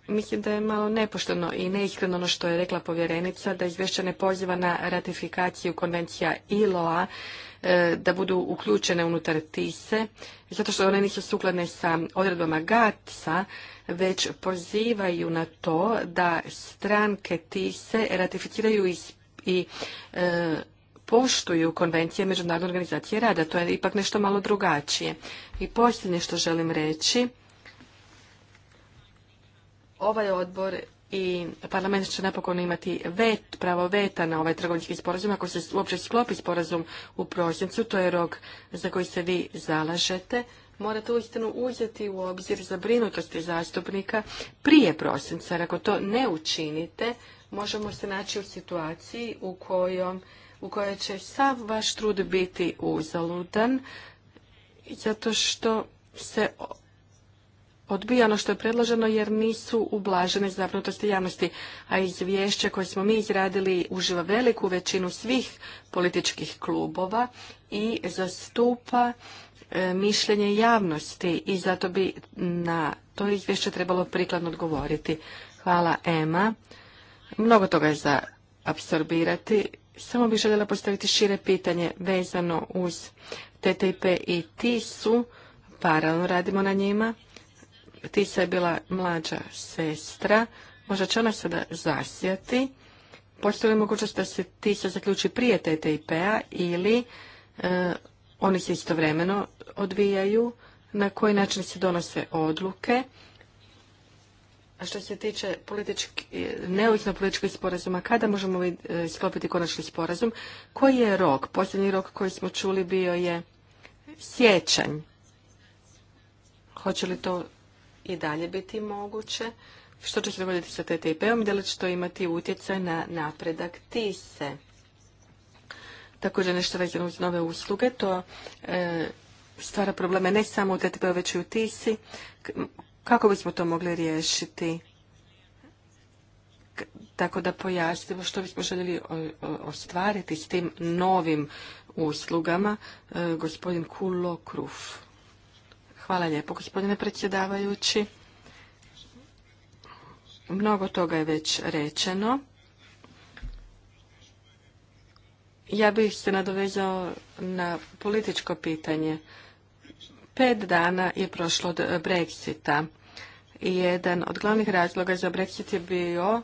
mislim da je malo nepošteno i neiskreno ono što je rekla povjerenica, da izvješće ne poziva na ratifikaciju konvencija ILO-a e, da budu uključene unutar TISE, zato što one nisu sukladne sa odredbama GATS-a, već pozivaju na to da stranke TISE ratificiraju i i e, poštuju konvencije Međunarodne organizacije rada. To je ipak nešto malo drugačije. I posljednje što želim reći, ovaj odbor i parlament će napokon imati vet, pravo veta na ovaj trgovinski sporazum. Ako se uopće sklopi sporazum u prosincu, to je rok za koji se vi zalažete, morate uistinu uzeti u obzir zabrinutosti zastupnika prije prosinca. Ako to ne učinite, možemo se naći u situaciji u kojoj u kojoj će sav vaš trud biti uzaludan, zato što se odbija ono što je predloženo jer nisu ublažene zabrinutosti javnosti, a izvješće koje smo mi izradili uživa veliku većinu svih političkih klubova i zastupa e, mišljenje javnosti i zato bi na to izvješće trebalo prikladno odgovoriti. Hvala Ema. Mnogo toga je za apsorbirati. Samo bih željela postaviti šire pitanje vezano uz TTIP i TISU. Paralelno radimo na njima. TISA je bila mlađa sestra. Možda će ona sada zasijati. Postoji li mogućnost da se TISA zaključi prije TTIP-a ili e, oni se istovremeno odvijaju? Na koji način se donose odluke? A što se tiče neovisno političkih sporazuma, kada možemo e, sklopiti konačni sporazum? Koji je rok? Posljednji rok koji smo čuli bio je sjećanj. Hoće li to i dalje biti moguće? Što će se dogoditi sa TTIP-om? Da li će to imati utjecaj na napredak TISE? Također nešto vezano uz nove usluge. To e, stvara probleme ne samo u TTP-u, već i u TISI. Kako bismo to mogli riješiti? Tako da pojasnimo što bismo željeli ostvariti s tim novim uslugama. E, gospodin Kulo Kruf. Hvala lijepo, gospodine predsjedavajući. Mnogo toga je već rečeno. Ja bih se nadovezao na političko pitanje. Pet dana je prošlo od Brexita. Jedan od glavnih razloga za Brexit je bio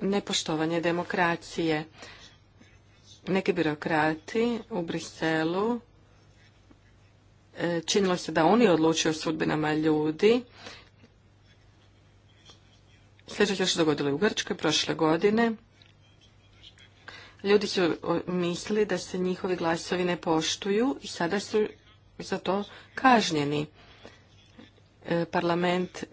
nepoštovanje demokracije. Neki birokrati u Briselu e, činilo se da oni odlučuju o sudbinama ljudi. Sljedeće se još dogodilo u Grčkoj prošle godine. Ljudi su mislili da se njihovi glasovi ne poštuju i sada su za to kažnjeni. E, parlament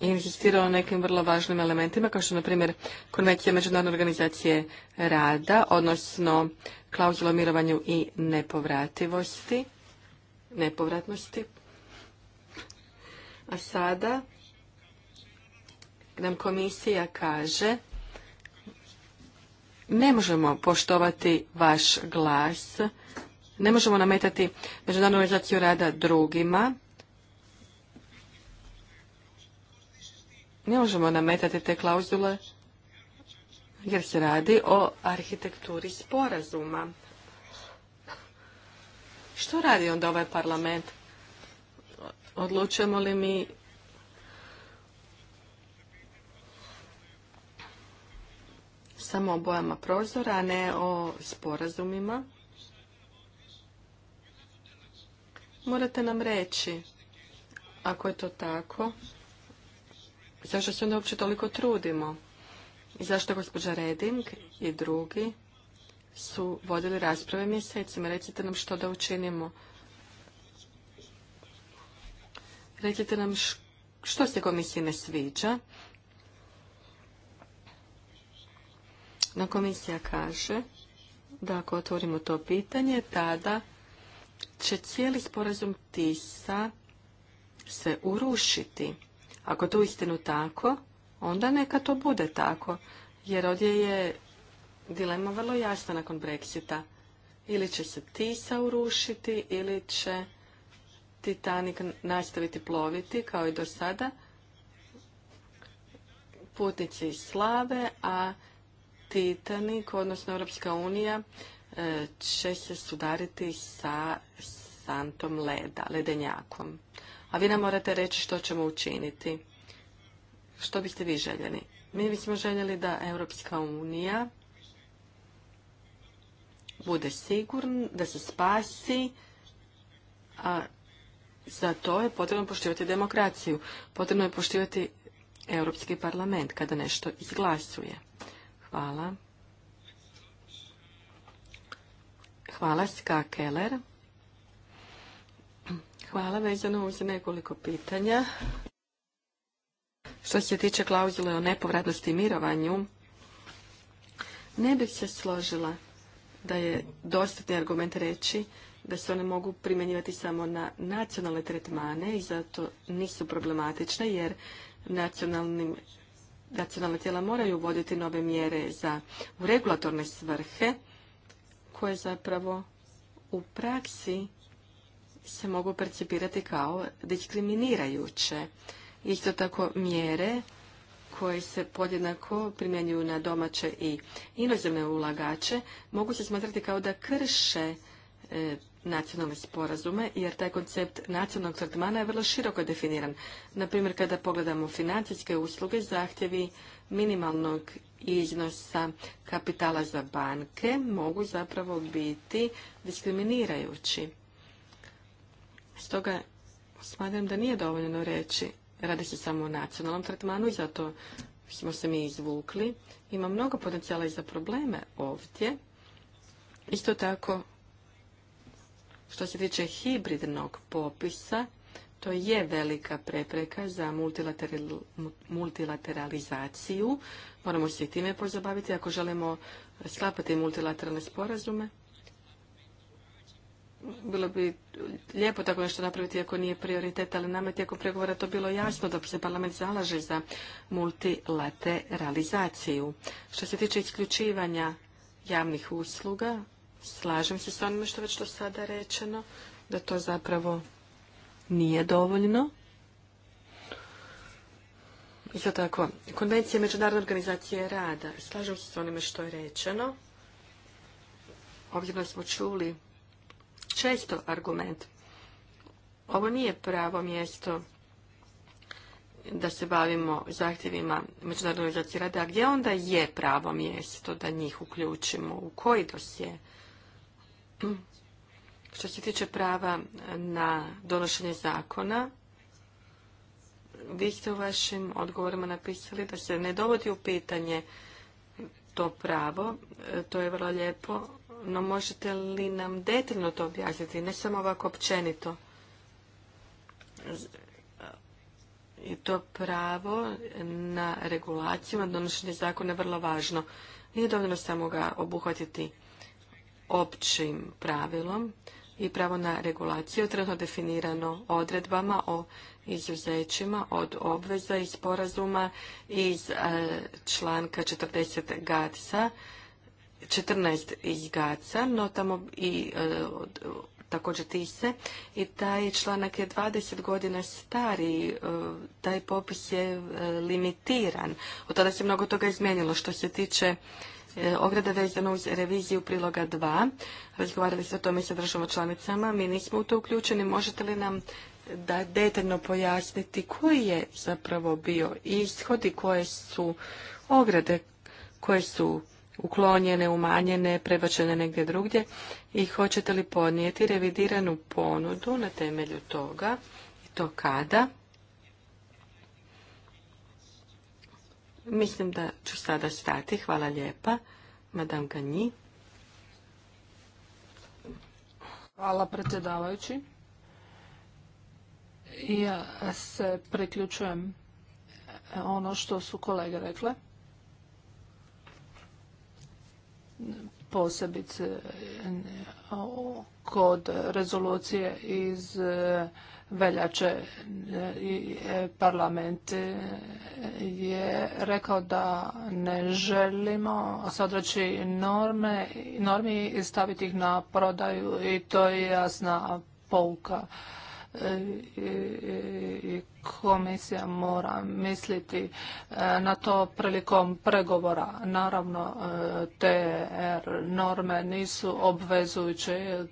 je na nekim vrlo važnim elementima, kao što na primjer konvencija Međunarodne organizacije rada, odnosno klauzula o mirovanju i nepovrativosti, nepovratnosti. A sada nam komisija kaže ne možemo poštovati vaš glas, ne možemo nametati Međunarodnu organizaciju rada drugima, ne možemo nametati te klauzule jer se radi o arhitekturi sporazuma. Što radi onda ovaj parlament? Odlučujemo li mi samo o bojama prozora, a ne o sporazumima. Morate nam reći, ako je to tako, zašto se onda uopće toliko trudimo? I zašto gospođa Reding i drugi su vodili rasprave mjesecima? Recite nam što da učinimo. Recite nam što se komisiji ne sviđa No komisija kaže da ako otvorimo to pitanje, tada će cijeli sporazum TISA se urušiti. Ako to istinu tako, onda neka to bude tako. Jer ovdje je dilema vrlo jasna nakon Brexita. Ili će se TISA urušiti, ili će Titanic nastaviti ploviti kao i do sada. Putnici slave, a Titanic, odnosno Europska unija, e, će se sudariti sa santom leda, ledenjakom. A vi nam morate reći što ćemo učiniti. Što biste vi željeli? Mi bismo željeli da Europska unija bude sigurna, da se spasi, a za to je potrebno poštivati demokraciju. Potrebno je poštivati Europski parlament kada nešto izglasuje. Hvala. Hvala, Ska Keller. Hvala vezano uz nekoliko pitanja. Što se tiče klauzule o nepovratnosti i mirovanju, ne bih se složila da je dostatni argument reći da se one mogu primjenjivati samo na nacionalne tretmane i zato nisu problematične jer nacionalnim nacionalna tijela moraju uvoditi nove mjere za u regulatorne svrhe koje zapravo u praksi se mogu percipirati kao diskriminirajuće. Isto tako mjere koje se podjednako primjenjuju na domaće i inozemne ulagače mogu se smatrati kao da krše e, nacionalne sporazume, jer taj koncept nacionalnog tretmana je vrlo široko definiran. Naprimjer, kada pogledamo financijske usluge, zahtjevi minimalnog iznosa kapitala za banke mogu zapravo biti diskriminirajući. Stoga smatram da nije dovoljno reći radi se samo o nacionalnom tretmanu i zato smo se mi izvukli. Ima mnogo potencijala i za probleme ovdje. Isto tako što se tiče hibridnog popisa, to je velika prepreka za multilateralizaciju. Moramo se i time pozabaviti ako želimo sklapati multilateralne sporazume. Bilo bi lijepo tako nešto napraviti ako nije prioritet, ali nama je tijekom pregovora to bilo jasno da se parlament zalaže za multilateralizaciju. Što se tiče isključivanja javnih usluga, Slažem se s onime što već do sada rečeno, da to zapravo nije dovoljno. Isto tako, konvencija Međunarodne organizacije rada. Slažem se s onime što je rečeno. Obzirom smo čuli često argument. Ovo nije pravo mjesto da se bavimo zahtjevima Međunarodne organizacije rada. A gdje onda je pravo mjesto da njih uključimo? U koji dosje? Što se tiče prava na donošenje zakona, vi ste u vašim odgovorima napisali da se ne dovodi u pitanje to pravo, e, to je vrlo lijepo, no možete li nam detaljno to objasniti, ne samo ovako općenito? I e, to pravo na regulaciju, na donošenje zakona je vrlo važno. Nije dovoljno samo ga obuhvatiti općim pravilom i pravo na regulaciju trenutno definirano odredbama o izuzećima od obveza i sporazuma iz e, članka 40 gac a 14 iz a no tamo i e, također TISE i taj članak je 20 godina stari e, taj popis je limitiran. Od tada se mnogo toga izmijenilo što se tiče E, ograda vezana uz reviziju priloga 2. Razgovarali ste o tome sa državama članicama. Mi nismo u to uključeni. Možete li nam da detaljno pojasniti koji je zapravo bio ishod i koje su ograde koje su uklonjene, umanjene, prebačene negdje drugdje i hoćete li podnijeti revidiranu ponudu na temelju toga i to kada? Mislim da ću sada stati. Hvala lijepa. Madame Gagny. Hvala predsjedavajući. Ja se priključujem e, ono što su kolege rekle. Posebice e, kod rezolucije iz e, veljače e, e, parlament e, je rekao da ne želimo sadraći norme, normi i staviti ih na prodaju i to je jasna pouka. Komisija mora misliti na to prilikom pregovora. Naravno, te er norme nisu obvezujuće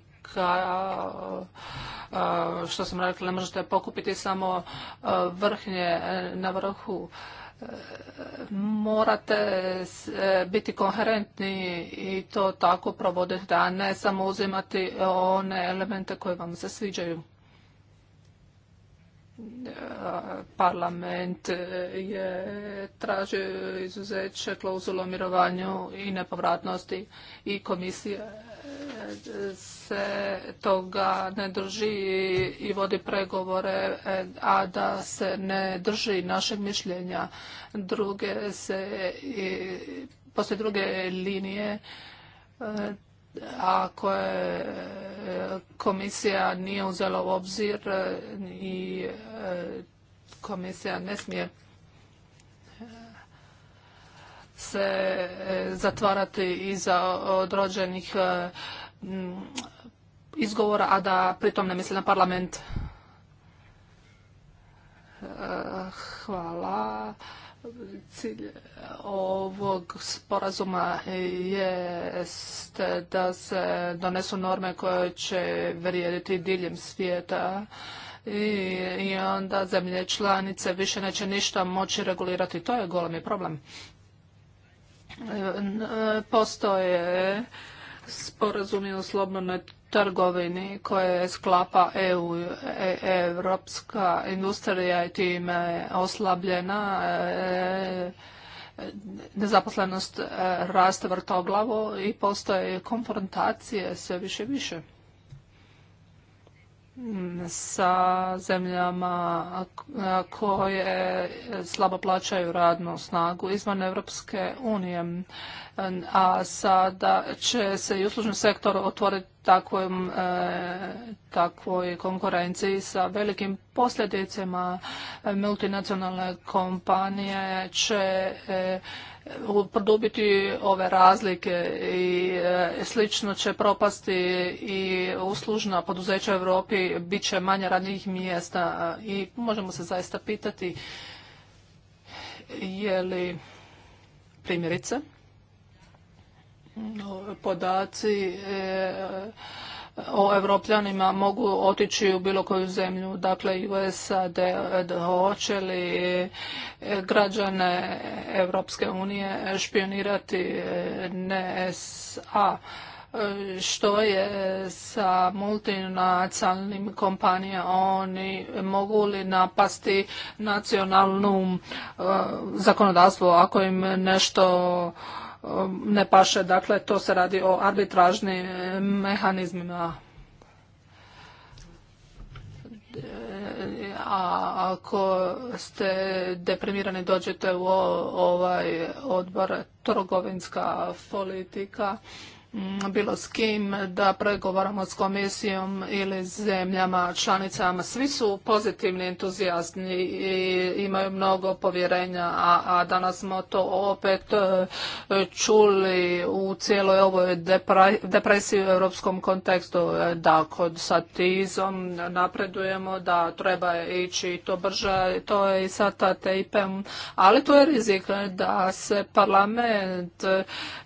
što sam rekla, ne možete pokupiti samo vrhnje na vrhu. E, morate e, biti koherentni i to tako provoditi, a ne samo uzimati one elemente koje vam se sviđaju. E, parlament je tražio izuzeće klauzulo o mirovanju i nepovratnosti i komisija se toga ne drži i vodi pregovore, a da se ne drži našeg mišljenja. Druge se, poslije druge linije, e, ako je komisija nije uzela u obzir i e, komisija ne smije e, se zatvarati iza odrođenih izgovor, a da pritom ne misli na parlament. E, hvala. Cilj ovog sporazuma jeste da se donesu norme koje će vrijediti diljem svijeta i onda zemlje članice više neće ništa moći regulirati. To je golemi problem. E, e, postoje sporazumi o slobnoj trgovini koje sklapa EU, europska industrija je time oslabljena, e, nezaposlenost e, raste vrtoglavo i postoje konfrontacije sve više i više sa zemljama koje slabo plaćaju radnu snagu izvan Europske unije a sada će se i uslužni sektor otvoriti takvoj, e, takvoj konkurenciji sa velikim posljedicama. Multinacionalne kompanije će e, produbiti ove razlike i e, slično će propasti i uslužna poduzeća u Europi bit će manje radnih mjesta i možemo se zaista pitati je li primjerice podaci e, o evropljanima mogu otići u bilo koju zemlju, dakle i u SAD, hoće li e, građane Evropske unije špionirati e, ne SA što je sa multinacionalnim kompanijama, oni mogu li napasti nacionalnu zakonodavstvo ako im nešto ne paše. Dakle, to se radi o arbitražnim e, mehanizmima. E, a ako ste deprimirani dođete u ovaj odbor trgovinska politika Mm, bilo s kim da pregovaramo s komisijom ili zemljama članicama. Svi su pozitivni entuzijastni i imaju mnogo povjerenja, a, danas smo to opet e, čuli u cijeloj ovoj depresiji u europskom kontekstu e, da kod satizom napredujemo, da treba ići to brže, to je i sa ta ali to je rizik da se parlament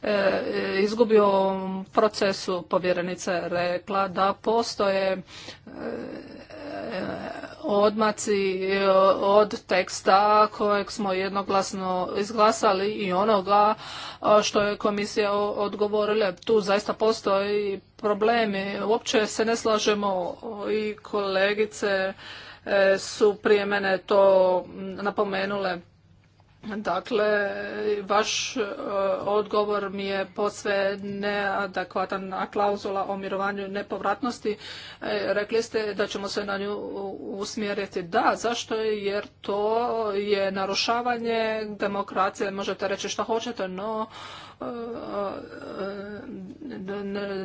e, izgubio procesu povjerenica je rekla da postoje e, odmaci od teksta kojeg smo jednoglasno izglasali i onoga što je komisija odgovorila. Tu zaista postoji problemi. Uopće se ne slažemo i kolegice e, su prije mene to napomenule Dakle, vaš e, odgovor mi je posve neadekvatan na klauzula o mirovanju nepovratnosti. E, rekli ste da ćemo se na nju usmjeriti. Da, zašto? Jer to je narušavanje demokracije. Možete reći što hoćete, no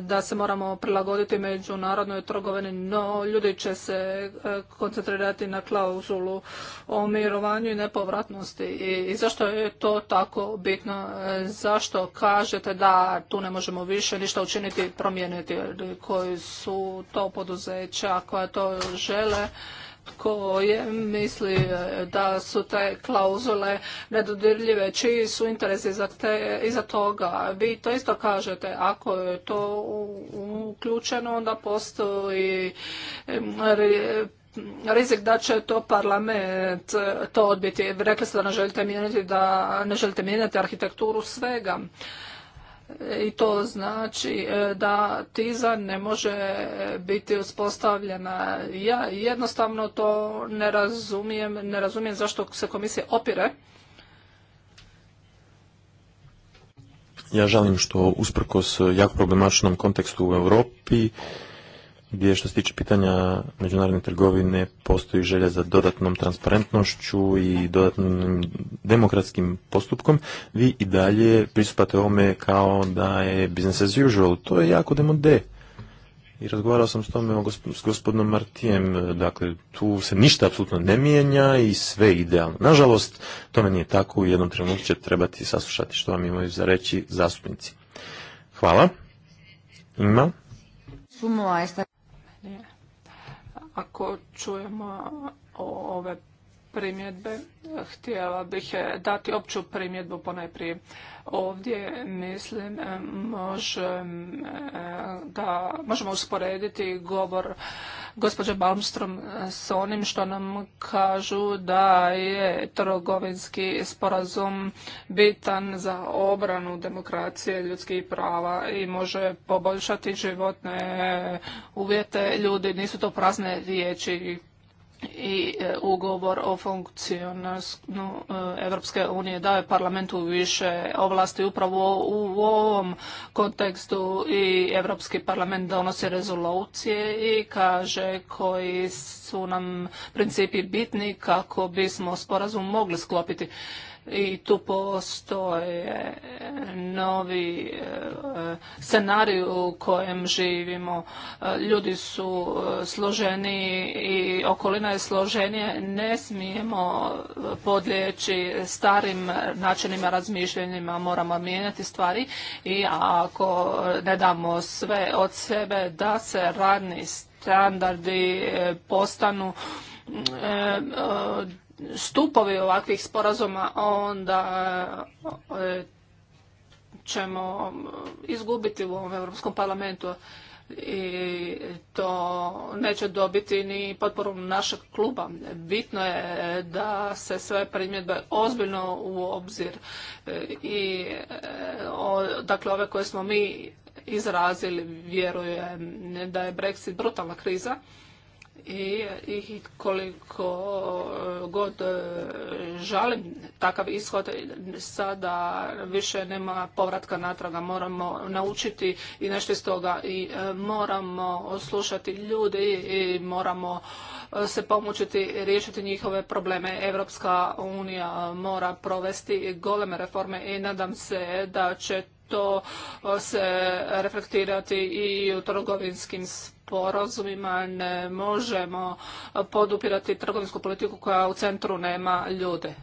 da se moramo prilagoditi međunarodnoj trgovini, no ljudi će se e, koncentrirati na klauzulu o mirovanju i nepovratnosti. I zašto je to tako bitno? E, zašto kažete da tu ne možemo više ništa učiniti, promijeniti? Koji su to poduzeća koja to žele? je misli e, da su te klauzule nedodirljive, čiji su interesi za te, iza toga. Vi to isto kažete, ako je to uključeno, onda postoji rizik da će to parlament e, to odbiti. Rekli ste da ne želite mijenjati, da ne želite mijenjati arhitekturu svega i to znači e, da tiza ne može biti uspostavljena. Ja jednostavno to ne razumijem, ne razumijem zašto se komisija opire. Ja žalim što usprkos jak problematičnom kontekstu u Europi gdje što se tiče pitanja međunarodne trgovine postoji želja za dodatnom transparentnošću i dodatnim demokratskim postupkom, vi i dalje pristupate ovome kao da je business as usual. To je jako demode. I razgovarao sam s tome s gospodinom Martijem, dakle tu se ništa apsolutno ne mijenja i sve je idealno. Nažalost, tome nije tako, u jednom trenutku će trebati saslušati što vam imaju za reći zastupnici. Hvala. Ima ako čujemo ove primjedbe. Htjela bih eh, dati opću primjedbu ponajprije. Ovdje mislim eh, eh, da možemo usporediti govor gospođe Balmstrom s onim što nam kažu da je trgovinski sporazum bitan za obranu demokracije, ljudskih prava i može poboljšati životne uvjete. Ljudi nisu to prazne riječi i e, ugovor o funkcionalnu europske unije daje parlamentu više ovlasti upravo u ovom kontekstu i Europski parlament donosi rezolucije i kaže koji su nam principi bitni kako bismo sporazum mogli sklopiti i tu postoje e, novi e, scenarij u kojem živimo. E, ljudi su složeni i okolina je složenija. Ne smijemo podlijeći starim načinima razmišljenjima. Moramo mijenjati stvari i ako ne damo sve od sebe da se radni standardi postanu stupovi ovakvih sporazuma, onda e, e, ćemo izgubiti u ovom Europskom parlamentu i to neće dobiti ni potporu našeg kluba. Bitno je da se sve primjedbe ozbiljno u obzir e, i dakle ove koje smo mi izrazili vjerujem da je Brexit brutalna kriza i, i koliko e, god e, žalim takav ishod sada više nema povratka natraga moramo naučiti i nešto iz toga i e, moramo slušati ljudi i moramo se pomoćiti riješiti njihove probleme. Evropska unija mora provesti goleme reforme i nadam se da će to se reflektirati i u trgovinskim sporazumima. Ne možemo podupirati trgovinsku politiku koja u centru nema ljude.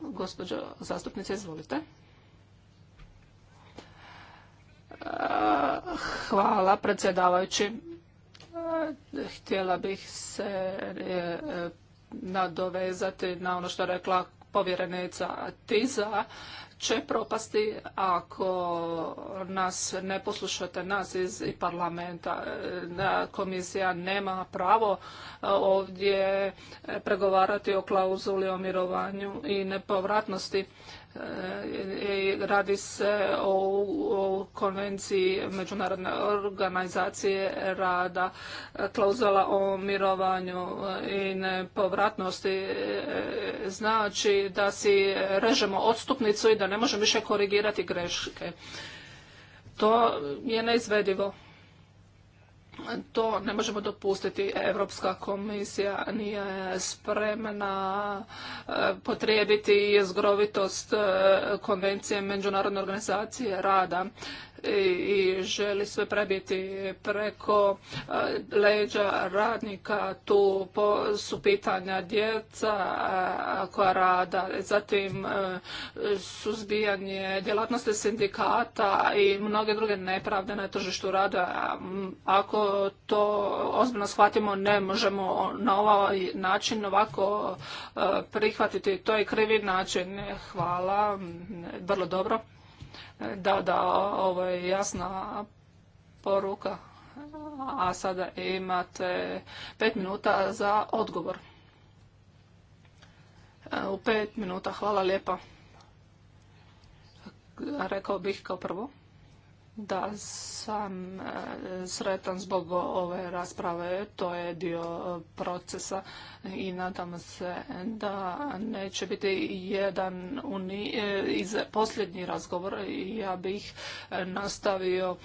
Gospođo zastupnice, izvolite. Eh, hvala predsjedavajući. Eh, htjela bih se eh, nadovezati na ono što je rekla povjerenica Tiza će propasti ako nas ne poslušate nas iz parlamenta. E, komisija nema pravo e, ovdje pregovarati o klauzuli o mirovanju i nepovratnosti E, radi se o, konvenciji Međunarodne organizacije rada, klauzula o mirovanju i nepovratnosti e, znači da si režemo odstupnicu i da ne možemo više korigirati greške. To je neizvedivo to ne možemo dopustiti. Europska komisija nije spremna e, potrijebiti jezgrovitost e, konvencije Međunarodne organizacije rada i želi sve prebiti preko leđa radnika. Tu su pitanja djeca koja rada, zatim e, suzbijanje djelatnosti sindikata i mnoge druge nepravde na tržištu rada. Ako to ozbiljno shvatimo, ne možemo na ovaj način ovako e, prihvatiti. To je krivi način. Hvala. Vrlo dobro. Da, da, ovo je jasna poruka. A sada imate pet minuta za odgovor. U pet minuta, hvala lijepa. Rekao bih kao prvo da sam e, sretan zbog ove rasprave. To je dio e, procesa i nadam se da neće biti jedan e, iz posljednji razgovor. Ja bih nastavio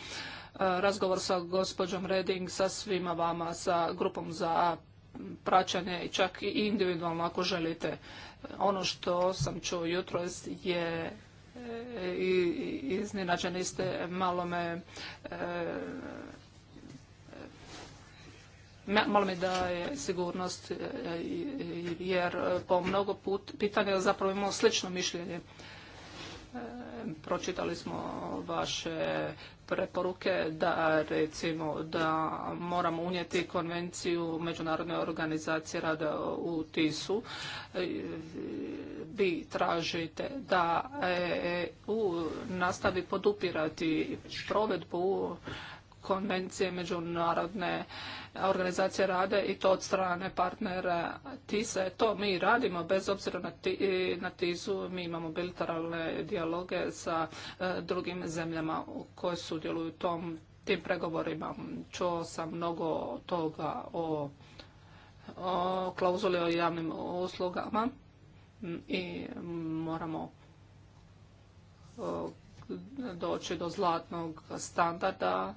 razgovor sa gospođom Reding, sa svima vama, sa grupom za praćanje i čak i individualno ako želite. Ono što sam čuo jutros je i iznenađeni ste malo me e, e, malo mi daje sigurnost e, jer po mnogo put pitanja zapravo imamo slično mišljenje pročitali smo vaše preporuke da recimo da moramo unijeti konvenciju Međunarodne organizacije rada u TIS-u. Vi tražite da EU e nastavi podupirati provedbu konvencije međunarodne organizacije rade i to od strane partnera TISA. To mi radimo bez obzira na, ti, na TISU. Mi imamo bilateralne dijaloge sa e, drugim zemljama koje sudjeluju u tom, tim pregovorima. Čuo sam mnogo toga o, klauzuli o javnim uslugama i moramo e, doći do zlatnog standarda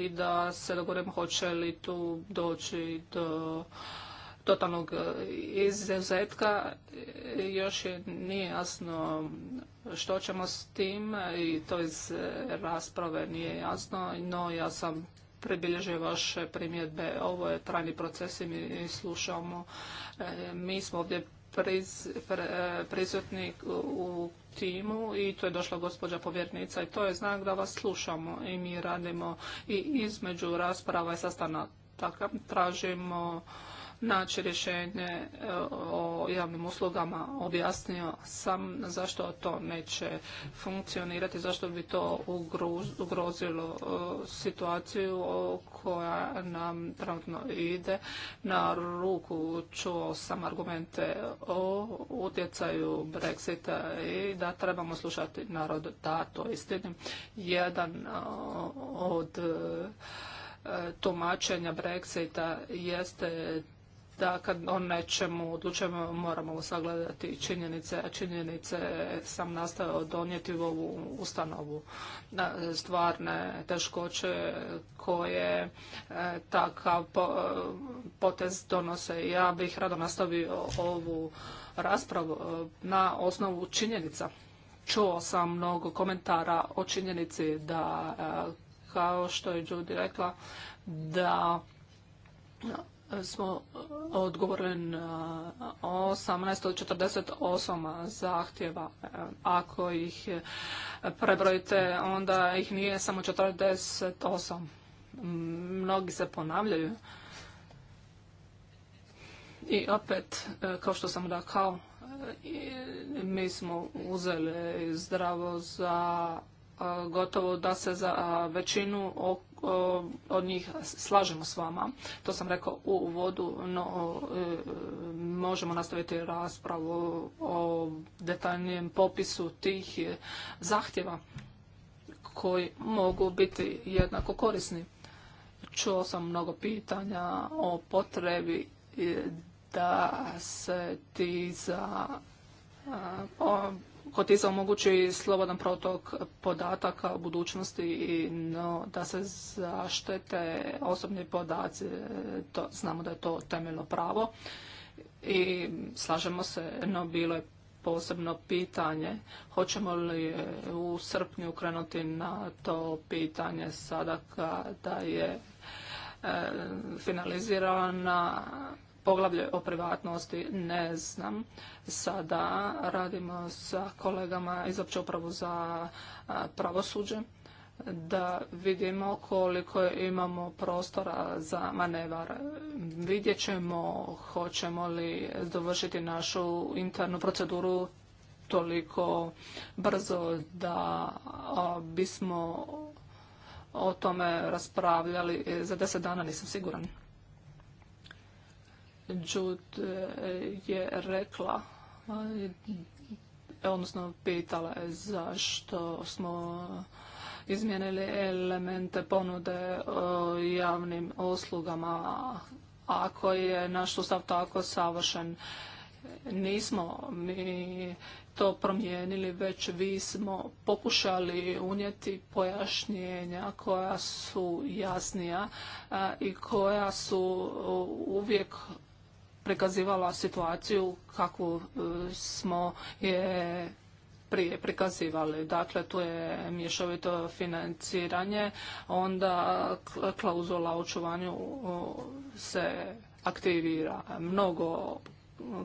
i da se dogovorimo hoće li tu doći do totalnog e, izuzetka. Još je nije jasno što ćemo s tim i to iz rasprave nije jasno, no ja sam pribilježio vaše primjedbe. Ovo je trajni proces i mi slušamo. E, mi smo ovdje priz, prisutni u timu i tu je došla gospođa povjernica i to je znak da vas slušamo i mi radimo i između rasprava i sastanaka tražimo naći rješenje e, o javnim uslugama, objasnio sam zašto to neće funkcionirati, zašto bi to ugrozilo e, situaciju koja nam trenutno ide. Na ruku čuo sam argumente o utjecaju Brexita i da trebamo slušati narod da to istini. Jedan e, od tumačenja Brexita jeste da kad o nečemu odlučujemo moramo sagledati činjenice, a činjenice sam nastavio donijeti u ovu ustanovu stvarne teškoće koje e, takav potez donose. Ja bih rado nastavio ovu raspravu e, na osnovu činjenica. Čuo sam mnogo komentara o činjenici da, e, kao što je Judy rekla, da smo odgovorili na 18 od 48 zahtjeva. Ako ih prebrojite, onda ih nije samo 48. Mnogi se ponavljaju. I opet, kao što sam rekao, mi smo uzeli zdravo za gotovo da se za većinu od njih slažemo s vama. To sam rekao u uvodu, no e, možemo nastaviti raspravu o detaljnijem popisu tih e, zahtjeva koji mogu biti jednako korisni. Čuo sam mnogo pitanja o potrebi e, da se ti za kotiza omogući slobodan protok podataka u budućnosti i no, da se zaštete osobni podaci, to, znamo da je to temeljno pravo i slažemo se, no bilo je posebno pitanje hoćemo li u srpnju krenuti na to pitanje sada kada je e, finalizirana poglavlje o privatnosti ne znam. Sada radimo sa kolegama iz opće upravo za pravosuđe da vidimo koliko imamo prostora za manevar. Vidjet ćemo hoćemo li dovršiti našu internu proceduru toliko brzo da bismo o tome raspravljali za deset dana, nisam siguran. Jude e, je rekla, e, odnosno pitala je zašto smo izmijenili elemente ponude o e, javnim uslugama ako je naš sustav tako savršen. Nismo mi to promijenili, već vi smo pokušali unijeti pojašnjenja koja su jasnija i koja su uvijek prikazivala situaciju kakvu e, smo je prije prikazivali. Dakle, tu je mješovito financiranje, onda klauzula o očuvanju se aktivira. Mnogo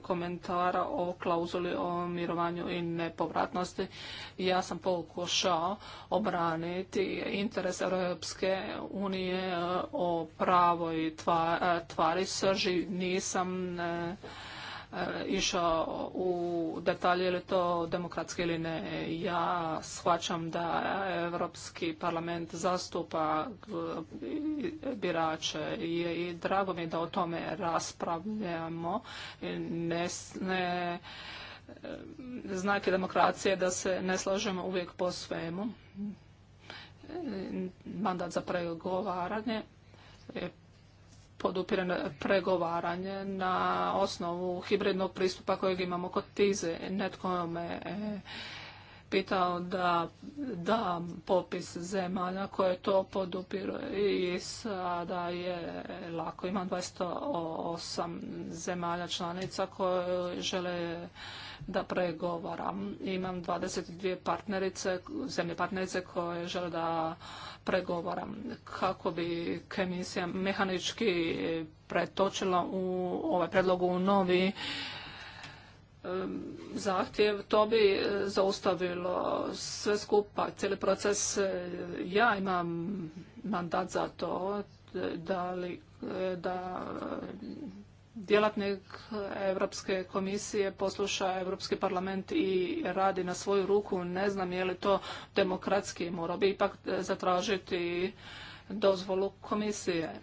komentara o klauzuli o mirovanju i nepovratnosti. Ja sam pokušao obraniti interes Europske unije eh, o pravoj eh, tvari srži. Nisam eh, Eh, išao u detalje je li to demokratski ili ne. Ja shvaćam da Europski parlament zastupa eh, birače i, drago mi je da o tome raspravljamo. Ne, ne, eh, znake demokracije da se ne slažemo uvijek po svemu. Mandat za pregovaranje podupireno pregovaranje na osnovu hibridnog pristupa kojeg imamo kod tize. Netko me e, pitao da da popis zemalja koje to podupiru i sada je lako. Imam 208 zemalja članica koje žele da pregovaram. Imam 22 partnerice, zemlje partnerice koje žele da pregovaram. Kako bi komisija mehanički pretočila u ovaj predlog u novi zahtjev, to bi e, zaustavilo sve skupa, cijeli proces. E, ja imam mandat za to da, li, e, da djelatnik Europske komisije posluša Europski parlament i radi na svoju ruku. Ne znam je li to demokratski. Morao bi ipak zatražiti dozvolu komisije.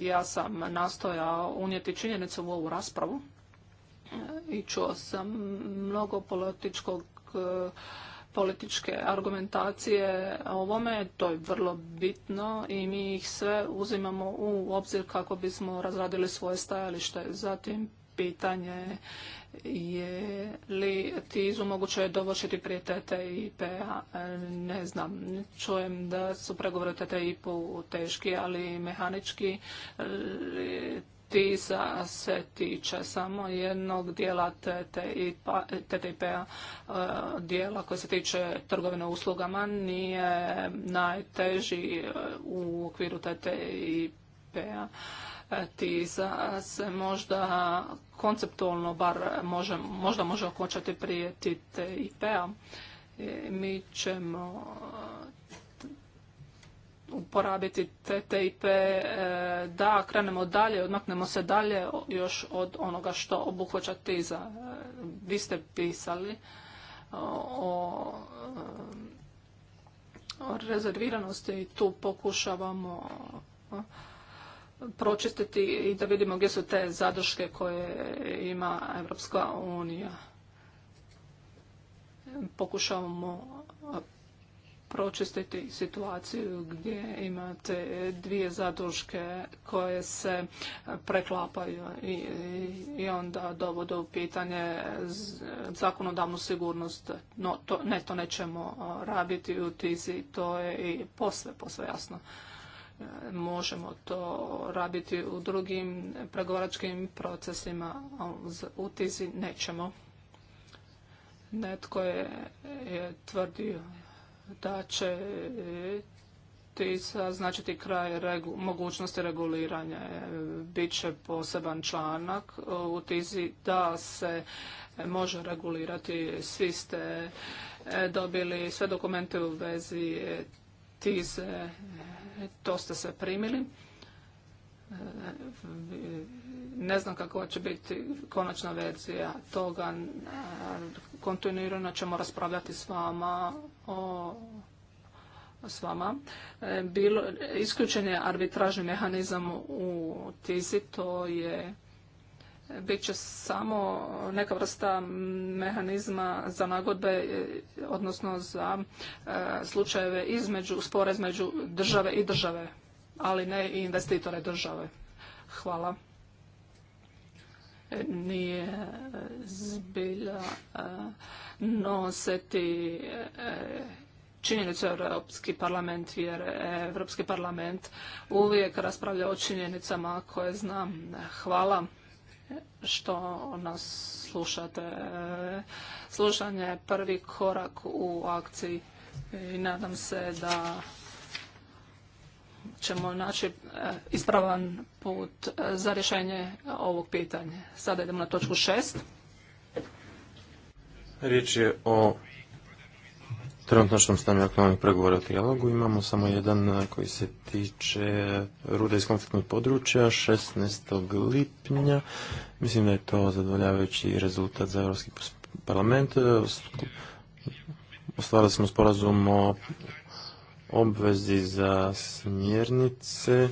Ja sam nastojao unijeti činjenicu u ovu raspravu i čuo sam mnogo političkog eh, političke argumentacije o ovome, to je vrlo bitno i mi ih sve uzimamo u obzir kako bismo razradili svoje stajalište. Zatim pitanje je li tizu moguće dovršiti prije TTIP-a? Ne znam. Čujem da su pregovori TTIP-u teški, ali mehanički eh, TISA se tiče samo jednog dijela TTIP-a, e, dijela koji se tiče trgovine uslugama, nije najteži e, u okviru TTIP-a. E, TISA se možda konceptualno bar možda može okončati prije TTIP-a. Mi ćemo uporabiti TTIP, e, da krenemo dalje, odmaknemo se dalje još od onoga što obuhvaća tiza. E, vi ste pisali o, o e, rezerviranosti i tu pokušavamo pročistiti i da vidimo gdje su te zadrške koje ima Evropska unija. Pokušavamo pročistiti situaciju gdje imate dvije zaduške koje se preklapaju i, onda dovode u pitanje zakonodavnu sigurnost. No, to, ne, to nećemo raditi u tizi, to je i posve, posve jasno e, možemo to raditi u drugim pregovaračkim procesima, u tizi nećemo. Netko je, je tvrdio da će e, ti značiti kraj mogućnosti reguliranja. E, Biće poseban članak u tizi da se e, može regulirati. Svi ste dobili sve dokumente u vezi tize, to ste se primili ne znam kako će biti konačna verzija toga. Kontinuirano ćemo raspravljati s vama o s vama. E, bilo, isključen je arbitražni mehanizam u TIZI, to je bit će samo neka vrsta mehanizma za nagodbe, e, odnosno za e, slučajeve između, spore između države i države ali ne i investitore države. Hvala. E, nije e, zbilja e, nositi činjenicu Europski parlament, jer Europski parlament uvijek raspravlja o činjenicama koje znam. Hvala što nas slušate. Slušanje je prvi korak u akciji i nadam se da ćemo naći e, ispravan put e, za rješenje ovog pitanja. Sada idemo na točku šest. Riječ je o trenutnošnom stanju aktualnih pregovora o trijalogu. Imamo samo jedan e, koji se tiče ruda iz konfliktnog područja 16. lipnja. Mislim da je to zadovoljavajući rezultat za Europski parlament. Ostvarili smo sporazum o obvezi za smjernice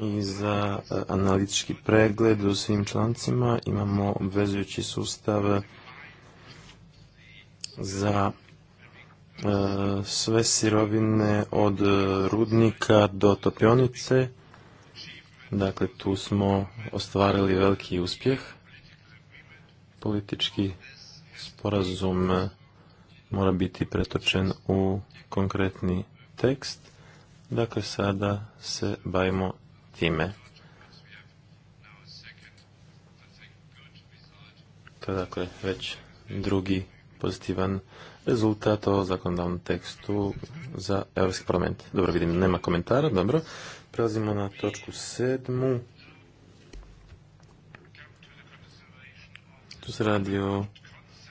i za e, analitički pregled u svim člancima. Imamo obvezujući sustav e, za e, sve sirovine od rudnika do topionice. Dakle, tu smo ostvarili veliki uspjeh. Politički sporazum mora biti pretočen u konkretni tekst. Dakle, sada se bavimo time. To je dakle već drugi pozitivan rezultat o zakonodavnom tekstu za Europski parlament. Dobro, vidim, nema komentara, dobro. Prelazimo na točku sedmu. Tu se radi o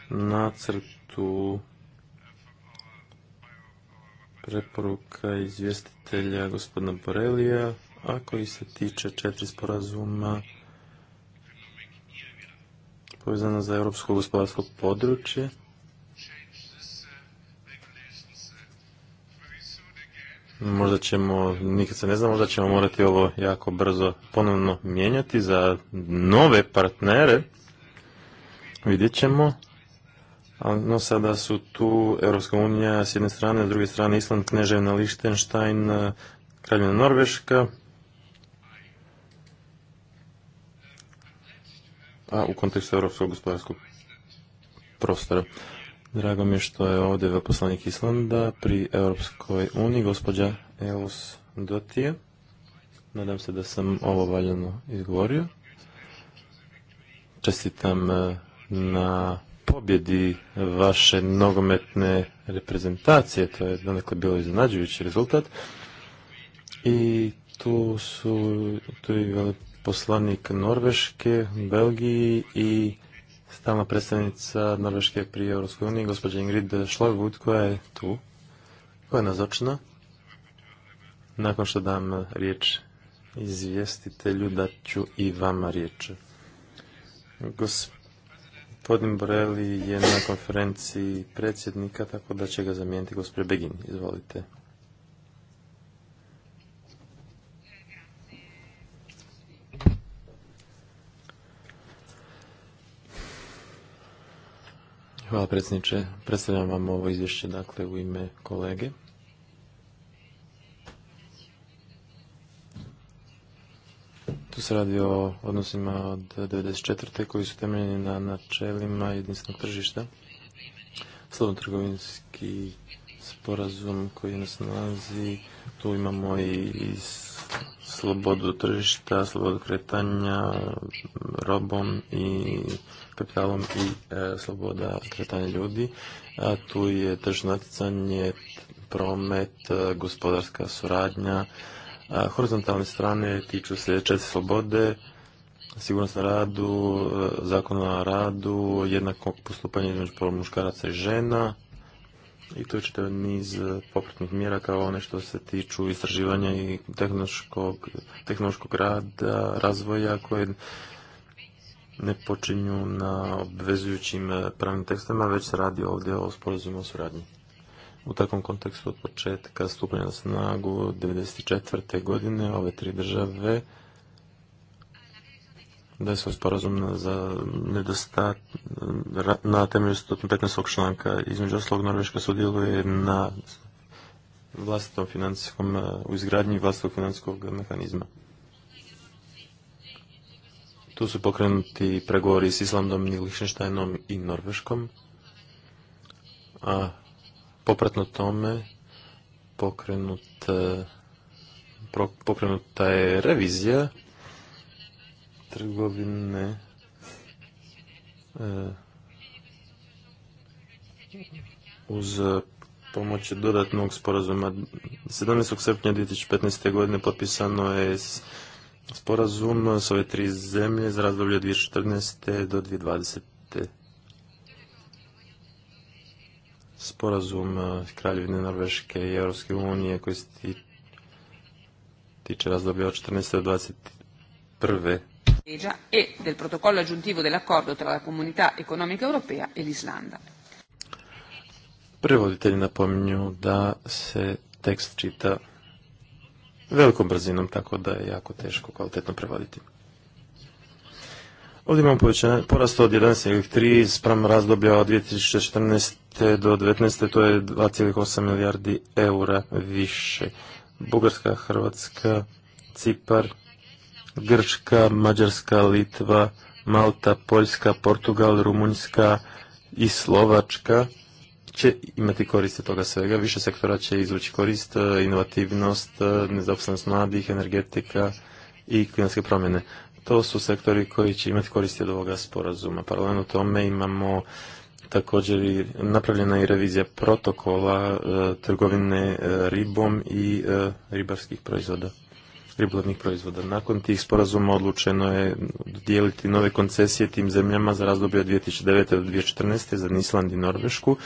nacrtu preporuka izvjestitelja gospodina Borelija, a koji se tiče četiri sporazuma povezana za europsko gospodarsko područje. Možda ćemo, nikad se ne znam, možda ćemo morati ovo jako brzo ponovno mijenjati za nove partnere. Vidjet ćemo. No sada su tu Europska unija s jedne strane, s druge strane Island, Kneževna, Lichtenstein, e, Kraljevina Norveška. A u kontekstu Europskog gospodarskog prostora. Drago mi je što je ovdje veposlanik Islanda pri Europskoj uniji, gospođa Eus Dotije. Nadam se da sam ovo valjano izgovorio. Čestitam e, na pobjedi vaše nogometne reprezentacije, to je donekle bilo iznenađujući rezultat. I tu su tu je poslanik Norveške, Belgiji i stalna predstavnica Norveške pri Europskoj uniji, gospođa Ingrid Schlagwood, koja je tu, koja je nazočna. Nakon što dam riječ izvjestitelju, da ću i vama riječ. Gospod Gospodin Boreli je na konferenciji predsjednika, tako da će ga zamijeniti gospodin Begin. Izvolite. Hvala predsjedniče. Predstavljam vam ovo izvješće dakle u ime kolege. Tu se radi o odnosima od 1994. koji su temeljeni na načelima jedinstvenog tržišta. Slobodno trgovinski sporazum koji nas nalazi. Tu imamo i slobodu tržišta, slobodu kretanja robom i kapitalom i e, sloboda kretanja ljudi. A tu je tržno natjecanje, promet, gospodarska suradnja, Horizontalne strane tiču se slobode, sigurnost na radu, e, zakon na radu, jednakog postupanja između muškaraca i žena, i to je čitav niz popratnih mjera kao one što se tiču istraživanja i tehnološkog, rada, razvoja koje ne počinju na obvezujućim e, pravnim tekstima, već se radi ovdje o sporazumu o suradnji. U takvom kontekstu od početka stupanja na snagu 1994. godine ove tri države da su sporazum za nedostat, na temelju 115. članka. Između oslog Norveška sudjeluje na vlastitom financijskom, e, u izgradnji vlastitog financijskog mehanizma. Tu su pokrenuti pregovori s Islandom, Lichtensteinom i Norveškom. A popratno tome pokrenut, pokrenuta je revizija trgovine e, uz pomoć dodatnog sporazuma. 17. srpnja 2015. godine potpisano je sporazum s ove tri zemlje za razdoblje 2014. do 2020. sporazum e, Kraljevine Norveške i Europske unije koji se tiče razdoblja od 14. do 21. e del protocollo aggiuntivo dell'accordo tra la comunità economica europea e l'Islanda. Prevoditelji napominju da se tekst čita velikom brzinom, tako da je jako teško kvalitetno prevoditi. Ovdje imamo povećanje, porast od 11,3 sprem razdoblja od 2014. do 2019. to je 2,8 milijardi eura više. Bugarska, Hrvatska, Cipar, Grčka, Mađarska, Litva, Malta, Poljska, Portugal, Rumunjska i Slovačka će imati koriste toga svega. Više sektora će izvući korist, inovativnost, nezaposlenost mladih, energetika i klimatske promjene to su sektori koji će imati koristi od ovoga sporazuma. Paralelno tome imamo također i napravljena i revizija protokola e, trgovine e, ribom i e, ribarskih proizvoda ribolovnih proizvoda. Nakon tih sporazuma odlučeno je dijeliti nove koncesije tim zemljama za razdoblje od 2009. do 2014. za Nisland i Norvešku.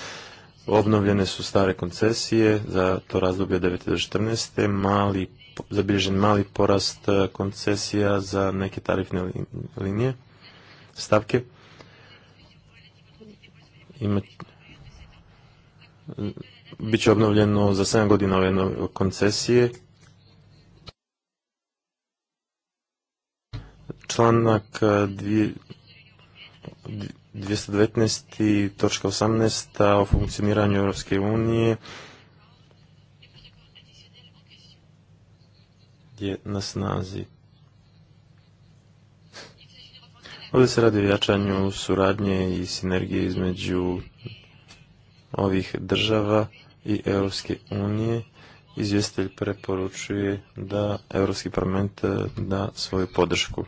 Obnovljene su stare koncesije za to razdoblje od devet do četrnaest Mali zabilježen mali porast e, koncesija za neke tarifne linije, stavke. Ima, e, Biće obnovljeno za 7 godina ove koncesije. Članak 219.18. E, o funkcioniranju Europske unije je na snazi. Ovdje se radi o jačanju suradnje i sinergije između ovih država i Europske unije. Izvjestitelj preporučuje da Europski parlament eh, da svoju podršku.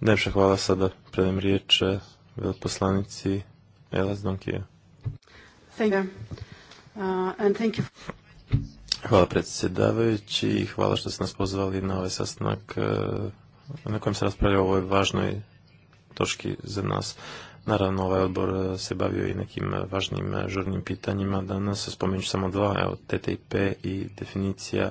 Najpša hvala sada predem riječ eh, veleposlanici Elas Donkija. Thank uh, and thank you. Hvala predsjedavajući i hvala što ste nas pozvali na ovaj sastanak e, na kojem se raspravlja o ovoj važnoj točki za nas. Naravno, ovaj odbor e, se bavio i nekim e, važnim žurnim pitanjima. Danas spomenuću samo dva, evo, TTIP i definicija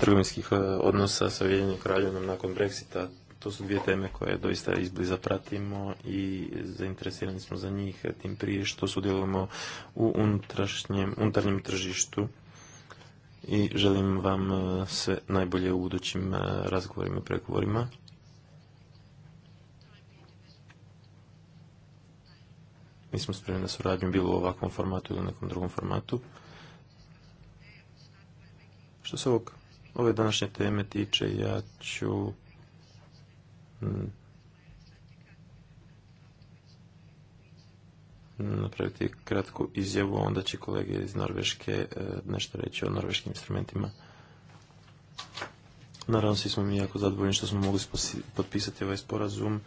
trgovinskih odnosa sa Ujedinjenim kraljevinom nakon Brexita. To su dvije teme koje doista izbliza pratimo i zainteresirani smo za njih, tim prije što sudjelujemo u unutrašnjem, unutarnjem tržištu i želim vam e, sve najbolje u budućim e, razgovorima i pregovorima. Mi smo spremni na suradnju bilo u ovakvom formatu ili u nekom drugom formatu. Što se ovog, ove današnje teme tiče, ja ću napraviti kratku izjavu, onda će kolege iz Norveške e, nešto reći o norveškim instrumentima. Naravno, svi smo mi jako zadovoljni što smo mogli potpisati ovaj sporazum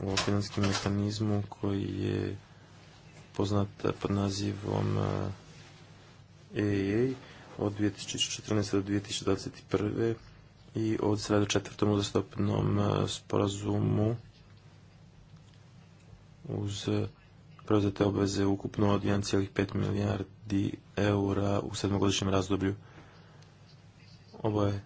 o financijskom mehanizmu koji je poznat pod nazivom EEA od 2014. do 2021. i od sreda četvrtom uzastopnom e, sporazumu uz preuzete obveze ukupno od 1,5 milijardi eura u sedmogodišnjem razdoblju. Ovo je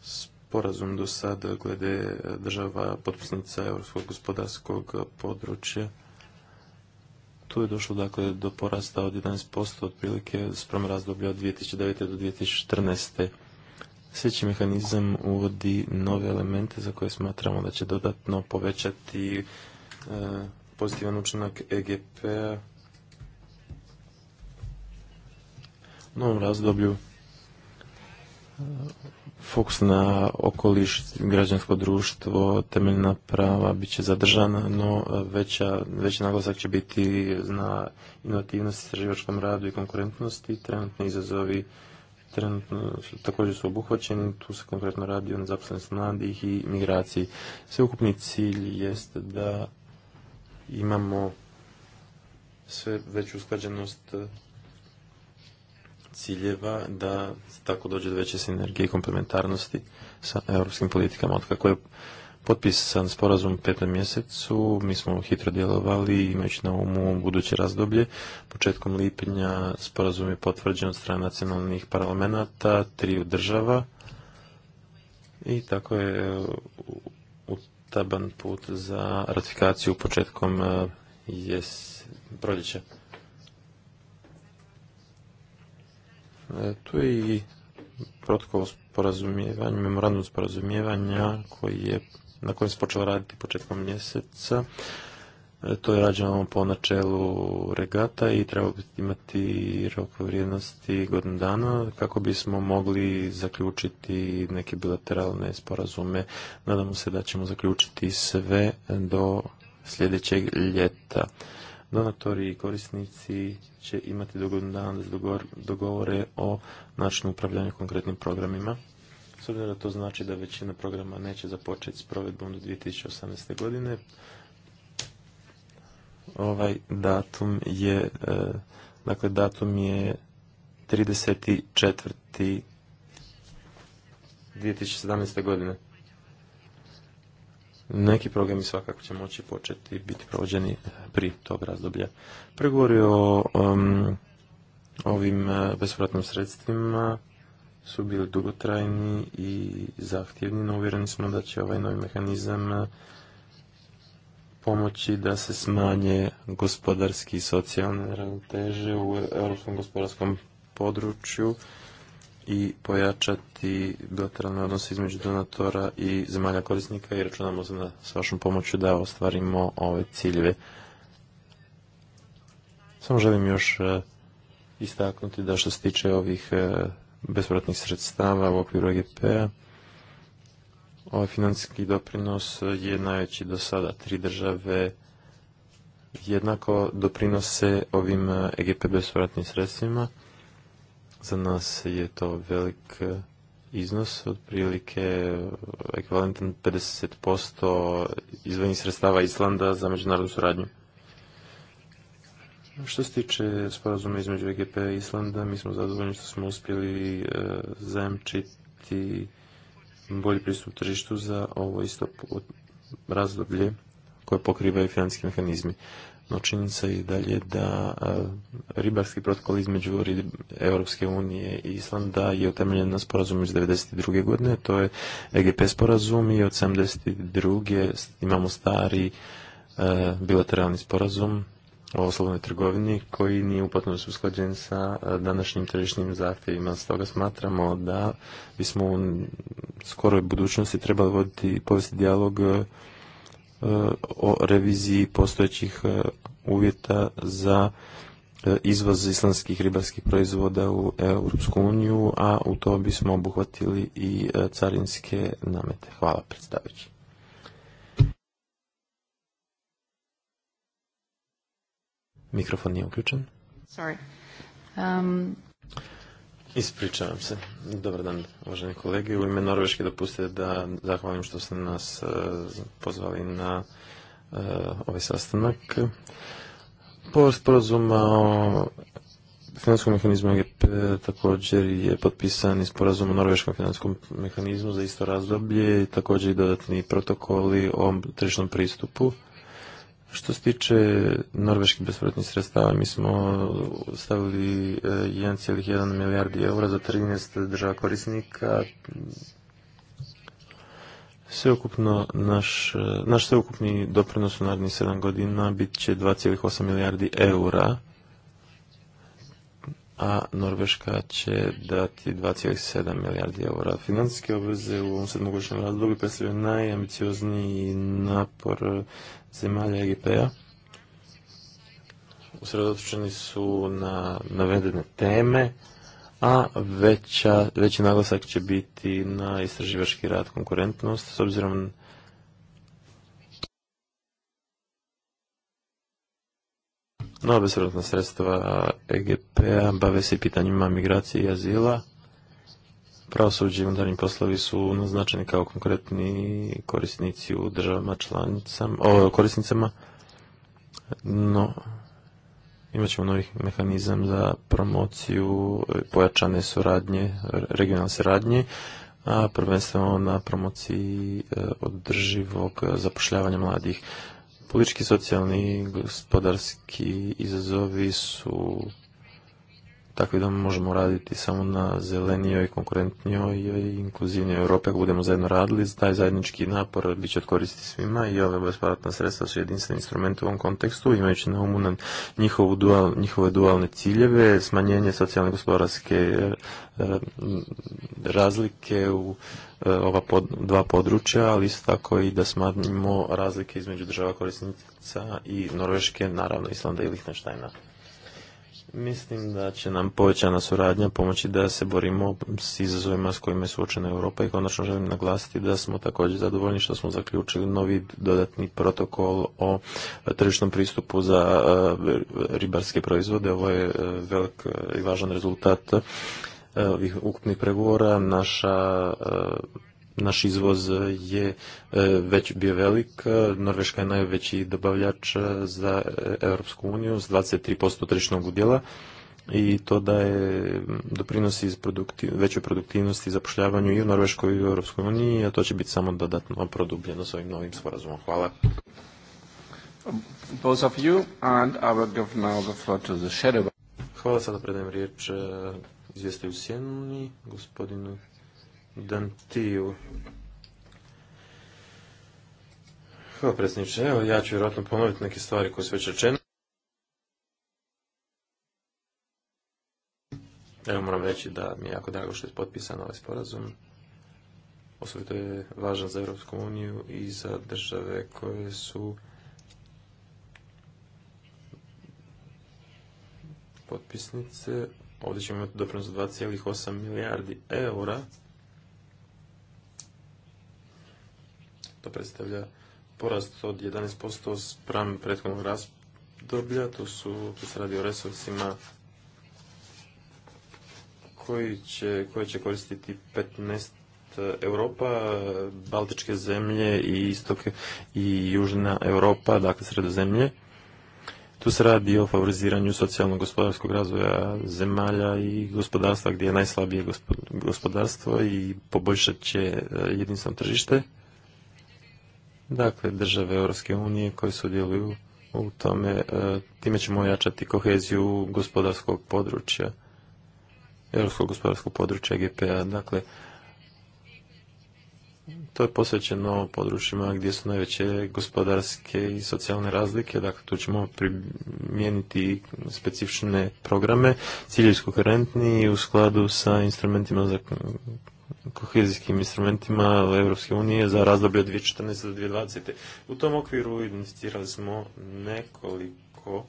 sporazum do sada glede država potpisnica europskog gospodarskog područja. Tu je došlo dakle do porasta od 11% otprilike sprem razdoblja od 2009. do 2014. Sljedeći mehanizam uvodi nove elemente za koje smatramo da će dodatno povećati e, pozitivan učinak EGP-a u novom razdoblju e, fokus na okoliš, građansko društvo, temeljna prava bit će zadržana, no e, veća, veći naglasak će biti na inovativnosti, istraživačkom radu i konkurentnosti. Trenutni izazovi trenutno također su obuhvaćeni, tu se konkretno radi o nezaposlenosti mladih i migraciji. Sveukupni cilj jest da imamo sve veću usklađenost ciljeva da tako dođe do veće sinergije i komplementarnosti sa europskim politikama. Od kako je potpisan sporazum u petom mjesecu, mi smo hitro djelovali imajući na umu buduće razdoblje. Početkom lipnja sporazum je potvrđen od strane nacionalnih parlamenta, triju država i tako je e, utaban put za ratifikaciju početkom e, jes, proljeća. E, tu je i protokol sporazumijevanju, memorandum sporazumijevanja koji je na kojem se počelo raditi početkom mjeseca. E, to je rađeno po načelu regata i treba imati rok vrijednosti godinu dana kako bismo mogli zaključiti neke bilateralne sporazume. Nadamo se da ćemo zaključiti sve do sljedećeg ljeta. Donatori i korisnici će imati do dana da dogovore o načinu upravljanja konkretnim programima obzirom da to znači da većina programa neće započeti s provedbom do 2018. godine, ovaj datum je, e, dakle datum je 34. 2017. godine. Neki programi svakako će moći početi biti provođeni e, pri tog razdoblja. pregovorio o ovim e, bespovratnim sredstvima su bili dugotrajni i zahtjevni, no uvjereni smo da će ovaj novi mehanizam e, pomoći da se smanje gospodarski i socijalne ravnoteže u europskom gospodarskom području i pojačati bilateralne odnose između donatora i zemalja korisnika i računamo se da s vašom pomoću da ostvarimo ove ciljeve. Samo želim još e, istaknuti da što se tiče ovih e, bespovratnih sredstava u okviru EGP-a. Ovaj financijski doprinos je najveći do sada. Tri države jednako doprinose ovim EGP e bespovratnim sredstvima. Za nas je to velik e, iznos, otprilike e, ekvivalentan 50% izvojnih sredstava Islanda za međunarodnu suradnju. Što se tiče sporazuma između EGP i Islanda, mi smo zadovoljni što smo uspjeli e, zajemčiti bolji pristup tržištu za ovo isto razdoblje koje pokrivaju financijski mehanizmi. No činjenica je dalje da e, ribarski protokol između Europske unije i Islanda je utemeljen na sporazumu iz 1992. godine, to je EGP sporazum i od 1972. imamo stari e, bilateralni sporazum o slobodnoj trgovini koji nije u potpunosti usklađen sa e, današnjim tržišnim zahtjevima. Stoga smatramo da bismo u skoroj budućnosti trebali voditi povesti dijalog e, o reviziji postojećih e, uvjeta za izvoz islamskih ribarskih proizvoda u Europsku uniju, a u to bismo obuhvatili i carinske namete. Hvala predstavići. Mikrofon nije uključen. Um, Ispričavam se. Dobar dan, uvaženi kolege. U ime Norveške dopustite da zahvalim što ste nas e, pozvali na e, ovaj sastanak. Po sporazuma o finanskom mehanizmu EGP također je potpisan i sporazum o norveškom finanskom mehanizmu za isto razdoblje i također i dodatni protokoli o tržišnom pristupu. Što se tiče norveških bespovratnih sredstava, mi smo stavili 1,1 e, milijardi eura za 13 država korisnika. Sveukupno naš, e, naš sveukupni doprinos u narednih 7 godina bit će 2,8 milijardi eura, a Norveška će dati 2,7 milijardi eura. Financijske obveze u ovom sedmogodišnjem razdoblju predstavljaju najambiciozniji napor zemalja EGP-a usredotočeni su na navedene teme, a veća, veći naglasak će biti na istraživački rad konkurentnost s obzirom na obesrodna sredstva EGP-a bave se pitanjima migracije i azila pravosuđe i unutarnji poslovi su naznačeni kao konkretni korisnici u državama članicama, o, korisnicama, no imat ćemo novih mehanizam za promociju e, pojačane suradnje, regionalne suradnje, a prvenstveno na promociji e, održivog zapošljavanja mladih. Politički, socijalni gospodarski izazovi su takvi da možemo raditi samo na zelenijoj, konkurentnijoj i inkluzivnijoj Europi. Ako budemo zajedno radili, taj zajednički napor bit će odkoristiti svima i ove bespovratna sredstva su jedinstveni instrument u ovom kontekstu, imajući na umu njihove dualne ciljeve, smanjenje socijalne gospodarske e, razlike u e, ova dva područja, ali isto tako i da smanjimo razlike između država korisnica i Norveške, naravno Islanda i Lihtenštajna. Mislim da će nam povećana suradnja pomoći da se borimo s izazovima s kojima je suočena Europa i konačno želim naglasiti da smo također zadovoljni što smo zaključili novi dodatni protokol o tržišnom pristupu za e, ribarske proizvode. Ovo je e, velik e, i važan rezultat ovih ukupnih pregovora. Naša naš izvoz e, je e, već bio velik. E, Norveška je najveći dobavljač za Europsku uniju s 23% tržišnog udjela i to da je doprinosi iz većoj produktivnosti i zapošljavanju i u Norveškoj i u Europskoj uniji, a to će biti samo dodatno produbljeno s ovim novim sporazumom. Hvala. of you Hvala, sada predajem riječ izvjestaju Sjenuni, gospodinu Dantiju. Hvala predsjedniče. ja ću vjerojatno ponoviti neke stvari koje su već rečene. Evo moram reći da mi je jako drago što je potpisan ovaj sporazum. Osobito je važan za Europsku uniju i za države koje su potpisnice. Ovdje ćemo imati doprinos 2,8 milijardi eura predstavlja porast od 11% spram prethodnog razdoblja. To su, tu se radi o resursima koji će, koje će koristiti 15 Europa, Baltičke zemlje i istok i južna Europa, dakle sredozemlje. Tu se radi o favoriziranju socijalno-gospodarskog razvoja zemalja i gospodarstva gdje je najslabije gospodarstvo i poboljšat će e, jedinstveno tržište. Dakle, države Europske unije koje sudjeluju u tome, e, time ćemo ojačati koheziju gospodarskog područja, europskog gospodarskog područja GPA. Dakle, to je posvećeno područjima gdje su najveće gospodarske i socijalne razlike, dakle tu ćemo primijeniti specifične programe, ciljevsko koherentni i u skladu sa instrumentima za kohezijskim instrumentima Europske unije za razdoblje od 2014. do 2020. U tom okviru identificirali smo nekoliko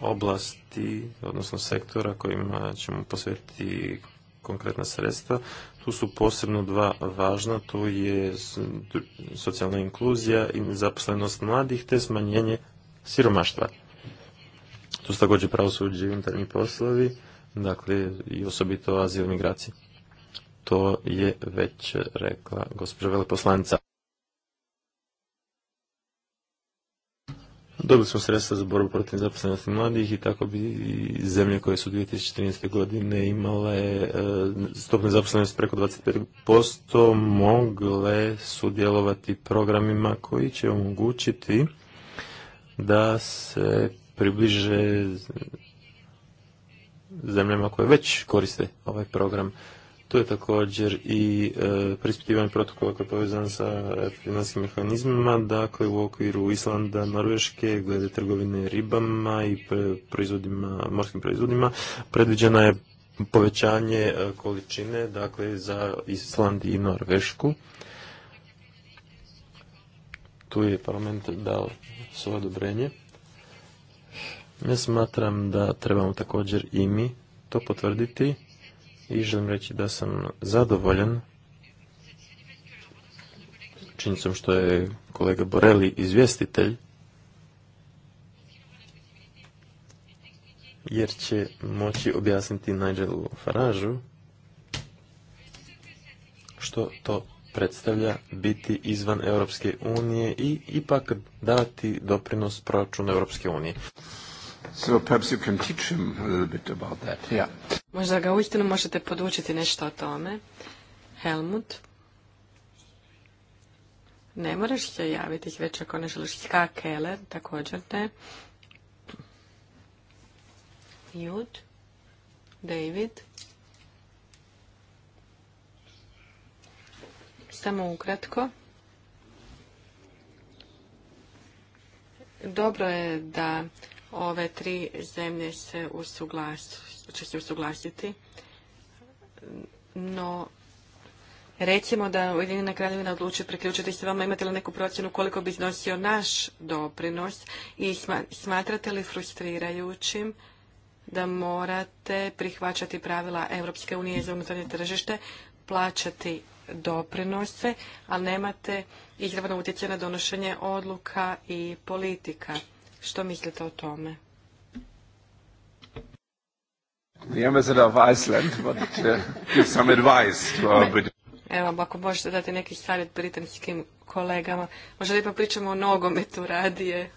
oblasti, odnosno sektora kojima ćemo posvetiti konkretna sredstva. Tu su posebno dva važna, to je socijalna inkluzija i zaposlenost mladih te smanjenje siromaštva. Tu su također pravosuđe i unutarnji poslovi, dakle i osobito azil migracije to je već rekla gospođa veleposlanica. Dobili smo sredstva za borbu protiv zaposlenosti mladih i tako bi zemlje koje su 2013. godine imale e, stopne zaposlenosti preko 25% mogle sudjelovati programima koji će omogućiti da se približe zemljama koje već koriste ovaj program. Tu je također i e, preispitivanje protokola koji je povezan sa finanskim mehanizmima, dakle u okviru Islanda, Norveške, glede trgovine ribama i proizvodima, morskim proizvodima, Predviđeno je povećanje e, količine dakle, za Island i Norvešku. Tu je parlament dao svoje odobrenje. Ja smatram da trebamo također i mi to potvrditi i želim reći da sam zadovoljan činjenicom što je kolega Borelli izvjestitelj, jer će moći objasniti Nigelu Faražu što to predstavlja biti izvan Europske unije i ipak dati doprinos proračunu Europske unije. So perhaps can teach him a little bit about that. Yeah. Možda ga uistinu možete podučiti nešto o tome. Helmut. Ne moraš se javiti već ako ne želiš. Ska Keller, također ne. Jud. David. Samo ukratko. Dobro je da Ove tri zemlje se usuglas, će se usuglasiti, no recimo da Ujedinjena kraljevina odluči priključiti se vama, imate li neku procjenu koliko bi iznosio naš doprinos i smatrate li frustrirajućim da morate prihvaćati pravila Europske unije za unutarnje tržište, plaćati doprinose, ali nemate izravno utjecaj na donošenje odluka i politika. Što mislite o tome? The ambassador of Iceland, uh, give some advice to our Evo, ako možete dati neki savjet britanskim kolegama, možda ipak pričamo o nogometu radije.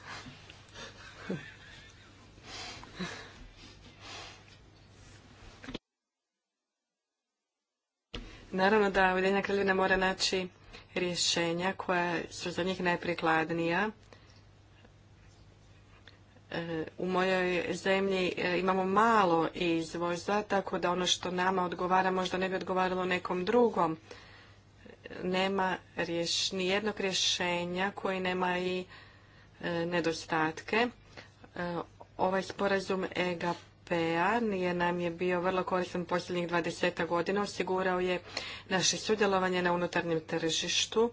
Naravno da Ujedinjena kraljevina mora naći rješenja koja su za njih najprikladnija u mojoj zemlji e, imamo malo izvoza, tako da ono što nama odgovara možda ne bi odgovaralo nekom drugom. Nema rješ, ni jednog rješenja koji nema i e, nedostatke. E, ovaj sporazum EGP-a nam je bio vrlo koristan posljednjih 20 godina. Osigurao je naše sudjelovanje na unutarnjem tržištu.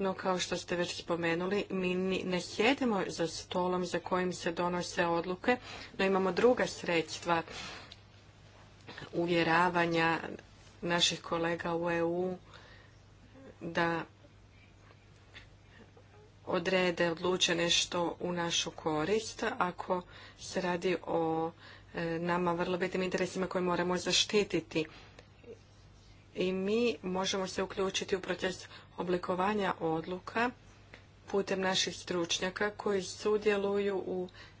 No, kao što ste već spomenuli, mi ne sjedimo za stolom za kojim se donose odluke, no imamo druga sredstva uvjeravanja naših kolega u EU da odrede, odluče nešto u našu korist, ako se radi o e, nama vrlo bitnim interesima koje moramo zaštititi. I mi možemo se uključiti u proces oblikovanja odluka putem naših stručnjaka koji sudjeluju u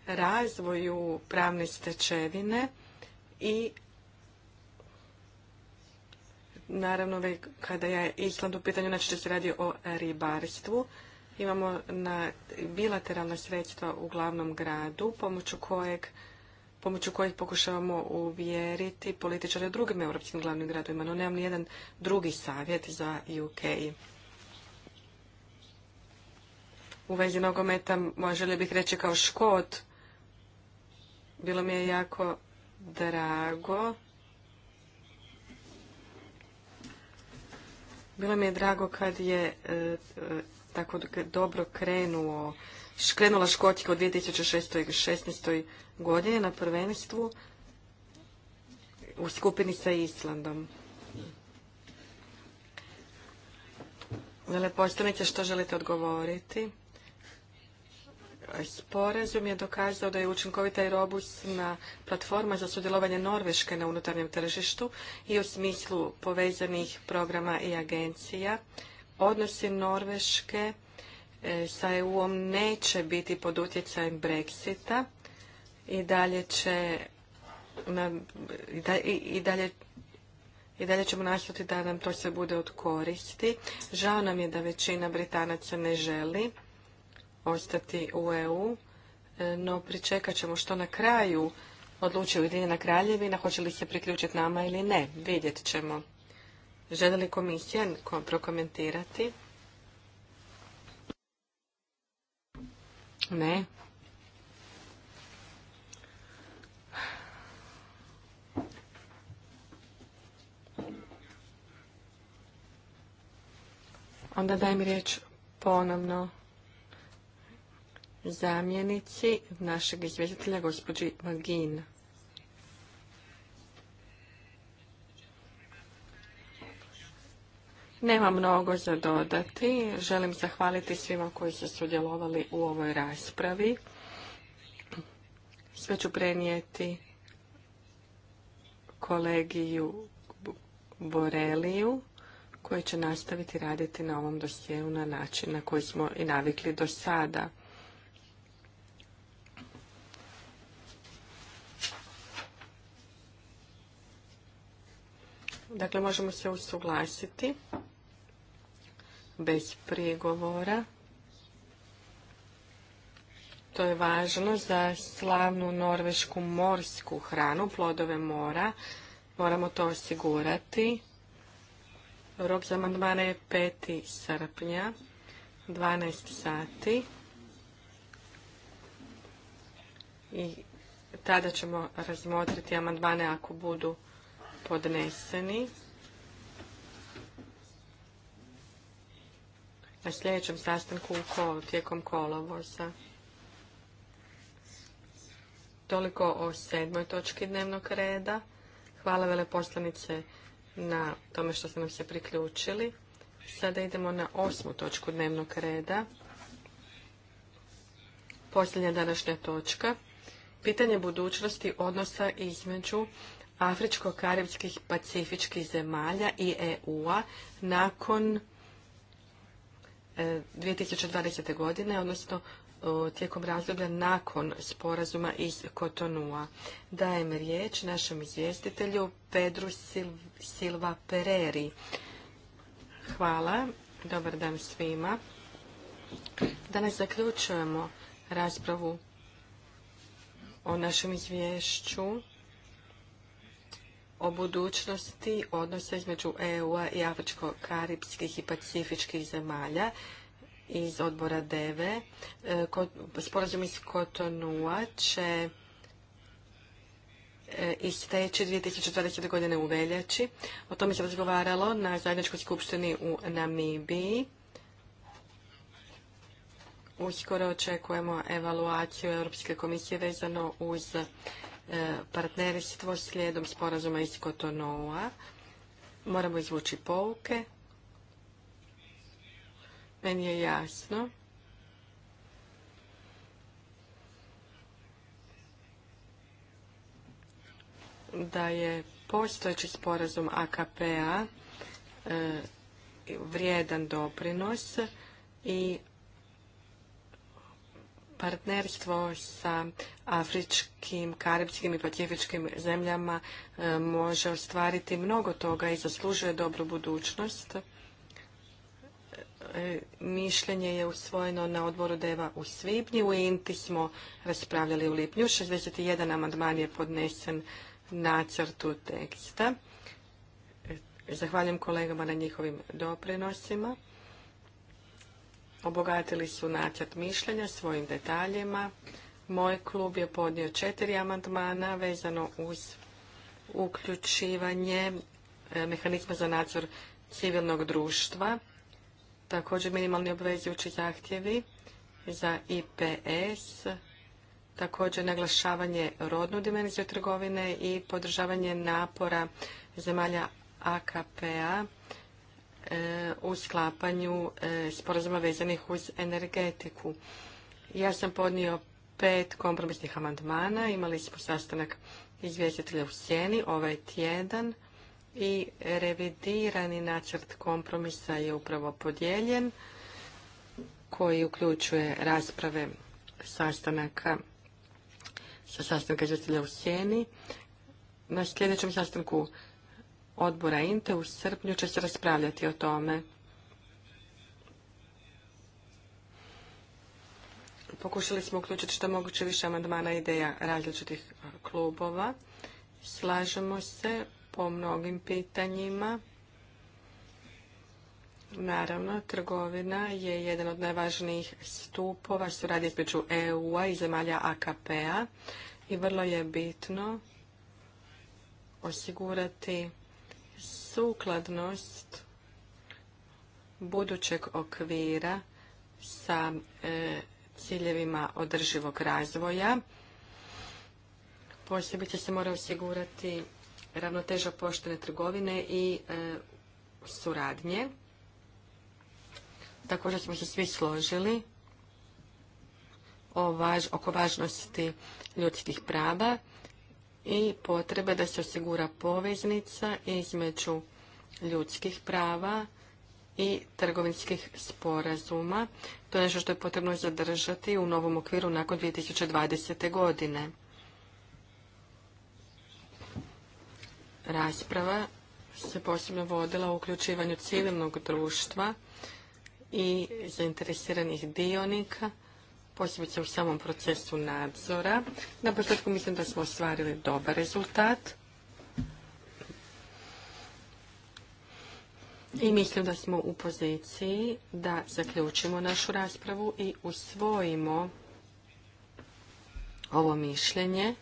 razvoju pravne stečevine i naravno kada je Island u pitanju, znači se radi o ribarstvu, imamo na bilateralna sredstva u glavnom gradu pomoću kojeg pomoću kojih pokušavamo uvjeriti političare u drugim europskim glavnim gradovima, no nemam ni jedan drugi savjet za UK u vezi nogometa, želio bih reći kao škot, bilo mi je jako drago. Bilo mi je drago kad je e, e, tako dobro krenuo, krenula škotka u 2016. godine na prvenstvu u skupini sa Islandom. postanite što želite odgovoriti? Sporazum je dokazao da je učinkovita i robustna platforma za sudjelovanje Norveške na unutarnjem tržištu i u smislu povezanih programa i agencija. Odnosi Norveške e, sa EU-om neće biti pod utjecajem Brexita i dalje će na, i dalje i dalje ćemo nastaviti da nam to se bude od koristi. Žao nam je da većina Britanaca ne želi ostati u EU, e, no pričekat ćemo što na kraju odluči Ujedinjena kraljevina, hoće li se priključiti nama ili ne. Vidjet ćemo. Želi li komisija prokomentirati? Ne. Onda mi riječ ponovno zamjenici našeg izvjestitelja gospođi Magin. Nema mnogo za dodati. Želim zahvaliti svima koji su sudjelovali u ovoj raspravi. Sve ću prenijeti kolegiju Boreliju koji će nastaviti raditi na ovom dosjeu na način na koji smo i navikli do sada. Dakle, možemo se usuglasiti bez prigovora. To je važno za slavnu norvešku morsku hranu, plodove mora. Moramo to osigurati. Rok za amandmane je 5. srpnja, 12 sati. I tada ćemo razmotriti amandmane ako budu podneseni. Na sljedećem sastanku u tijekom kolovoza. Toliko o sedmoj točki dnevnog reda. Hvala veleposlanice na tome što ste nam se priključili. Sada idemo na osmu točku dnevnog reda. Posljednja današnja točka. Pitanje budućnosti odnosa između afričko-karibskih pacifičkih zemalja i EU-a nakon 2020. E, godine, odnosno tijekom razdoblja nakon sporazuma iz Kotonua. Dajem riječ našem izvjestitelju Pedru Silva Pereri. Hvala, dobar dan svima. Danas zaključujemo raspravu o našem izvješću o budućnosti odnosa između EU-a i afričko-karibskih i pacifičkih zemalja iz odbora DEVE. Sporazum iz Kotonua će e, isteći 2020. godine u Veljači. O tome se razgovaralo na zajedničkoj skupštini u Namibiji. Uskoro očekujemo evaluaciju Europske komisije vezano uz E, partnerstvo slijedom sporazuma iz Kotonoa. Moramo izvući pouke. Meni je jasno. da je postojeći sporazum AKP-a e, vrijedan doprinos i Partnerstvo sa afričkim, karibskim i pacifičkim zemljama e, može ostvariti mnogo toga i zaslužuje dobru budućnost. E, mišljenje je usvojeno na odboru DEVA u svibnju. U INTI smo raspravljali u lipnju. 61 amandman je podnesen nacrtu teksta. E, zahvaljujem kolegama na njihovim doprinosima. Obogatili su nacrt mišljenja svojim detaljima. Moj klub je podnio četiri amandmana vezano uz uključivanje e, mehanizma za nadzor civilnog društva, također minimalni obvezujući zahtjevi za IPS, također naglašavanje rodnu dimenziju trgovine i podržavanje napora zemalja AKP-a E, u sklapanju e, sporazuma vezanih uz energetiku. Ja sam podnio pet kompromisnih amandmana. Imali smo sastanak izvjestitelja u sjeni ovaj tjedan i revidirani nacrt kompromisa je upravo podijeljen koji uključuje rasprave sastanaka sa sastanka izvjestitelja u sjeni. Na sljedećem sastanku odbora INTE u srpnju će se raspravljati o tome. Pokušali smo uključiti što moguće više amandmana ideja različitih klubova. Slažemo se po mnogim pitanjima. Naravno, trgovina je jedan od najvažnijih stupova suradnje između EU-a i zemalja AKP-a i vrlo je bitno osigurati sukladnost budućeg okvira sa e, ciljevima održivog razvoja. Posebice se mora osigurati ravnoteža poštene trgovine i e, suradnje. Također smo se svi složili oko važnosti ljudskih prava i potrebe da se osigura poveznica između ljudskih prava i trgovinskih sporazuma. To je nešto što je potrebno zadržati u novom okviru nakon 2020. godine. Rasprava se posebno vodila u uključivanju civilnog društva i zainteresiranih dionika – posebice u samom procesu nadzora. Na početku mislim da smo ostvarili dobar rezultat. I mislim da smo u poziciji da zaključimo našu raspravu i usvojimo ovo mišljenje.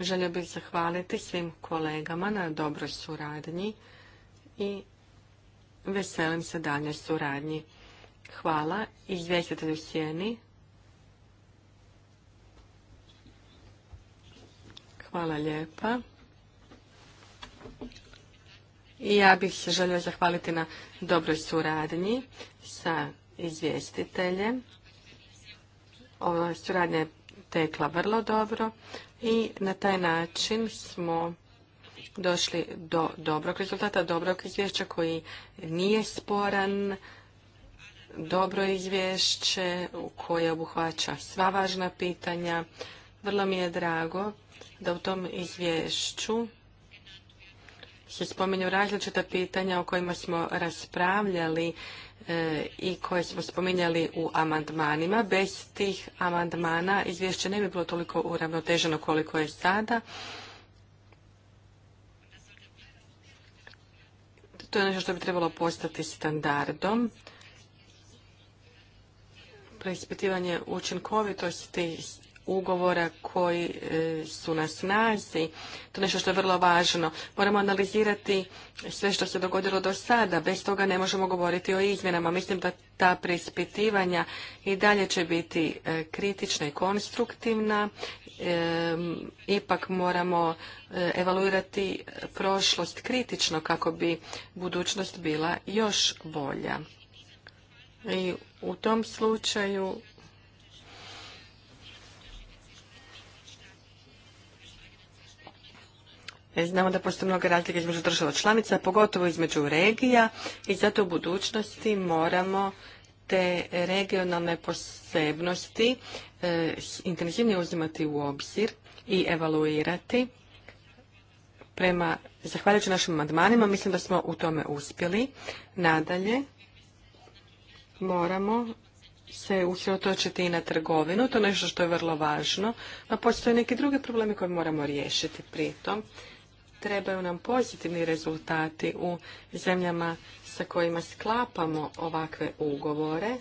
Želio bih zahvaliti svim kolegama na dobroj suradnji i veselim se daljnjoj suradnji. Hvala. Izvjestitelj u sjeni. Hvala lijepa. I ja bih se želio zahvaliti na dobroj suradnji sa izvjestiteljem. Ova suradnja je tekla vrlo dobro i na taj način smo došli do dobrog rezultata, dobrog izvješća koji nije sporan, dobro izvješće koje obuhvaća sva važna pitanja. Vrlo mi je drago da u tom izvješću se spominju različita pitanja o kojima smo raspravljali e, i koje smo spominjali u amandmanima. Bez tih amandmana izvješće ne bi bilo toliko uravnoteženo koliko je sada. To je nešto što bi trebalo postati standardom preispitivanje učinkovitosti ugovora koji e, su na snazi. To je nešto što je vrlo važno. Moramo analizirati sve što se dogodilo do sada. Bez toga ne možemo govoriti o izmjenama. Mislim da ta preispitivanja i dalje će biti e, kritična i konstruktivna. E, ipak moramo evaluirati prošlost kritično kako bi budućnost bila još bolja. I u tom slučaju Znamo da postoje mnoga razlike između država članica, pogotovo između regija i zato u budućnosti moramo te regionalne posebnosti e, intenzivnije uzimati u obzir i evaluirati. Prema, zahvaljujući našim amandmanima, mislim da smo u tome uspjeli. Nadalje, moramo se usredotočiti i na trgovinu, to je nešto što je vrlo važno, pa postoje neki drugi problemi koje moramo riješiti pritom. Trebaju nam pozitivni rezultati u zemljama sa kojima sklapamo ovakve ugovore,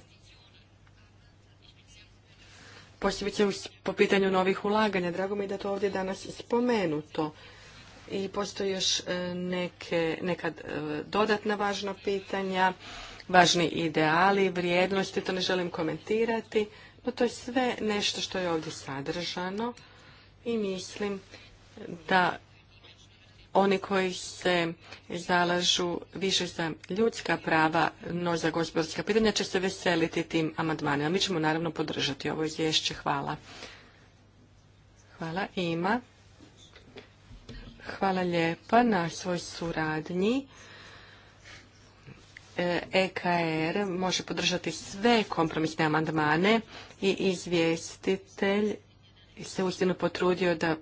posebice po pitanju novih ulaganja. Drago mi je da to ovdje danas spomenuto. I postoje još e, neka e, dodatna važna pitanja važni ideali, vrijednosti, to ne želim komentirati, no to je sve nešto što je ovdje sadržano i mislim da oni koji se zalažu više za ljudska prava, no za gospodarska pitanja, će se veseliti tim amandmanima. Mi ćemo naravno podržati ovo izvješće. Hvala. Hvala Ima. Hvala lijepa na svoj suradnji. EKR može podržati sve kompromisne amandmane i izvjestitelj se uistinu potrudio da e,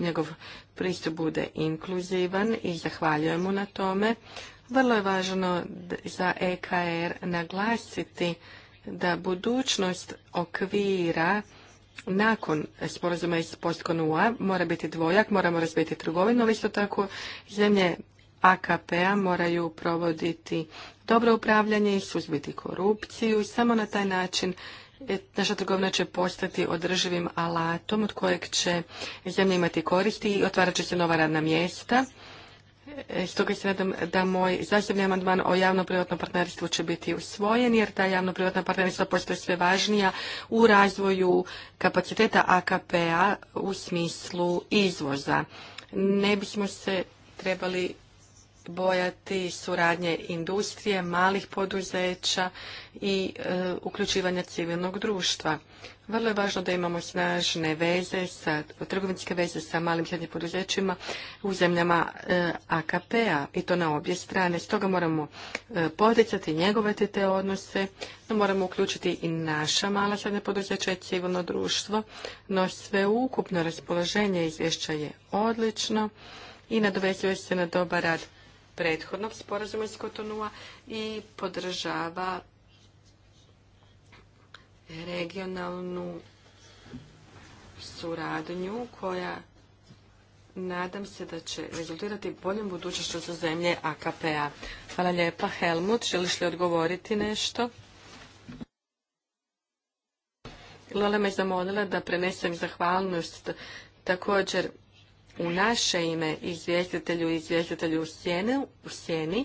njegov pristup bude inkluzivan i zahvaljujem mu na tome. Vrlo je važno za EKR naglasiti da budućnost okvira nakon sporazuma iz Postkonua mora biti dvojak, moramo razbiti trgovinu, ali isto tako zemlje AKP-a moraju provoditi dobro upravljanje i suzbiti korupciju. i Samo na taj način naša trgovina će postati održivim alatom od kojeg će zemlje imati koristi i otvarat će se nova radna mjesta. E, stoga se nadam da moj zasebni amandman o javno-privatnom partnerstvu će biti usvojen, jer ta javno-privatna partnerstva postoje sve važnija u razvoju kapaciteta AKP-a u smislu izvoza. Ne bismo se trebali bojati suradnje industrije, malih poduzeća i e, uključivanja civilnog društva. Vrlo je važno da imamo snažne veze, sa, trgovinske veze sa malim srednjim poduzećima u zemljama e, AKP-a i to na obje strane. Stoga moramo e, poticati, njegovati te odnose, da moramo uključiti i naša mala srednja poduzeća i civilno društvo, no sveukupno raspoloženje izvješća je odlično i nadovezuje se na dobar rad prethodnog sporazuma iz Kotonua i podržava regionalnu suradnju koja nadam se da će rezultirati boljom budućnošću za zemlje AKP-a. Hvala lijepa. Helmut, želiš li odgovoriti nešto? Lola me zamolila da prenesem zahvalnost također u naše ime izvjestitelju i izvjestitelju u sjeni.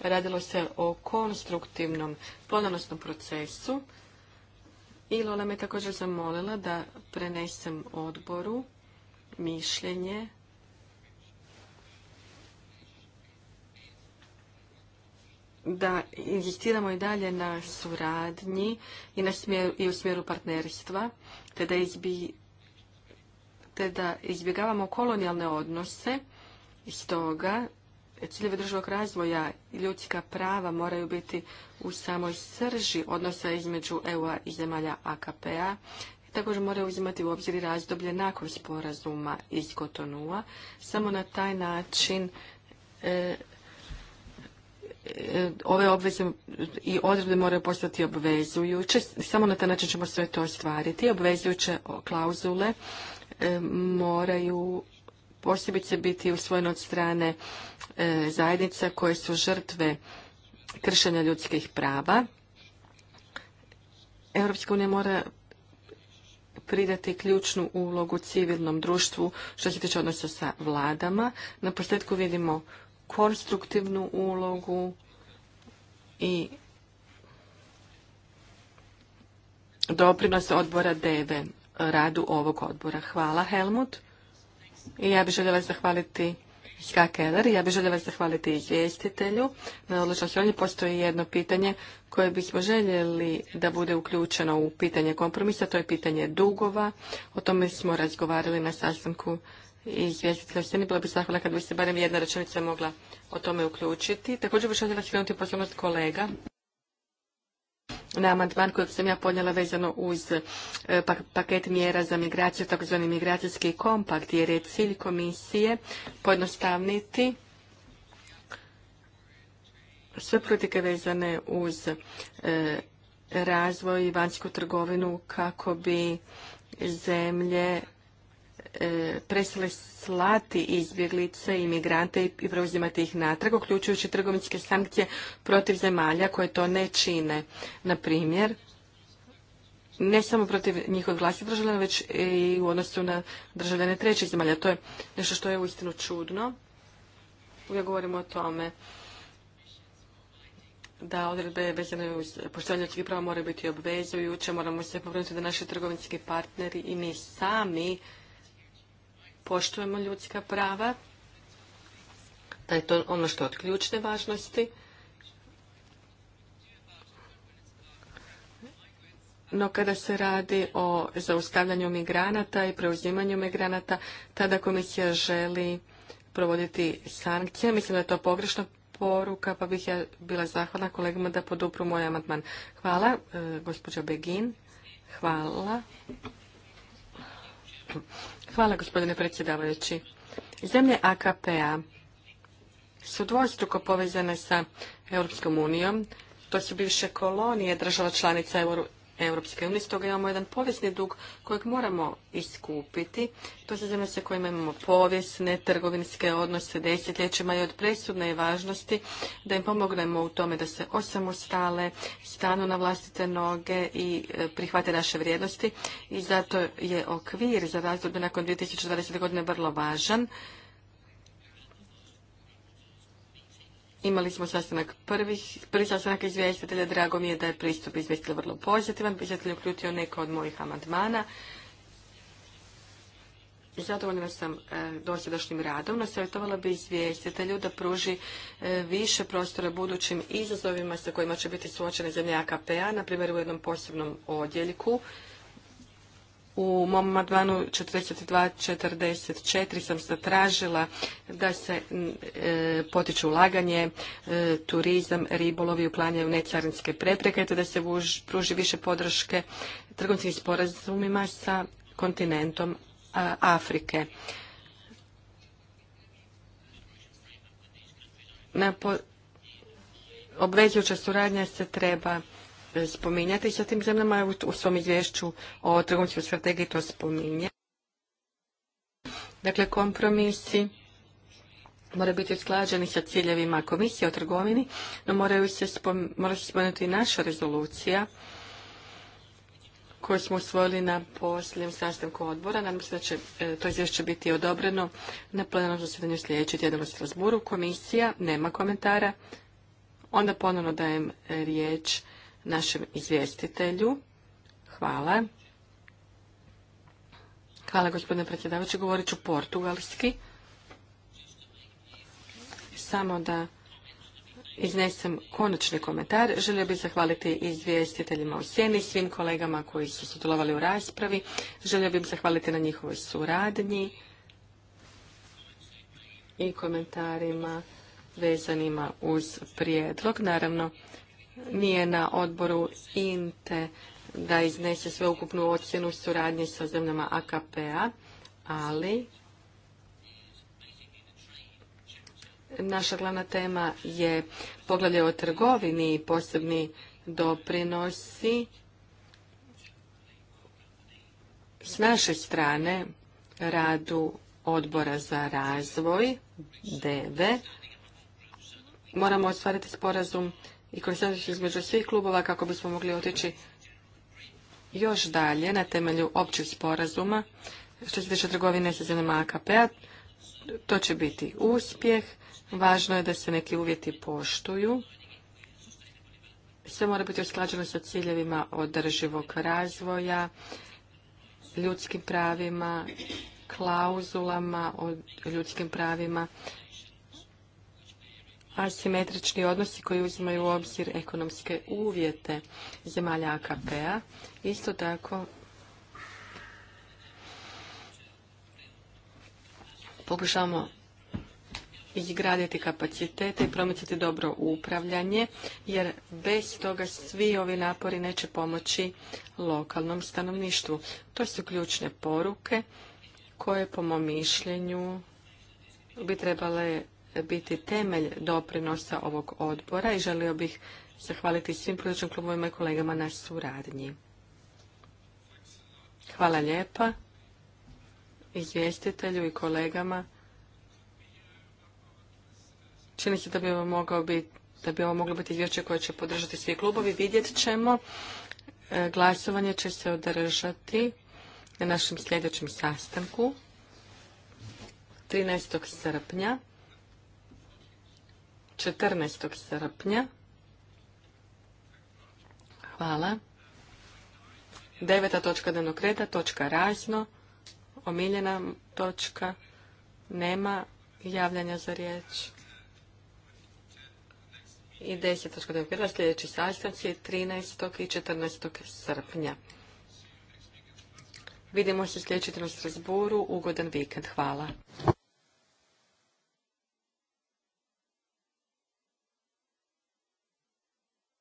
Radilo se o konstruktivnom plodonosnom procesu. I Lola me također zamolila da prenesem odboru mišljenje da inzistiramo i dalje na suradnji i, i u smjeru partnerstva, te da izbi, te da izbjegavamo kolonijalne odnose. Stoga, ciljeve državog razvoja i ljudska prava moraju biti u samoj srži odnosa između EU-a i zemalja AKP-a. Također moraju uzimati u obzir i razdoblje nakon sporazuma iz Kotonua. Samo na taj način e, e, ove obveze i odredbe moraju postati obvezujuće. Samo na taj način ćemo sve to ostvariti. Obvezujuće klauzule E, moraju posebice biti usvojene od strane e, zajednica koje su žrtve kršenja ljudskih prava. Europska unija mora pridati ključnu ulogu civilnom društvu što se tiče odnosa sa vladama. Na posljedku vidimo konstruktivnu ulogu i doprinos odbora DEVE radu ovog odbora. Hvala Helmut. I ja bih željela zahvaliti Ska Keller, ja bih željela zahvaliti izvjestitelju na odličnosti. postoji jedno pitanje koje bismo željeli da bude uključeno u pitanje kompromisa, to je pitanje dugova. O tome smo razgovarali na sastanku izvjestitelja Sjeni. Bilo bi zahvala kad bi se barem jedna rečenica mogla o tome uključiti. Također bih željela skrenuti pozornost kolega na amandman kojeg sam ja podnijela vezano uz e, paket mjera za migraciju, takozvani migracijski kompakt, jer je cilj komisije pojednostavniti sve politike vezane uz e, razvoj i vanjsku trgovinu kako bi zemlje E, prestale slati izbjeglice i imigrante i preuzimati ih natrag, uključujući trgovinske sankcije protiv zemalja koje to ne čine. Na primjer, ne samo protiv njihovih glasnih državljana, već i u odnosu na državljane trećih zemalja. To je nešto što je uistinu čudno. Uvijek govorimo o tome da odredbe vezane uz poštovanje ljudskih prava moraju biti obvezujuće, moramo se pobrinuti da naši trgovinski partneri i mi sami poštujemo ljudska prava, da je to ono što je od ključne važnosti. No kada se radi o zaustavljanju migranata i preuzimanju migranata, tada komisija želi provoditi sankcije. Mislim da je to pogrešna poruka, pa bih ja bila zahvalna kolegama da podupru moj amandman. Hvala, e, gospođa Begin. Hvala. Hvala gospodine predsjedavajući. Zemlje akp p-a su dvostruko povezane sa Europskom unijom. To su bivše kolonije država članica Europske unije, stoga imamo jedan povijesni dug kojeg moramo iskupiti. To su zemlje sa kojima imamo povijesne, trgovinske odnose desetljećima i od presudne važnosti da im pomognemo u tome da se osamostale, stanu na vlastite noge i e, prihvate naše vrijednosti i zato je okvir za razdoblje nakon 2020. godine vrlo važan. Imali smo sastanak prvih, prvi sastanak izvjestitelja. Drago mi je da je pristup izvjestitelja vrlo pozitivan. Izvjestitelj je uključio neka od mojih amandmana. Zadovoljna sam e, dosadašnjim radom, no savjetovala bi izvjestitelju da pruži e, više prostora budućim izazovima sa kojima će biti suočene zemlje AKP-a, na primjer u jednom posebnom odjeljku u mom madvanu 42.44 sam tražila da se e, potiče ulaganje, e, turizam, ribolovi uklanjaju necarinske prepreke, te da se pruži više podrške trgovinskim sporazumima sa kontinentom Afrike. Na obvezujuća suradnja se treba E, spominjati sa tim zemljama u svom izvješću o trgovinskoj strategiji to spominje. Dakle, kompromisi moraju biti usklađeni sa ciljevima komisije o trgovini, no moraju se mora se spomenuti i naša rezolucija koju smo usvojili na posljednjem sastanku odbora. Nadam se da će e, to izvješće biti odobreno na plenarnom zasjedanju sljedeći tjedan u Strasburu. Komisija nema komentara. Onda ponovno dajem e, riječ našem izvjestitelju. Hvala. Hvala gospodine predsjedavajući, govorit ću portugalski. Samo da iznesem konačni komentar. Želio bih zahvaliti izvjestiteljima u sjeni, svim kolegama koji su sudjelovali u raspravi. Želio bih zahvaliti na njihovoj suradnji i komentarima vezanima uz prijedlog. Naravno, nije na odboru INTE da iznese sveukupnu ocjenu suradnje sa zemljama AKP-a, ali naša glavna tema je poglavlje o trgovini i posebni doprinosi s naše strane radu odbora za razvoj DV moramo ostvariti sporazum i konsenzus između svih klubova kako bismo mogli otići još dalje na temelju općih sporazuma što se tiče trgovine sa zemljama AKP-a. To će biti uspjeh. Važno je da se neki uvjeti poštuju. Sve mora biti usklađeno sa ciljevima održivog razvoja, ljudskim pravima, klauzulama o ljudskim pravima asimetrični odnosi koji uzimaju u obzir ekonomske uvjete zemalja AKP-a. Isto tako pokušavamo izgraditi kapacitete i promicati dobro upravljanje, jer bez toga svi ovi napori neće pomoći lokalnom stanovništvu. To su ključne poruke koje, po mom mišljenju, bi trebale biti temelj doprinosa ovog odbora i želio bih zahvaliti svim političkim klubovima i kolegama na suradnji. Hvala lijepa izvjestitelju i kolegama. Čini se da bi ovo biti da bi ovo moglo biti izvješće koje će podržati svi klubovi. Vidjet ćemo. E, glasovanje će se održati na našem sljedećem sastanku 13. srpnja. 14. srpnja. Hvala. Deveta točka dnevnog reda, točka razno, omiljena točka, nema javljanja za riječ. I deset točka dnevnog reda, sljedeći sastanci je 13. i 14. srpnja. Vidimo se sljedeći u Strasburu, ugodan vikend, hvala.